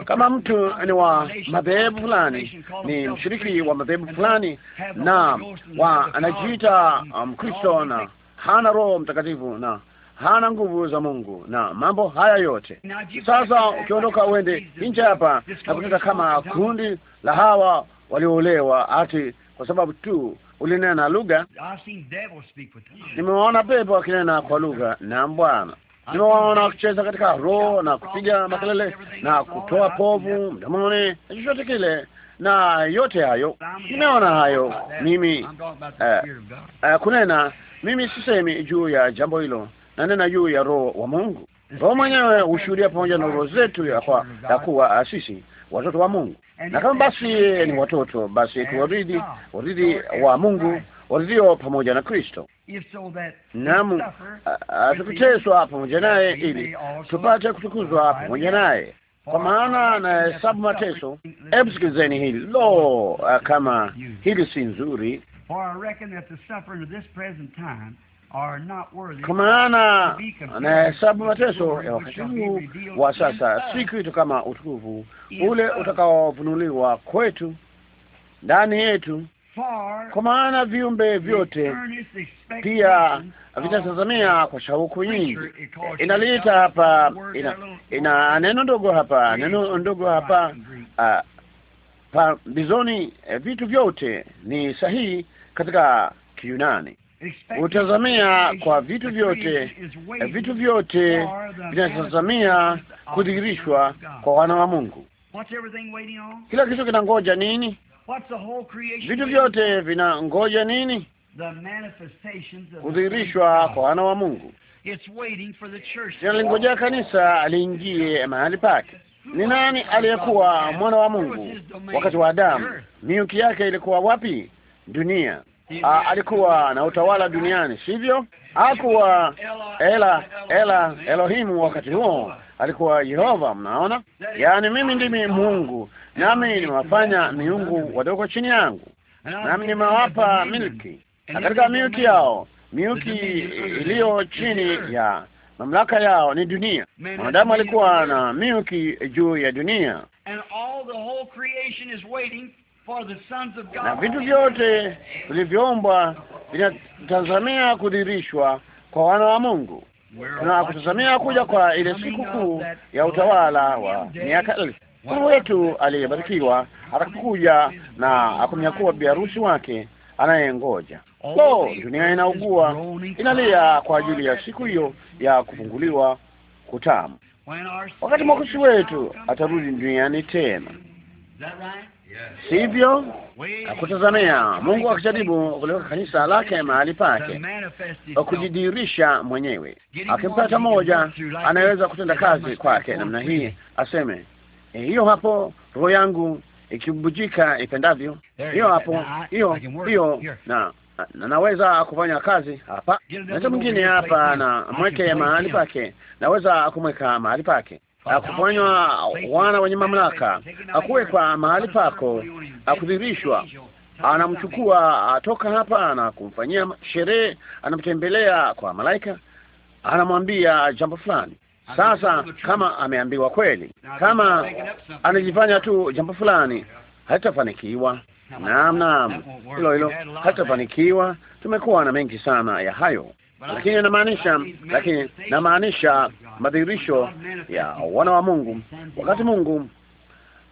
Kama mtu ni wa madhehebu fulani, ni mshiriki wa madhehebu fulani, na wa anajiita Mkristo um, na hana Roho Mtakatifu na hana nguvu za Mungu na mambo haya yote. Sasa ukiondoka uende nje hapa na kuteta kama kundi la hawa walioolewa ati kwa sababu tu ulinena lugha. Nimewaona pepo wakinena kwa lugha. na Bwana, nimewaona wakicheza katika roho na kupiga makelele na kutoa povu mdomoni na chochote kile, na yote hayo nimeona hayo mimi. Uh, uh, kunena mimi sisemi juu ya jambo hilo, nanena juu ya roho wa Mungu. Roho mwenyewe hushuhudia pamoja na roho zetu ya, ya kuwa ah, sisi watoto wa Mungu, na kama basi ni watoto, basi tuwaridhi waridhi wa Mungu walivyo pamoja na Kristo, naam, tukiteswa pamoja naye, ili tupate kutukuzwa pamoja naye, kwa maana na hesabu mateso. Hebu sikilizeni hili lo, kama hili si nzuri kwa maana anahesabu mateso ya wakati huu wa sasa si kitu kama utukufu ule utakaovunuliwa kwetu ndani yetu, kwa maana viumbe vyote pia vitatazamia kwa shauku nyingi. Inaliita hapa ina, ina neno ndogo hapa, neno ndogo hapa, uh, pa bizoni. Eh, vitu vyote ni sahihi katika Kiyunani hutazamia kwa vitu vyote, vitu vyote vinatazamia kudhihirishwa kwa wana wa Mungu. Kila kitu kinangoja nini? Vitu vyote vinangoja nini? Kudhihirishwa kwa wana wa Mungu. inalingojea kanisa aliingie mahali pake. Ni nani aliyekuwa mwana wa Mungu wakati wa Adamu? Miuki yake ilikuwa wapi? Dunia a, ah, alikuwa na utawala duniani, sivyo? Hakuwa ela ela Elohimu wakati huo, alikuwa Yehova. Mnaona, yaani mimi ndimi Mungu, nami nimewafanya miungu wadogo chini yangu, nami nimewapa milki, na katika milki yao, milki iliyo chini ya mamlaka yao ni dunia. Mwanadamu alikuwa na milki juu ya dunia na vitu vyote vilivyoumbwa vinatazamia kudhirishwa kwa wana wa Mungu na kutazamia kuja kwa ile siku kuu ya utawala wa miaka elfu. Mungu wetu aliyebarikiwa atakuja na akumnyakua bi harusi wake anayengoja. Lo, dunia inaugua, inalia kwa ajili ya siku hiyo ya kufunguliwa kutamu, wakati mwakusi wetu atarudi duniani tena sivyo? Akutazamea Mungu akijaribu kuliweka kanisa lake mahali pake, kujidirisha mwenyewe. Akimpata mmoja anayeweza kutenda kazi kwake namna hii, aseme eh, hiyo hapo roho yangu ikibujika ipendavyo, hiyo hapo, hiyo hiyo, na na naweza kufanya kazi hapa, na mwingine hapa, na mweke mahali pake, naweza kumweka mahali pake akufanywa wana wenye mamlaka, akuwekwa mahali pako, akudhirishwa, anamchukua atoka hapa, na kumfanyia sherehe, anamtembelea kwa malaika, anamwambia jambo fulani. Sasa kama ameambiwa kweli, kama anajifanya tu jambo fulani, haitafanikiwa. Naam, naam, hilo hilo, hatafanikiwa. Tumekuwa na mengi sana ya hayo lakini namaanisha, lakini namaanisha madhihirisho ya wana wa Mungu, wakati Mungu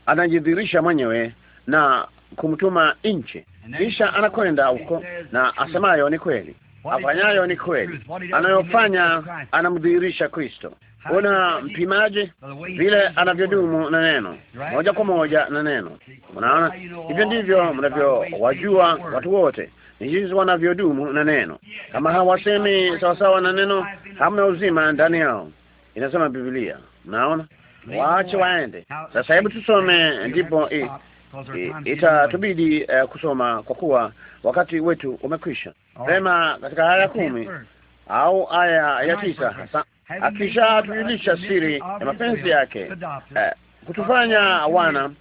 anajidhihirisha mwenyewe na kumtuma nje, kisha anakwenda huko na asemayo ni kweli, afanyayo ni kweli, anayofanya anamdhihirisha Kristo. Una mpimaje vile anavyodumu na neno moja kwa moja na neno? Unaona, hivyo ndivyo mnavyowajua watu wote ni jinsi wanavyodumu na neno. Kama hawasemi sawasawa na neno, hamna uzima ndani yao, inasema Biblia. Mnaona, waache waende. Sasa hebu tusome, ndipo itatubidi uh, kusoma kwa kuwa wakati wetu umekwisha. Sema katika aya kumi au aya ya tisa hasa, akishatujulisha siri ya mapenzi yake, uh, kutufanya wana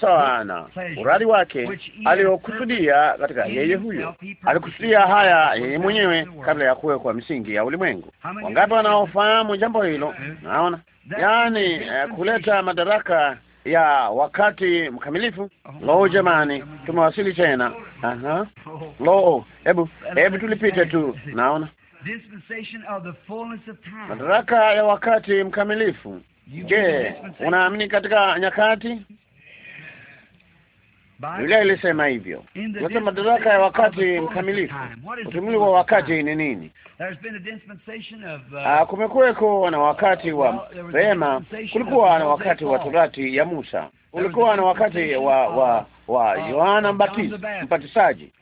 sawa na urari wake aliyokusudia katika yeye huyo. Alikusudia haya yeye mwenyewe kabla ya kuwekwa misingi ya ulimwengu. Wangapi wanaofahamu jambo hilo? Naona yaani, eh, kuleta madaraka ya wakati mkamilifu. Oh, lo, jamani, tumewasili tena. Aha, oh. lo, hebu hebu tulipite tu, naona madaraka ya wakati mkamilifu. Je, unaamini katika nyakati Biblia ilisema hivyo. Sasa madaraka ya wakati mkamilifu, utimilifu wa wakati ni nini? Uh, ah, kumekuweko na wakati wa rehema, kulikuwa na wakati wa torati ya Musa, kulikuwa na wakati wa wa wa Yohana Mbatizi mbatizaji,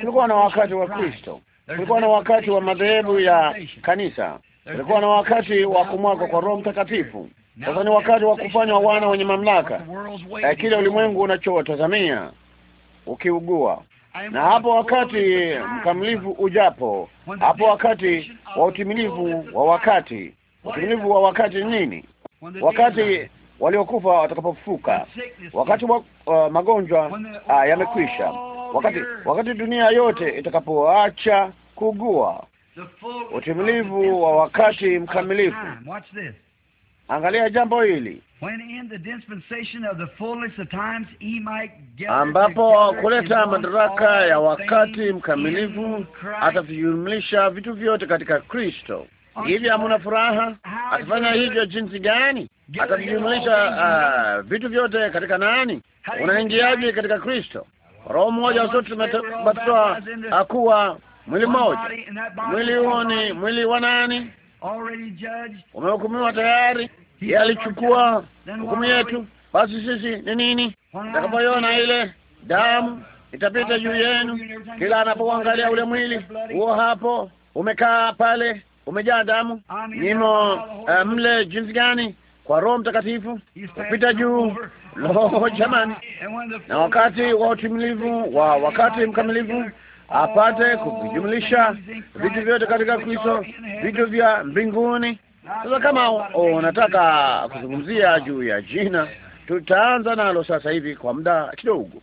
kulikuwa na wakati wa Kristo, kulikuwa na wakati wa madhehebu ya kanisa, kulikuwa na wakati wa kumwagwa kwa Roho Mtakatifu sasa ni wakati wa kufanywa wana wenye mamlaka ya eh, kile ulimwengu unachotazamia ukiugua, na hapo wakati mkamilifu ujapo, hapo wakati wa utimilifu wa wakati. Utimilifu wa wakati nini? Wakati waliokufa watakapofuka, wakati wa uh, magonjwa uh, yamekwisha, wakati wakati dunia yote itakapoacha kugua, utimilifu wa wakati mkamilifu. Angalia jambo hili ambapo kuleta madaraka ya wakati mkamilifu atavijumlisha vitu vyote katika Kristo. Hivi hamuna furaha? Atafanya hivyo jinsi gani? Atavijumlisha uh, ah, vitu vyote katika nani? Unaingiaje katika Kristo? Roho mmoja sote tumebatiwa kuwa mwili mmoja. Mwili huo ni mwili wa nani? umehukumiwa tayari. Yeye alichukua hukumu yetu. Basi sisi ni nini? takapoyona ile damu itapita juu yenu, kila anapoangalia ule mwili huo hapo umekaa pale, umejaa damu, nimo uh, eh, mle jinsi gani kwa Roho Mtakatifu kupita juu. Lo, jamani! Na wakati wa utimilivu wa wakati mkamilifu apate kuvijumlisha vitu vyote katika Kristo, vitu vya mbinguni. Sasa kama unataka kuzungumzia juu ya jina, tutaanza nalo sasa hivi kwa muda kidogo.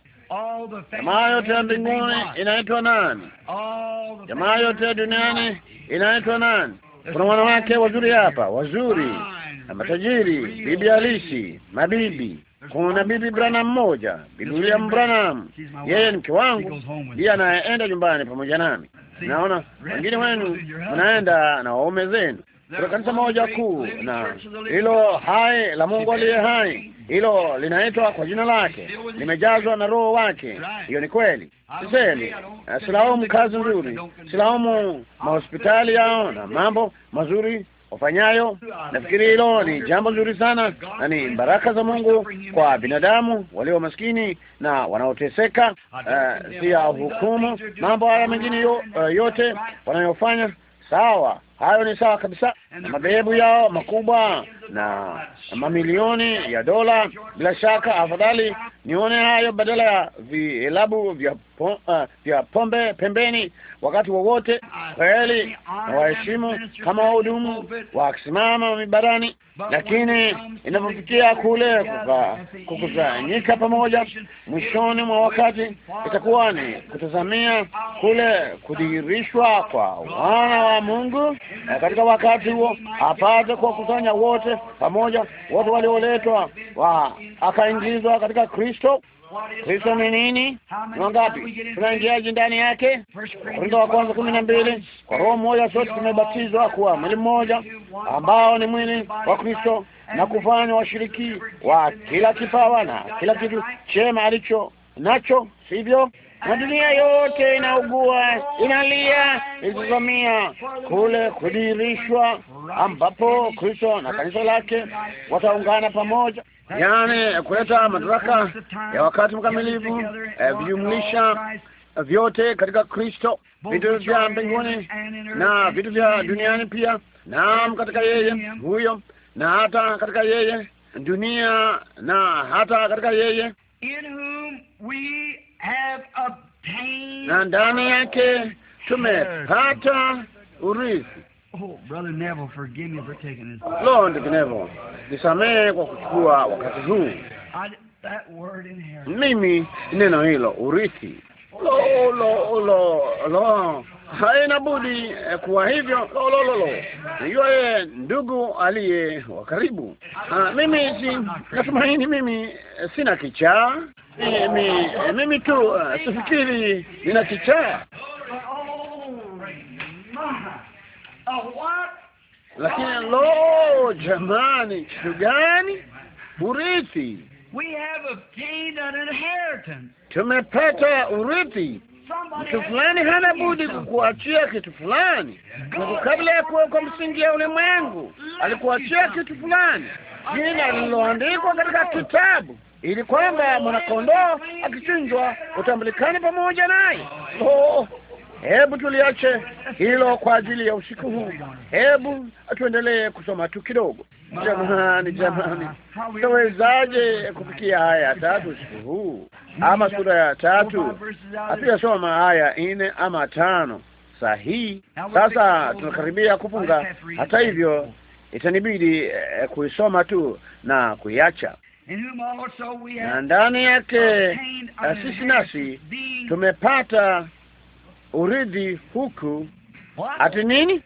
Jamaa yote ya mbinguni inaitwa nani? Jamaa yote ya duniani inaitwa nani? Kuna wanawake wazuri hapa, wazuri na matajiri, bibi halisi, mabibi kuna bibi Branham mmoja, bibi William Branham, yeye ni mke wangu, ndiye anayeenda nyumbani pamoja nami. Naona wengine wenu wanaenda na waume zenu kuna kanisa moja kuu na hilo hai la Mungu aliye hai, hilo linaitwa kwa jina lake, limejazwa na roho wake. Hiyo ni kweli, sisemi. Eh, silaumu kazi nzuri, silaumu mahospitali yao na mambo mazuri wafanyayo. Nafikiri hilo ni jambo zuri sana na ni baraka za Mungu kwa binadamu walio maskini na wanaoteseka. Uh, si ya hukumu mambo haya mengine yo, uh, yote wanayofanya sawa, hayo ni sawa kabisa na madhehebu yao makubwa na mamilioni ya dola. Bila shaka, afadhali nione hayo badala ya vilabu vya, uh, vya pombe pembeni wakati wowote. Kweli na waheshimu kama wahudumu wakisimama mibarani, lakini inapofikia kule kukusanyika pamoja mwishoni mwa wakati, itakuwa ni kutazamia kule kudhihirishwa kwa wana wa Mungu, katika wakati huo apate kuwakusanya wote pamoja, wote walioletwa wa akaingizwa katika Kristo. Kristo ni nini? Ni wangapi? Tunaingiaje ndani yake? Wakorintho wa kwanza kumi na mbili. Kwa roho moja sote tumebatizwa kuwa mwili mmoja ambao ni mwili wa Kristo, na kufanywa washiriki wa kila kipawa na kila kitu chema alicho nacho, sivyo? na dunia yote inaugua, inalia, itazamia kule kudirishwa ambapo Kristo na kanisa lake wataungana pamoja, yaani kuleta madaraka ya wakati mkamilifu, vijumlisha eh, vyote katika Kristo, vitu vya mbinguni na vitu vya duniani pia, naam, katika yeye huyo, na hata katika yeye dunia, na hata katika yeye na ndani yake tumepata urithi. Oh, lo, ndugu Neville, nisamehe kwa kuchukua wakati huu. Mimi neno hilo urithi, lo, lo, lo, lo haina budi eh, kuwa hivyo. Lololo, najua yeye ndugu aliye wa karibu. Ah, mimi si natumaini, mimi eh, sina kichaa mimi, eh, mimi tu uh, sifikiri nina kichaa, lakini lo, jamani, kitu gani urithi tumepata urithi Mtu fulani hana budi kukuachia kitu fulani. Mungu kabla ya kuwekwa msingi ya ulimwengu alikuachia kitu fulani, jina lililoandikwa katika kitabu, ili kwamba mwanakondoo akichinjwa utambulikane pamoja naye. Oh, hebu tuliache hilo kwa ajili ya usiku huu. Hebu tuendelee kusoma tu kidogo. Jamani, ah, jamani, tunawezaje kufikia haya ya tatu usiku huu, hmm? ama sura ya tatu? Hatujasoma haya nne ama tano sahihi. Sasa tunakaribia kufunga. Hata hivyo, itanibidi eh, kuisoma tu na kuiacha na ndani yake sisi nasi tumepata uridhi huku. Ati nini?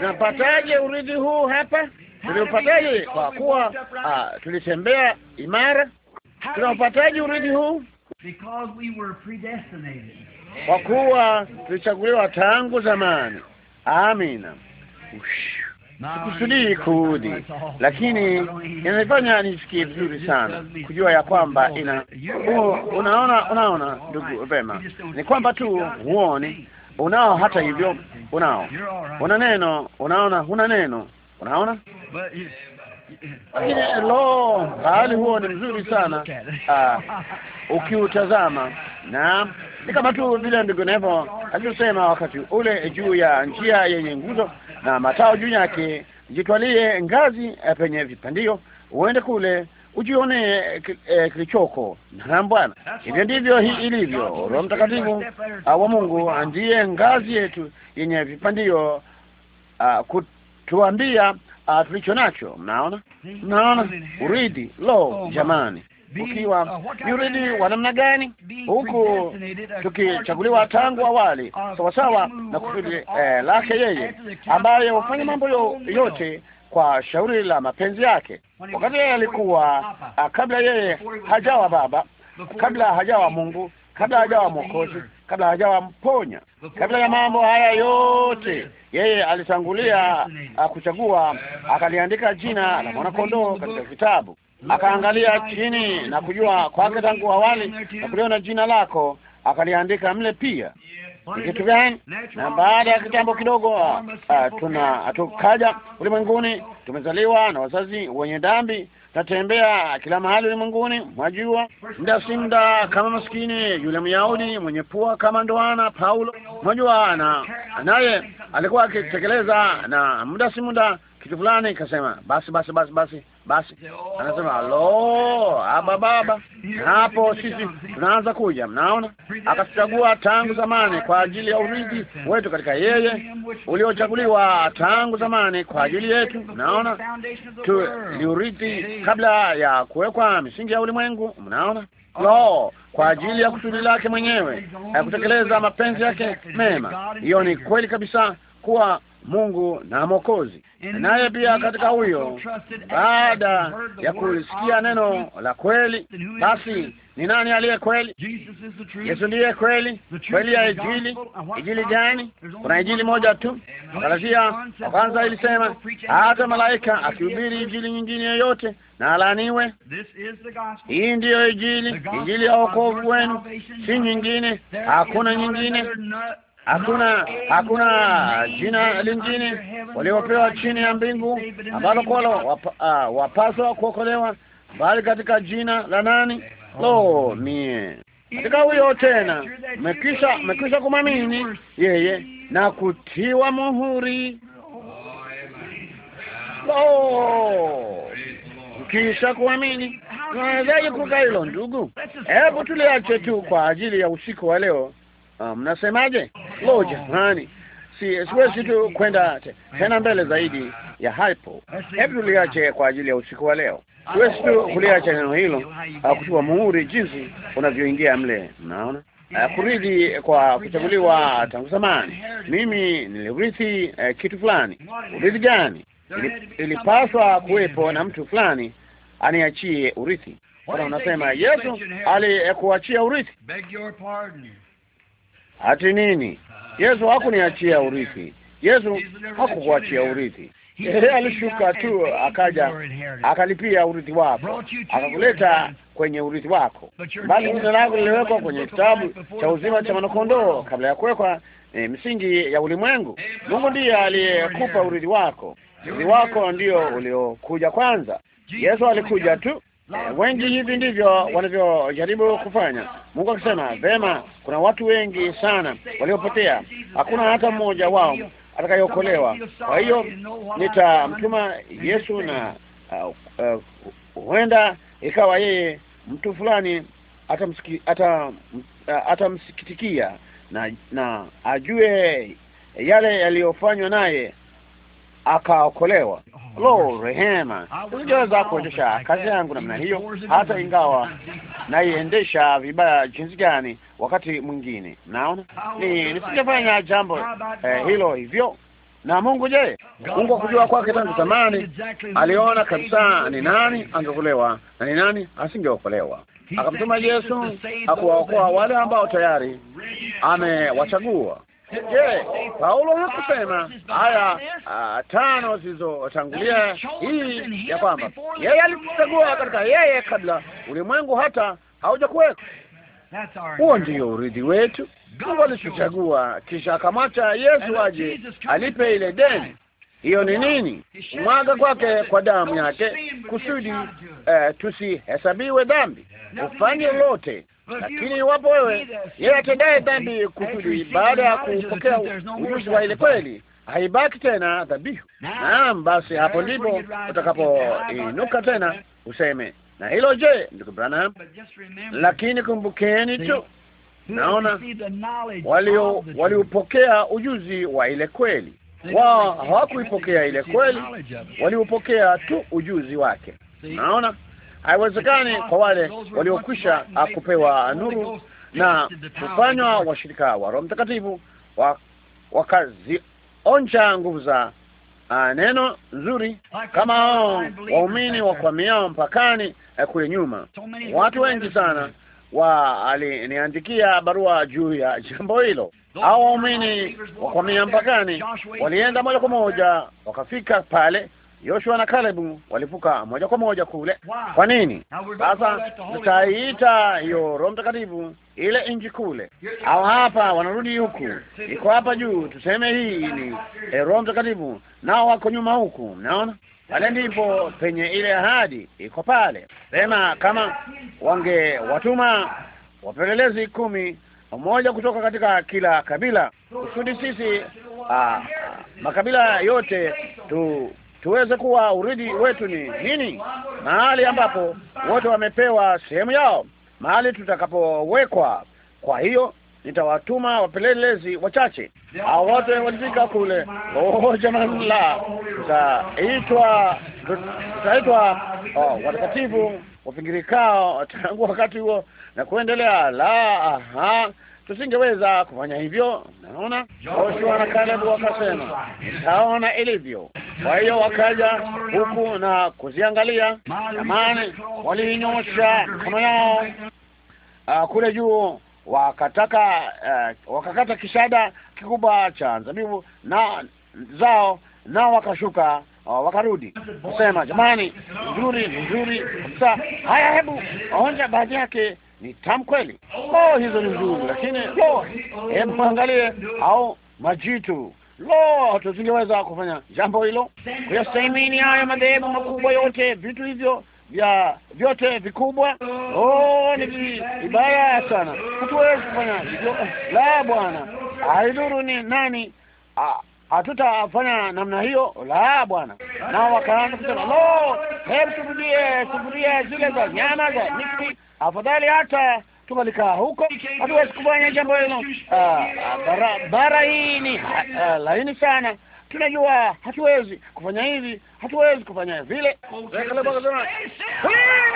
Napataje uridhi huu hapa? tuliupataje? Kwa kuwa uh, tulitembea imara. Tunaupataje urithi huu? Kwa kuwa tulichaguliwa tangu zamani. Amina. Sikusudii kuudhi, lakini inanifanya nisikie vizuri sana kujua ya kwamba ina uh, unaona, unaona ndugu, vema ni kwamba tu huoni, unao hata hivyo, unao una neno, unaona, una neno Unaona, lakini lo, bali huo ni mzuri sana ah, ukiutazama, na ni kama tu vile ndugu Nevo alivyosema wakati ule juu ya njia yenye nguzo na matao juu yake, jitwalie ngazi eh, penye vipandio, uende kule ujione eh, kilichoko. na Bwana, hivyo ndivyo hii ilivyo. Roho Mtakatifu ah, wa Mungu ndiye ngazi yetu yenye vipandio. Uh, tuambia uh, tulicho nacho. Mnaona, mnaona uridi lo oh, jamani ukiwa ni uridi wa namna gani, huku tukichaguliwa tangu awali sawasawa na kusudi eh, lake yeye ambaye hufanya mambo yote kwa shauri la mapenzi yake. Wakati yeye alikuwa ah, kabla yeye hajawa Baba, kabla hajawa Mungu, kabla hajawa Mwokozi, kabla hajawamponya. Kabla ya mambo haya yote, yeye alitangulia ah, kuchagua, akaliandika jina la mwanakondoo katika kitabu, akaangalia chini na kujua kwake tangu awali, na kuliona jina lako akaliandika mle pia ni kitu gani? Na baada ya kitambo kidogo, uh, tuna tukaja ulimwenguni, tumezaliwa na wazazi wenye dhambi tatembea kila mahali ulimwenguni, mwajua, mda si mda, kama maskini yule Myahudi mwenye pua kama ndoana Paulo, mwajua, na naye alikuwa akitekeleza, na mda si muda kitu fulani, nikasema basi basi basi basi basi. Anasema alo, aba baba, hapo sisi tunaanza kuja. Mnaona, akatuchagua tangu zamani kwa ajili ya urithi wetu katika yeye, uliochaguliwa tangu zamani kwa ajili yetu. Mnaona, tuliurithi kabla ya kuwekwa misingi ya ulimwengu. Mnaona lo kwa ajili ya kusudi lake mwenyewe ya kutekeleza mapenzi yake mema. Hiyo ni kweli kabisa kuwa Mungu na Mwokozi, naye pia katika huyo, baada ya kulisikia neno la kweli, basi ni nani aliye kweli? Yesu ndiye kweli. Kweli ya Injili. Injili gani? Kuna Injili moja tu. Galatia wa kwanza ilisema, hata malaika akihubiri Injili nyingine yoyote na alaniwe. Hii ndiyo Injili, Injili ya wokovu wenu, si nyingine, hakuna nyingine. Hakuna hakuna jina lingine waliopewa chini ya mbingu ambalo kwalo wapa, uh, wapaswa kuokolewa bali katika jina la nani? Lo, mie katika huyo tena mekisha mekisha kumamini yeye na kutiwa muhuri. Lo, kisha kuamini, unawezaje kuruka hilo ndugu? Hebu tuliache tu kwa ajili ya usiku wa leo mnasemaje? Um, Lo, jamani, si siwezi tu kwenda tena mbele zaidi ya hapo. Hebu tuliache kwa ajili ya usiku wa leo. Siwezi tu kuliacha neno hilo uh, kutua muhuri, jinsi unavyoingia mle, mnaona Uh, kurithi kwa kuchaguliwa tangu zamani. Mimi nilirithi uh, kitu fulani. Urithi gani? Ilipaswa kuwepo na mtu fulani aniachie urithi. Sasa unasema Yesu alikuachia urithi. Ati nini? Yesu hakuniachia urithi. Yesu hakukuachia urithi. Yeye alishuka tu akaja akalipia urithi wako, akakuleta kwenye urithi wako. bali jina lako liliwekwa kwenye kitabu cha uzima cha mwanakondoo kabla ya kuwekwa e, msingi ya ulimwengu. Mungu ndiye aliyekupa urithi wako. Urithi wako ndio uliokuja kwanza. Yesu alikuja tu Eh, wengi hivi ndivyo wanavyojaribu kufanya. Mungu akisema vema, kuna watu wengi sana waliopotea, hakuna hata mmoja wao atakayeokolewa. Kwa hiyo nitamtuma Yesu na huenda uh, uh, ikawa yeye mtu fulani uh, atamsikitikia uh, na, na ajue yale yaliyofanywa naye akaokolewa. Oh, Lo, rehema! Singeweza kuendesha kazi yangu namna hiyo, hata ingawa naiendesha vibaya jinsi gani wakati mwingine. Naona ni nisingefanya jambo eh, hilo hivyo na Mungu. Je, Mungu akujua kwake tangu zamani, aliona kabisa ni nani angeokolewa na ni nani asingeokolewa. Akamtuma Yesu akuwaokoa wale ambao tayari amewachagua. Je, Paulo hakusema haya ah, tano zilizotangulia hii ya kwamba yeye alikuchagua katika yeye kabla ulimwengu hata haujakuweko? Huo ndio urithi wetu. Mungu alituchagua kisha akamwacha Yesu aje alipe ile deni. Hiyo ni nini? Mwaga kwake kwa damu yake kusudi uh, tusihesabiwe dhambi. Ufanye lote lakini iwapo wewe yeye atendaye dhambi kusudi baada ya kupokea ujuzi wa ile kweli haibaki tena dhabihu. Naam, basi hapo ndipo utakapoinuka tena useme na hilo. Je, ndugu Branham? Lakini kumbukeni tu, naona walio waliupokea ujuzi wa ile kweli wao hawakuipokea ile kweli, waliupokea tu ujuzi wake. Naona Haiwezekani kwa wale waliokwisha ah, kupewa nuru na kufanywa washirika wa Roho Mtakatifu wakazionja nguvu za Uh, neno nzuri kama hao waumini wakwamiao mpakani eh, kule nyuma. Watu wengi sana waliniandikia barua juu ya jambo hilo. Hao waumini wakwamia mpakani walienda moja kwa moja wakafika pale Yoshua na Kalebu walivuka moja kwa moja kule. Kwa nini sasa tutaiita hiyo Roho Mtakatifu ile nchi kule, au hapa wanarudi huku, iko hapa juu, tuseme hii ni eh, Roho Mtakatifu, nao wako nyuma huku, mnaona pale ndipo penye ile ahadi iko pale. Sema kama wange watuma wapelelezi kumi mmoja kutoka katika kila kabila kusudi sisi ah, makabila yote tu tuweze kuwa urithi wetu ni nini, mahali ambapo wote wamepewa sehemu yao, mahali tutakapowekwa. Kwa hiyo nitawatuma wapelelezi wachache. Hao wote walifika kule. Oh, jamani la, tutaitwa tutaitwa oh, watakatifu wapingirikao tangu wakati huo na kuendelea. La, aha tusingeweza kufanya hivyo. Naona Joshua na Kalebu wakasema taona ilivyo. Kwa hiyo wakaja huku na kuziangalia amani, waliinyosha kama yao uh, kule juu wakataka uh, wakakata kishada kikubwa cha zabibu na zao na wakashuka uh, wakarudi kusema jamani, nzuri nzuri kabisa. Haya, hebu onja baadhi yake ni tam kweli. Lo, oh, hizo ni nzuri, lakini lo, hebu mwangalie au majitu lo, tusingeweza kufanya jambo hilo. Kuyastahimili hayo madhehebu makubwa yote, vitu hivyo vya vyote vikubwa, oh, ni vibaya sana, hatuwezi kufanya hivyo. La, bwana, haidhuru ni nani hatutafanya namna hiyo. La bwana, nao wakaanza kusema lo, hebu sufuria sufuria zile za nyama za miti afadhali hata tumalikaa huko, hatuwezi kufanya jambo hilo. Ah, bara hii ni ah, ah, laini sana, tunajua hatuwezi kufanya hivi, hatuwezi kufanya vile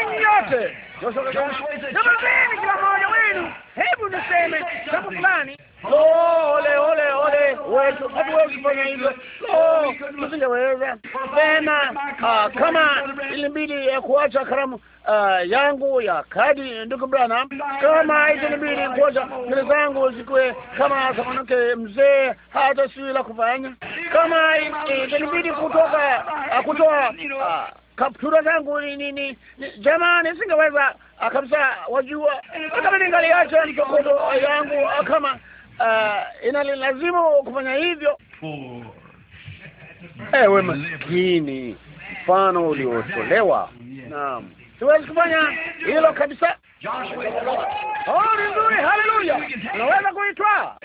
yote namazeni kila mmoja wenu, hebu niseme jambo fulani. Ole ole ole wetu, hatuwezi kufanya hivyo, tusingeweza sema kama eh, ilibidi kuacha karamu yangu ya kadi, ndugu Branham, kama itanibidi kuacha nywele zangu zikuwe kama za mwanamke mzee, hata si la kufanya, kama itanibidi kutoka ah, kutoa kaptura zangu ni ni jamani, singeweza ah, kabisa, wajua kama ningaliacha nikokoto yangu ah, kama ah, inalilazimu kufanya hivyo. Ewe eh, maskini, mfano uliotolewa. Naam, siwezi kufanya hilo kabisa. Oh, ni nzuri, haleluya, unaweza kuitwa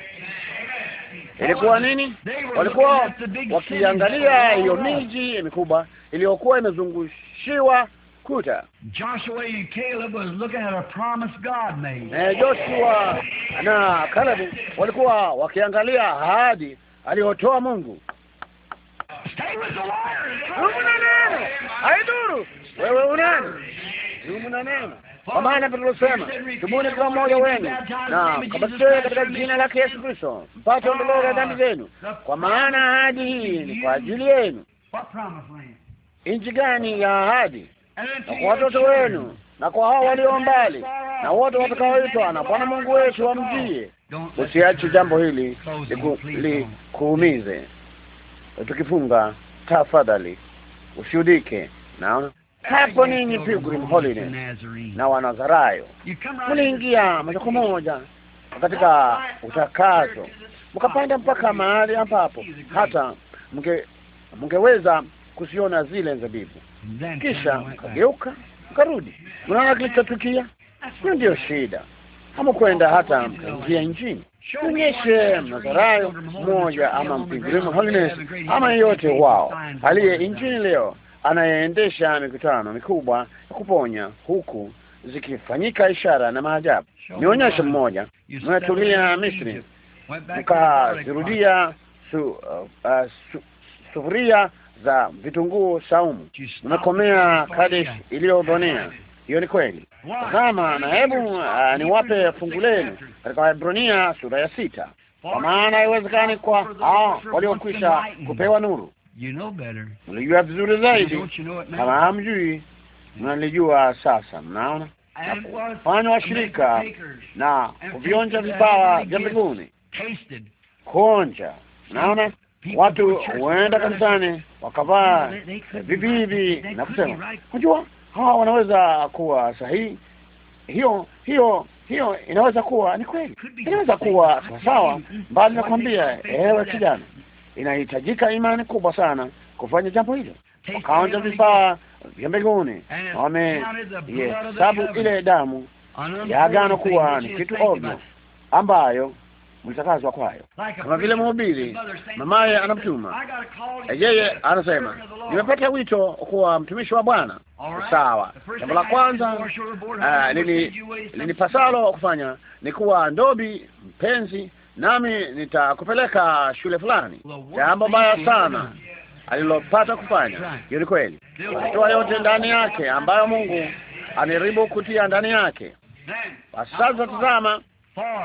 ilikuwa nini? Walikuwa wakiangalia hiyo miji mikubwa iliyokuwa imezungushiwa kuta. Joshua na Kalebu walikuwa wakiangalia ahadi aliyotoa Mungu. Mungu na neno haidhuru wewe unani, Mungu na neno kwa maana Petro sema tubuni kwa mmoja wenu na kabatizwe katika jina lake Yesu Kristo mpate ondoleo la dhambi zenu, kwa maana ahadi hii ni kwa ajili yenu. Nchi gani ya ahadi? Na kwa watoto wenu na kwa hao walio mbali na wote watakaoitwa na Bwana Mungu wetu wamjie. Usiache jambo hili likuumize. Tukifunga tafadhali ushuhudike, naona hapo ninyi Pilgrim Holiness na Wanazarayo mliingia moja kwa moja katika utakaso, mkapanda mpaka mahali ambapo hata mke mngeweza kusiona zile zabibu, kisha mkageuka mkarudi. Mnaona kilichotukia? Hiyo ndiyo shida. Hamukwenda hata mkaingia nchini. Tuonyeshe Mnazarayo mmoja ama Mpilgrimu Holiness ama yeyote wao aliye nchini leo anayeendesha mikutano mikubwa ya kuponya huku zikifanyika ishara na maajabu. Nionyeshe mmoja mnatulia Misri, mkazirudia su, uh, uh, su, sufuria za vitunguu saumu, mmekomea Kadesh iliyodhonea. Hiyo ni kweli. Tazama, na hebu uh, niwape fungu lenu katika Waebrania sura ya sita, kwa maana haiwezekani kwa hao waliokwisha kupewa nuru mlijua vizuri zaidi. Kama hamjui, mnalijua sasa. Mnaona fanya washirika na kuvionja vipawa vya mbinguni, kuonja. Mnaona watu huenda kanisani wakavaa vivivi hivi na kusema, unajua hawa wanaweza kuwa sahihi. Hiyo hiyo hiyo inaweza kuwa ni kweli, inaweza kuwa sawasawa, mbali nakwambia, ewe kijana inahitajika imani kubwa sana kufanya jambo hilo. Wakaonja vifaa vya mbinguni, wamehesabu ile damu ya agano kuwa ni kitu ovyo ambayo mlitakazwa kwayo, kama vile mhubiri mamaye anamtuma eh, yeye, anasema nimepata wito kuwa mtumishi wa Bwana. Sawa, jambo la kwanza uh, eh, nini kufanya ni kuwa ndobi mpenzi nami nitakupeleka shule fulani. Jambo baya sana alilopata kufanya. Hiyo ni kweli, akitoa yote ndani yake ambayo Mungu aniribu kutia ndani yake. Basi sasa tazama,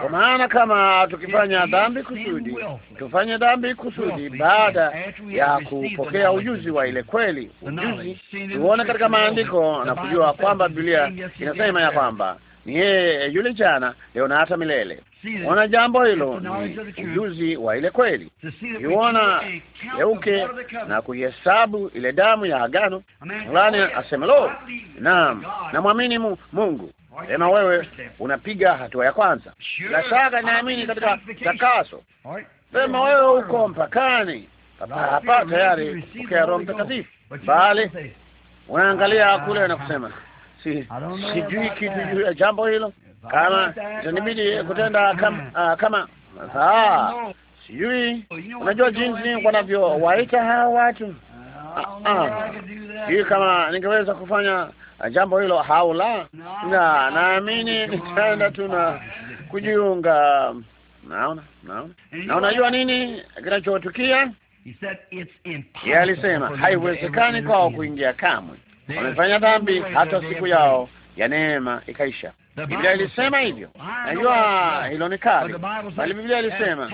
kwa maana kama tukifanya dhambi kusudi, tufanye dhambi kusudi, baada ya kupokea ujuzi wa ile kweli, ujuzi tuone katika maandiko na kujua kwamba Biblia inasema ya kwamba ni yeye yule jana leo na hata milele. Ona jambo hilo ni ujuzi wa ile kweli, iona yeuke na kuhesabu ile damu ya agano fulani, oh, asema lo, naam, namwamini Mungu. Sema wewe unapiga hatua ya kwanza, bila shaka naamini katika takaso. Sema wewe uko mpakani hapa tayari kupokea Roho Mtakatifu, bali unaangalia kule na ah. kusema sijui kitu juu ya jambo hilo, kama itanibidi kutenda kama ah, kama saa sijui. Oh, unajua jinsi wanavyowaita hawa watu hii, ah, ah, kama ningeweza kufanya jambo hilo haula, na naamini nitaenda tu na kujiunga. Naona, naona na unajua nini kinachotukia? Yeye alisema haiwezekani kwao kuingia kamwe wamefanya dhambi hata siku yao ya neema ikaisha. Biblia ilisema hivyo, najua hilo ni kali, bali Biblia ilisema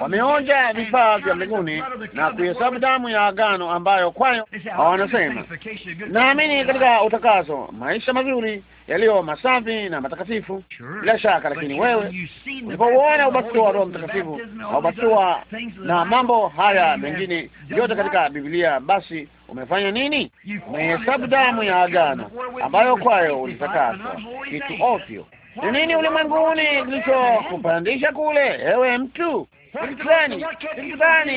wameonja vifaa vya mbinguni na kuhesabu damu ya agano ambayo kwayo hawanasema. Naamini katika utakaso, maisha mazuri yaliyo masafi na matakatifu, bila shaka. Lakini wewe ulipouona ubatizo wa Roho Mtakatifu na ubatizo na mambo haya mengine yote katika Biblia, basi Umefanya nini? Umehesabu damu ya agano ambayo kwayo ulitakaswa, kitu ovyo. Ni nini ulimwenguni kilichokupandisha kule, ewe mtu? Kitani kitani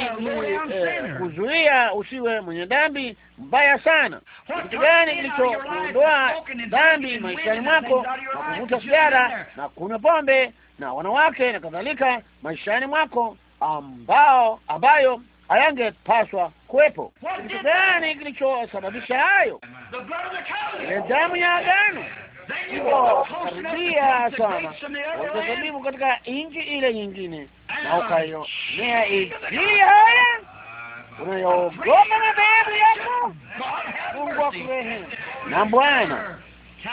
eh, kuzuia usiwe mwenye dhambi mbaya sana? Kitu gani kilichokuondoa dhambi maishani mwako na kuvuta sigara na kunywa pombe na wanawake na kadhalika maishani mwako ambao ambayo hayangepaswa kuwepo. Kitu gani kilichosababisha hayo? Ile damu ya agano ikakaribia sana watazabibu katika nchi ile nyingine, na ukaionea Injili haya unayoogoma madhehebu yako. Mungu wa kurehemu na Bwana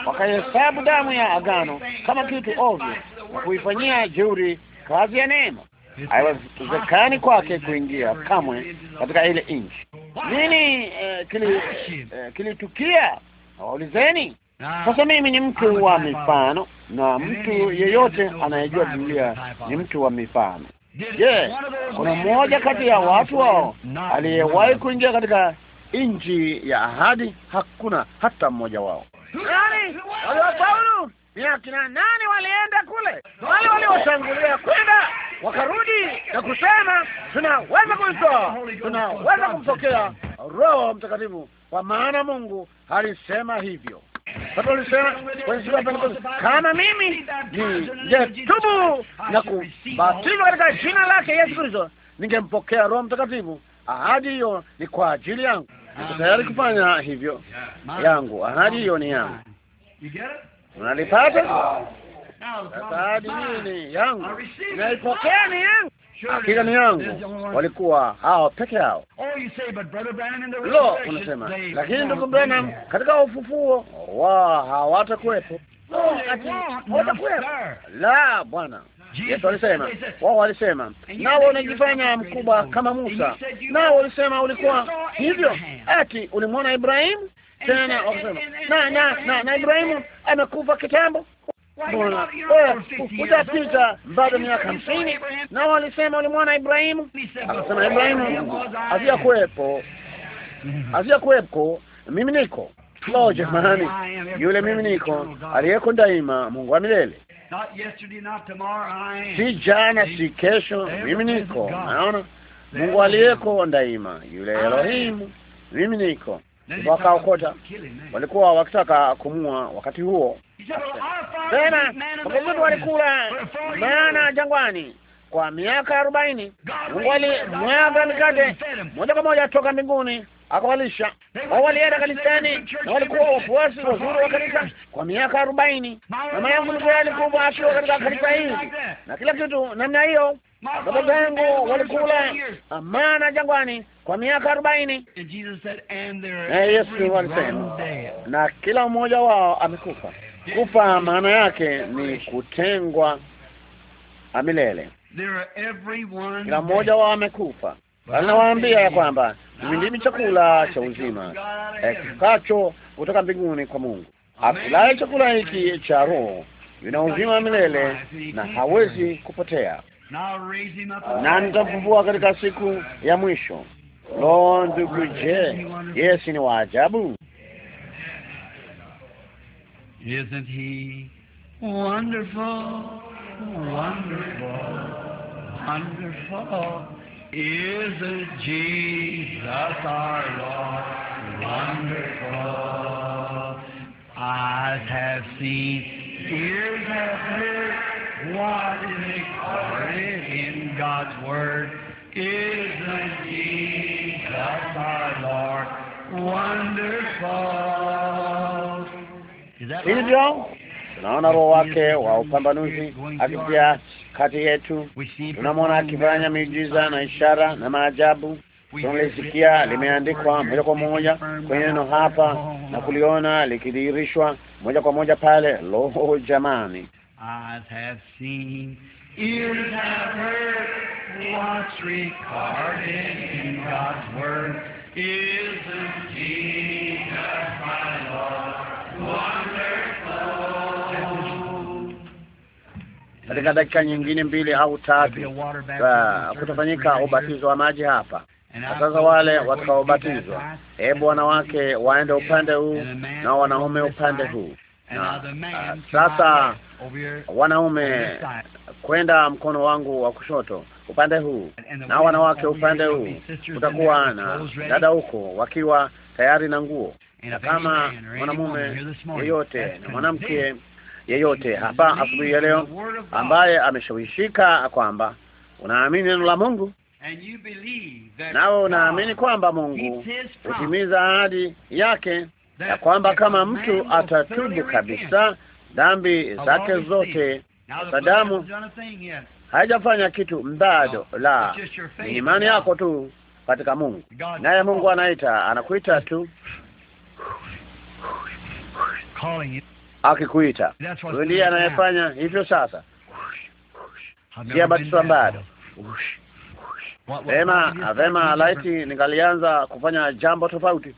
wakahesabu damu ya agano kama kitu ovyo na kuifanyia jeuri kazi ya neema haiwezekani kwake kuingia kamwe katika ile nchi. Nini eh, eh kilitukia? Eh, kili waulizeni. Sasa mimi ni mtu wa mifano, na mtu yeyote anayejua Biblia ni mtu wa mifano. Je, kuna mmoja kati ya watu wao aliyewahi kuingia katika nchi ya ahadi? Hakuna hata mmoja wao. Yaani, waliwafaulu ni kina nani walienda kule? Wale waliotangulia kwenda wakarudi na kusema tunaweza kuitoa tunaweza kumpokea Roho Mtakatifu, kwa maana Mungu alisema hivyo. Sasa kwenye kama mimi ningetubu na kubatizwa katika jina lake Yesu Kristo, ningempokea Roho Mtakatifu. Ahadi hiyo ni kwa ajili yangu, niko tayari kufanya hivyo yangu. Ahadi hiyo ni yangu unalipata ahadi nini yangu naipokea ni yangu akika ni yangu. Walikuwa hao peke yao. Oh, Lo, unasema lakini ndugu Branham, katika ufufuo wa hawatakuwepo watakuwepo. La, Bwana Yesu alisema, wao walisema nawe unajifanya mkubwa kama Musa, nao walisema ulikuwa hivyo, ati ulimwona Ibrahimu tena wakasema, na na na na Ibrahimu amekufa kitambo, mbona eh, hujapita bado miaka hamsini? Na walisema ulimwona Ibrahimu. Akasema Ibrahimu hazia haziyakuwepo, mimi niko Lo, jamani, yule mimi niko aliyeko daima, Mungu wa milele, si jana si kesho, mimi niko. Naona Mungu aliyeko daima, yule Elohimu, mimi niko wakaokota, walikuwa wakitaka kumua wakati huo tena. Magugudu walikula maana jangwani kwa miaka arobaini. Mungu alimwaga mikate moja kwa moja toka mbinguni akawalisha wao. Walienda kanisani na walikuwa wafuasi wazuri wa kanisa kwa miaka arobaini. Mama yangu nilikuwa alikuwa akiwa katika kanisa hili na kila kitu namna hiyo. Baba zangu walikula amana jangwani kwa miaka arobaini. Naye eh, Yesu alisema, na kila mmoja wao amekufa. Kufa maana yake ni kutengwa amilele, Kila mmoja wao amekufa. Anawaambia ya kwamba mimi ndimi chakula cha uzima kishukacho kutoka mbinguni kwa Mungu. Akulaye chakula hiki cha Roho vina uzima milele na hawezi kupotea, na nitamfufua katika siku ya mwisho. Lo, ndugu, je, Yesu ni wa ajabu? Isn't he wonderful, wonderful, wonderful? Isn't Jesus our Lord wonderful? Eyes have seen, ears have heard what is recorded in God's Word. Isn't Jesus? art thou, Lord, hivyo tunaona roho wake wa upambanuzi akipia kati yetu. Tunamwona akifanya miujiza na ishara na maajabu. Tunalisikia limeandikwa moja kwa moja kwenye neno hapa na kuliona likidhihirishwa moja kwa moja pale. Lo, jamani! Katika dakika nyingine mbili au tatu ah, kutafanyika ubatizo wa maji hapa. sasa wale watakaobatizwa, hebu wanawake waende upande huu na wanaume upande huu na uh, sasa wanaume kwenda mkono wangu wa kushoto upande huu na wanawake upande huu, kutakuwa na dada huko wakiwa tayari na nguo. Na kama mwanamume yeyote na mwanamke yeyote hapa asubuhi ya leo ambaye ameshawishika kwamba unaamini neno la Mungu nawe unaamini kwamba Mungu hutimiza ahadi yake na kwamba kama mtu atatubu kabisa dhambi zake zote, Sadamu haijafanya kitu bado, la ni imani yako tu katika Mungu, naye Mungu anaita, anakuita tu akikuita ndiye anayefanya hivyo. Sasa siabatizwa bado vema vema, laiti ningalianza kufanya jambo tofauti,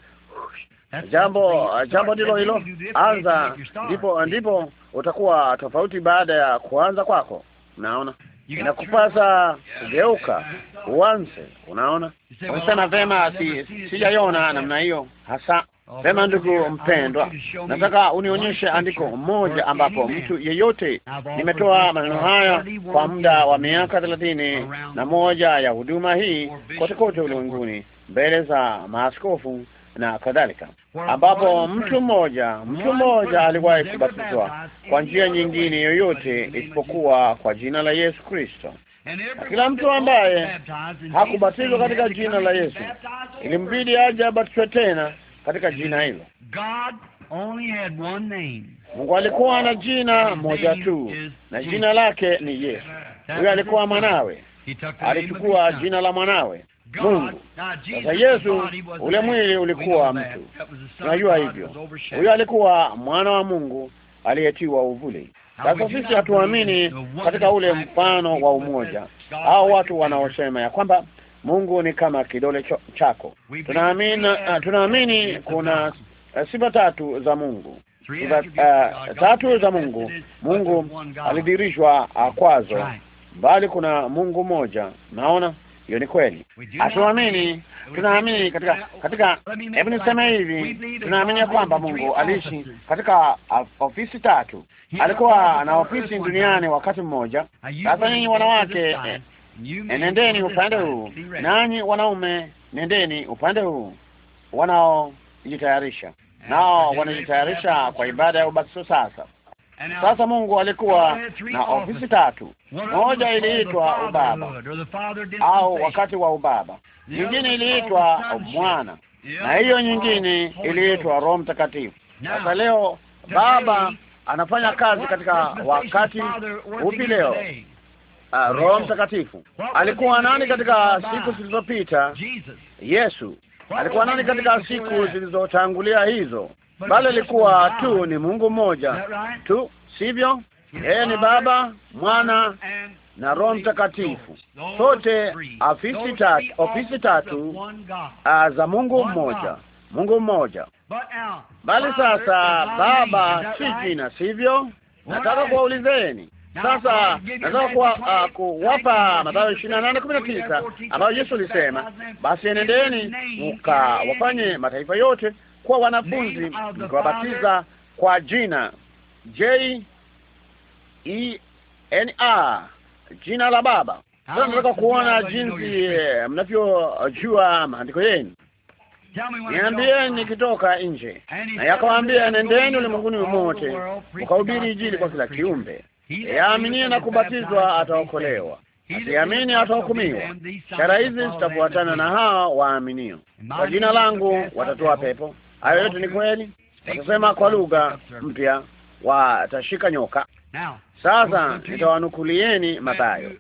jambo jambo ndilo hilo. Anza, ndipo ndipo utakuwa tofauti baada ya kuanza kwako. Unaona, inakupasa kugeuka uanze. Unaona, unasema vema, si sijaiona namna hiyo hasa. Oh, vema, ndugu mpendwa, nataka unionyeshe andiko moja ambapo mtu yeyote. Nimetoa maneno haya kwa muda wa miaka thelathini na moja ya huduma hii kote kote ulimwenguni mbele za maaskofu na kadhalika, ambapo mtu mmoja mtu mmoja aliwahi kubatizwa kwa njia nyingine yoyote isipokuwa kwa jina la Yesu Kristo, na kila mtu ambaye hakubatizwa katika jina la Yesu ilimbidi aje abatizwe tena katika jina hilo. Mungu alikuwa na jina moja tu, na jina lake ni Yesu. Huyo alikuwa mwanawe, alichukua jina la mwanawe Mungu. Sasa Yesu, ule mwili ulikuwa mtu, unajua hivyo. Huyo alikuwa mwana wa Mungu aliyetiwa uvuli. Sasa sisi hatuamini katika ule mfano wa umoja au watu wanaosema ya kwamba Mungu ni kama kidole chako. Tunaamini, ah, tunaamini kuna sifa tatu za Mungu Sifa, uh, tatu za Mungu. Mungu alidirishwa ah, kwazo, bali kuna Mungu mmoja. Naona hiyo ni kweli, hatuamini. Ah, tunaamini katika katika, hebu niseme hivi, tunaamini ya kwamba Mungu aliishi katika ofisi tatu. Alikuwa na ofisi duniani wakati mmoja. Sasa nyinyi wanawake, eh, nendeni upande huu, nanyi wanaume, nendeni upande huu. Wanaojitayarisha eh, nao wanajitayarisha kwa ibada ya ubatizo sasa sasa Mungu alikuwa na ofisi tatu, moja iliitwa ubaba au wakati wa ubaba, nyingine iliitwa mwana, na hiyo nyingine iliitwa Roho Mtakatifu. Sasa leo baba anafanya kazi katika wakati upi leo? Uh, Roho Mtakatifu alikuwa nani katika siku zilizopita? Yesu alikuwa nani katika siku zilizotangulia hizo? bali alikuwa tu ni Mungu mmoja tu, sivyo? Yeye ni Baba, Mwana na Roho Mtakatifu, sote ofisi tatu, ofisi tatu ah, za Mungu mmoja, Mungu mmoja. Bali sasa Baba si jina, sivyo? Nataka kuwaulizeni sasa, nataka kuwa, uh, kuwapa Mathayo ishirini na nane kumi na tisa ambayo Yesu alisema, basi enendeni mkawafanye mataifa yote kwa wanafunzi nikiwabatiza kwa jina J E N A, jina la Baba. Sasa nataka kuona jinsi eh, mnavyojua maandiko yenu. Niambie nikitoka nje, na yakawaambia, nendeni ulimwenguni mote ukahubiri Injili kwa kila kiumbe. Yaaminie eh, na kubatizwa ataokolewa, asiamini atahukumiwa. Ishara hizi zitafuatana na hawa waaminio, kwa jina langu watatoa pepo Hayo yote ni kweli. Watasema kwa lugha mpya, watashika nyoka. Sasa nitawanukulieni Mathayo.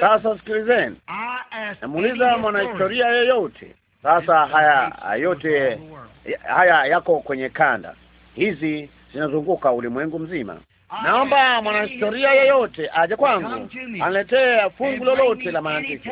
Sasa sikilizeni, namuuliza mwanahistoria yeyote. Sasa haya yote haya yako kwenye kanda hizi zinazunguka ulimwengu mzima. Naomba mwanahistoria yeyote aje kwangu aniletee fungu lolote la maandiko,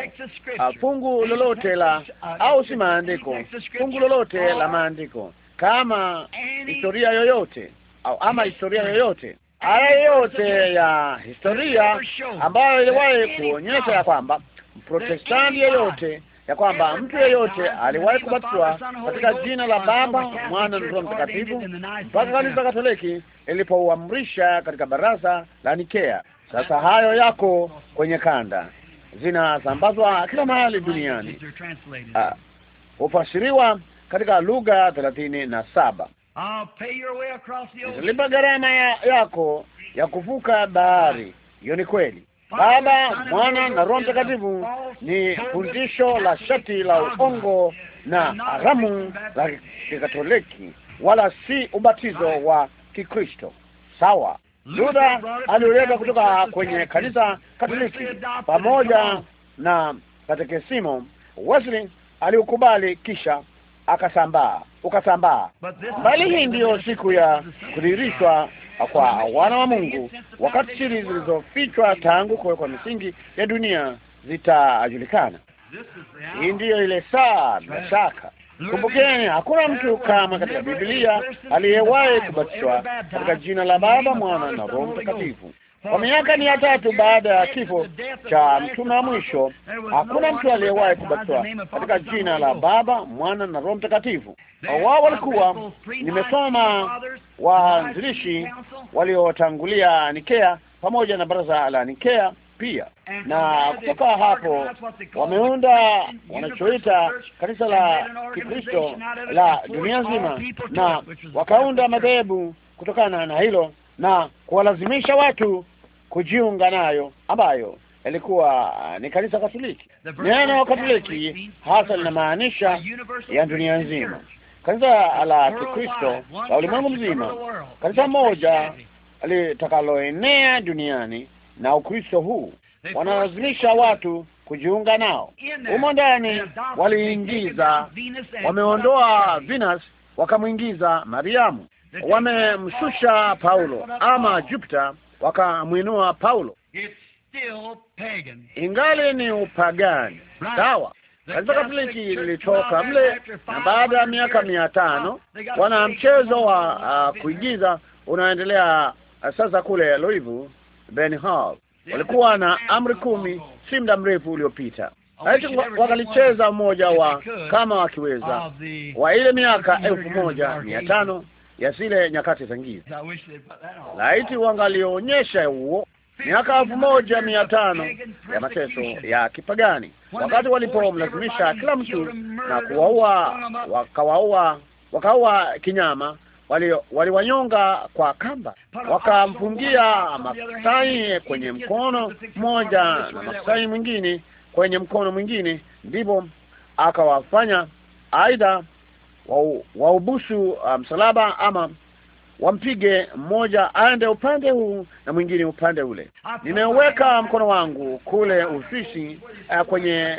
fungu lolote la au si maandiko, fungu lolote la maandiko, kama historia yoyote au ama historia yoyote aya yote ya historia ambayo iliwahi kuonyesha ya kwamba Protestanti yoyote ya kwamba mtu yeyote aliwahi kubatizwa katika jina la Baba, Mwana na Roho Mtakatifu mpaka kanisa Katoliki ilipouamrisha katika baraza la Nikea. Sasa hayo yako kwenye kanda, zinasambazwa kila mahali duniani, ah, hufasiriwa katika lugha thelathini na saba. Nitalipa gharama yako ya kuvuka bahari. Hiyo ni kweli. Baba, Mwana na Roho Mtakatifu ni fundisho la shati la uongo na haramu la Kikatoliki, wala si ubatizo wa Kikristo. Sawa, Luther aliuleta kutoka kwenye kanisa Katoliki pamoja na katekesimo. Wesley aliukubali kisha akasambaa ukasambaa. Bali hii ndiyo siku ya kudhihirishwa kwa wana wa Mungu, wakati siri zilizofichwa tangu kuwekwa misingi ya dunia zitajulikana. Hii ndiyo ile saa, bila shaka. Kumbukeni, hakuna mtu kama katika Biblia aliyewahi kubatizwa katika jina la Baba, Mwana na Roho Mtakatifu. Kwa miaka mia tatu baada ya kifo cha mtume wa mwisho, hakuna mtu aliyewahi kubatizwa katika jina la Baba, Mwana na Roho Mtakatifu. Wao walikuwa, nimesoma waanzilishi waliotangulia Nikea pamoja na baraza la Nikea pia na kutoka hapo wameunda wanachoita kanisa la Kikristo la dunia nzima, na wakaunda madhehebu kutokana na hilo na kuwalazimisha watu kujiunga nayo ambayo ilikuwa uh, ni kanisa Katoliki. Neno Katoliki hasa linamaanisha ya dunia nzima, kanisa la Kikristo la ulimwengu mzima, kanisa moja litakaloenea duniani na Ukristo huu. Wanalazimisha watu kujiunga nao. Humo ndani waliingiza, wameondoa Venus wakamwingiza Mariamu, wamemshusha Paulo ama Jupiter wakamwinua Paulo, ingali ni upagani sawa. Kanisa Katoliki lilitoka mle, na baada ya miaka mia tano wana mchezo wa uh, kuigiza unaendelea uh, sasa kule Louisville Ben Hall walikuwa na amri kumi, si muda mrefu uliopita laiti wakalicheza mmoja wa kama wakiweza wa ile miaka elfu moja mia tano ya zile nyakati za giza. Laiti wangalionyesha huo miaka elfu moja mia tano ya mateso ya kipagani, wakati walipomlazimisha kila mtu na kuwaua, wakawaua, wakaua kinyama, waliwanyonga wali kwa kamba, wakamfungia maksai kwenye mkono mmoja na maksai mwingine kwenye mkono mwingine, ndipo akawafanya aidha waubusu msalaba um, ama wampige mmoja aende upande huu na mwingine upande ule. Nimeweka mkono wangu kule Uswisi, uh, kwenye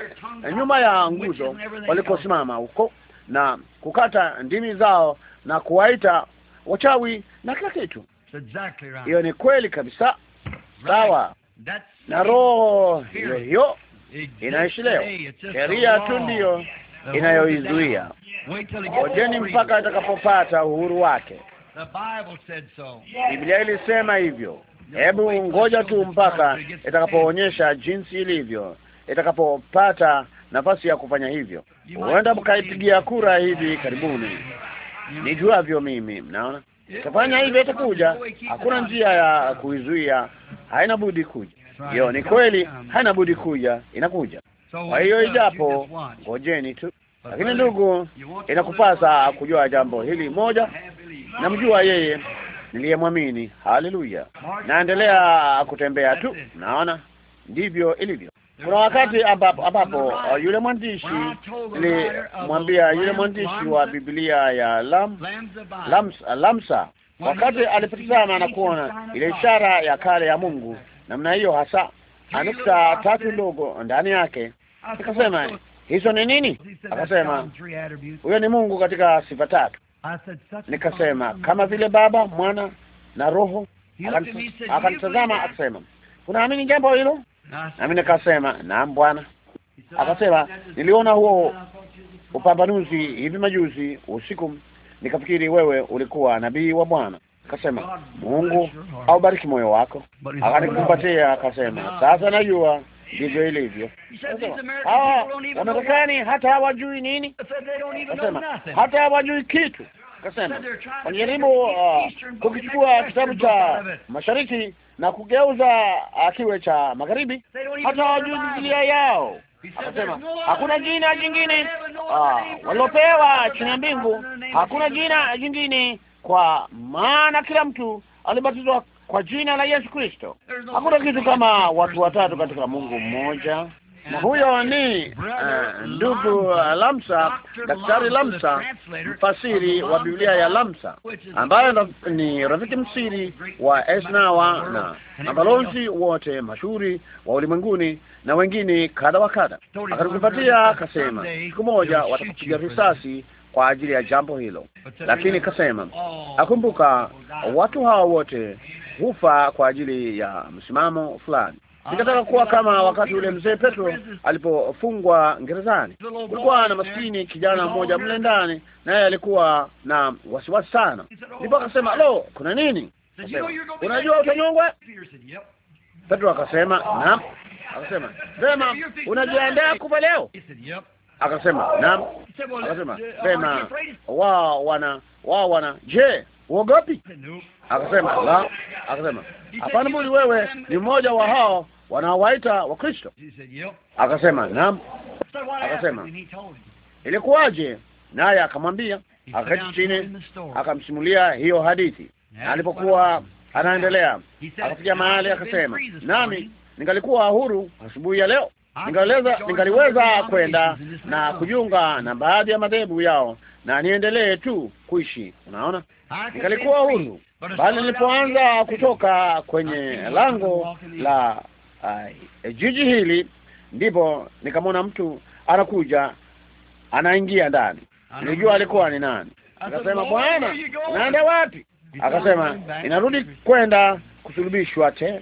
nyuma ya nguzo walikosimama huko na kukata ndimi zao na kuwaita wachawi na kila kitu. Hiyo ni kweli kabisa, sawa na roho hiyo hiyo inaishi leo. Sheria tu ndiyo inayoizuia. Ngojeni mpaka atakapopata uhuru wake. Biblia ilisema hivyo. Hebu ngoja tu mpaka itakapoonyesha jinsi ilivyo, itakapopata nafasi ya kufanya hivyo. Huenda mkaipigia kura hivi karibuni, nijuavyo mimi. Mnaona, tafanya hivyo, itakuja. Hakuna njia ya kuizuia, haina budi kuja. Hiyo ni kweli, haina budi kuja, inakuja. Kwa hiyo ijapo, ngojeni tu. Lakini ndugu, inakupasa kujua jambo hili moja, namjua yeye niliyemwamini. Haleluya! Naendelea kutembea tu, naona ndivyo ilivyo. Kuna wakati ambapo, ambapo uh, yule mwandishi nilimwambia yule mwandishi wa Biblia ya Lam, Lams, uh, Lamsa wakati alipitizana na kuona ile ishara ya kale ya Mungu namna hiyo hasa anukta tatu ndogo ndani yake. Nikasema, hizo ni nini? Akasema, huyo ni Mungu katika sifa tatu. Nikasema, kama vile Baba, Mwana na Roho. Akanitazama akasema, unaamini jambo hilo? Nami nikasema, naam Bwana. Akasema, niliona huo upambanuzi hivi majuzi usiku, nikafikiri wewe ulikuwa nabii wa Bwana. Akasema, Mungu aubariki moyo wako. Akanikupatia, akasema, sasa najua ndivyo ilivyo. Hawa Wamarekani hata hawajui nini, akasema hata hawajui kitu. Akasema wanajaribu uh, kukichukua kitabu cha mashariki na kugeuza uh, kiwe cha magharibi, hata hawajui Biblia yao. Akasema hakuna jina jingine uh, walilopewa chini ya mbingu, hakuna jina jingine kwa maana kila mtu alibatizwa kwa jina la Yesu Kristo. Hakuna kitu kama watu watatu katika Mungu mmoja, na huyo ni uh, ndugu eh, Lamsa, daktari Lamsa, mfasiri wa Biblia ya Lamsa, ambaye ni rafiki msiri wa Esnawa na mabalozi wote mashuhuri wa ulimwenguni na wengine kadha wa kadha. Akatukupatia akasema, siku moja watakupiga risasi kwa ajili ya jambo hilo, lakini kasema, oh, akumbuka oh, watu hao wote hufa kwa ajili ya msimamo fulani. Nikataka kuwa ah, kama oh, wakati ule mzee Petro alipofungwa gerezani. Kulikuwa na maskini kijana mmoja mle ndani, naye alikuwa na wasiwasi sana. Ndipo akasema, lo, kuna nini? Kasema, unajua utanyongwa. Petro akasema, naam. Akasema, vema, unajiandaa kufa leo? Akasema naam, akasema sema, wao wana wao wana, je, uogopi? Akasema la, akasema hapana, budi wewe ni mmoja wa hao wanaowaita wa kristo Akasema naam, akasema ilikuwaje? Naye akamwambia, akaketi chini, akamsimulia hiyo hadithi, alipokuwa anaendelea, akapiga mahali akasema, nami ningalikuwa huru asubuhi ya leo ningaliweza ningaliweza kwenda na kujiunga na baadhi ya madhehebu yao na niendelee tu kuishi. Unaona, ningalikuwa huru, bali nilipoanza kutoka kwenye lango la uh, jiji hili, ndipo nikamwona mtu anakuja anaingia ndani. Nilijua alikuwa ni nani. Akasema, bwana, naenda wapi? Akasema, inarudi kwenda kusulubishwa tena.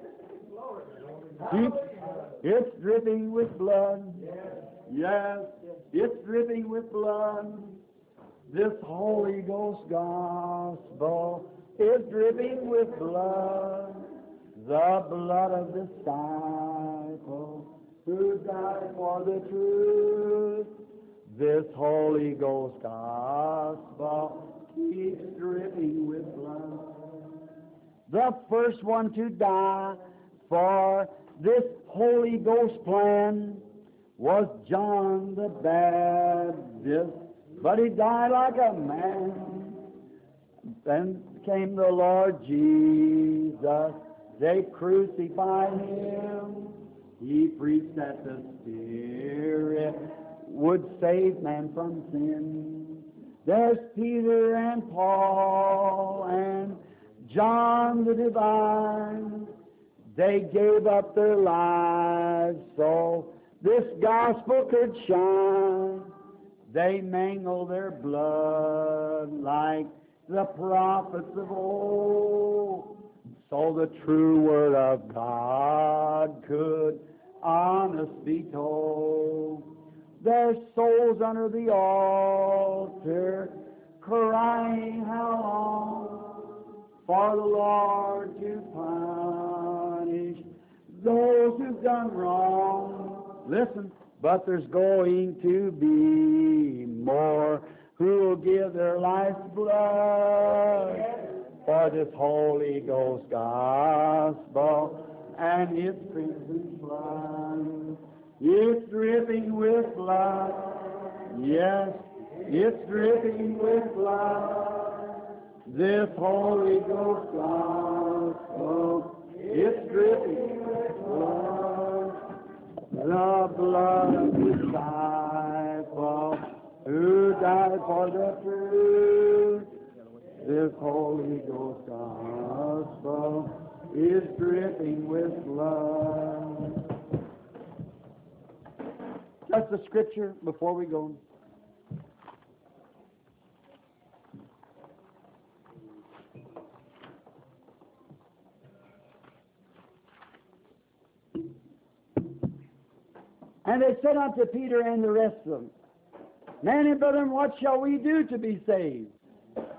It's, it's dripping with blood. Yes, it's dripping with blood. This Holy Ghost gospel is dripping with blood. The blood of the disciple who died for the truth. This Holy Ghost gospel keeps dripping with blood. The first one to die for this Holy Ghost plan was John the Baptist, but he died like a man. Then came the Lord Jesus. They crucified him. He preached that the Spirit would save man from sin. There's Peter and Paul and John the Divine. They gave up their lives so this gospel could shine. They mangle their blood like the prophets of old, so the true word of God could honest be told. Their souls under the altar, crying how long for the Lord to find punish those who've done wrong. Listen, but there's going to be more who will give their life's blood for this Holy Ghost gospel and it's dripping blood. It's dripping with blood. Yes, it's dripping with blood. This Holy Ghost gospel. It's dripping love, The blood of disciples who died for the truth. This Holy Ghost gospel is dripping with blood. That's the scripture before we go. And they said unto Peter and the rest of them, Man and brethren, what shall we do to be saved?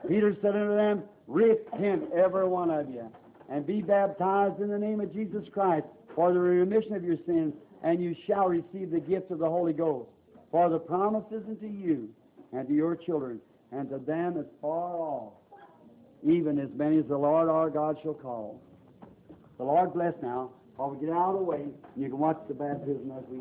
Peter said unto them, Repent, every one of you, and be baptized in the name of Jesus Christ for the remission of your sins, and you shall receive the gift of the Holy Ghost. For the promise is unto you and to your children, and to them as far off, even as many as the Lord our God shall call. The Lord bless now. While we get out of the way, you can watch the baptism as we.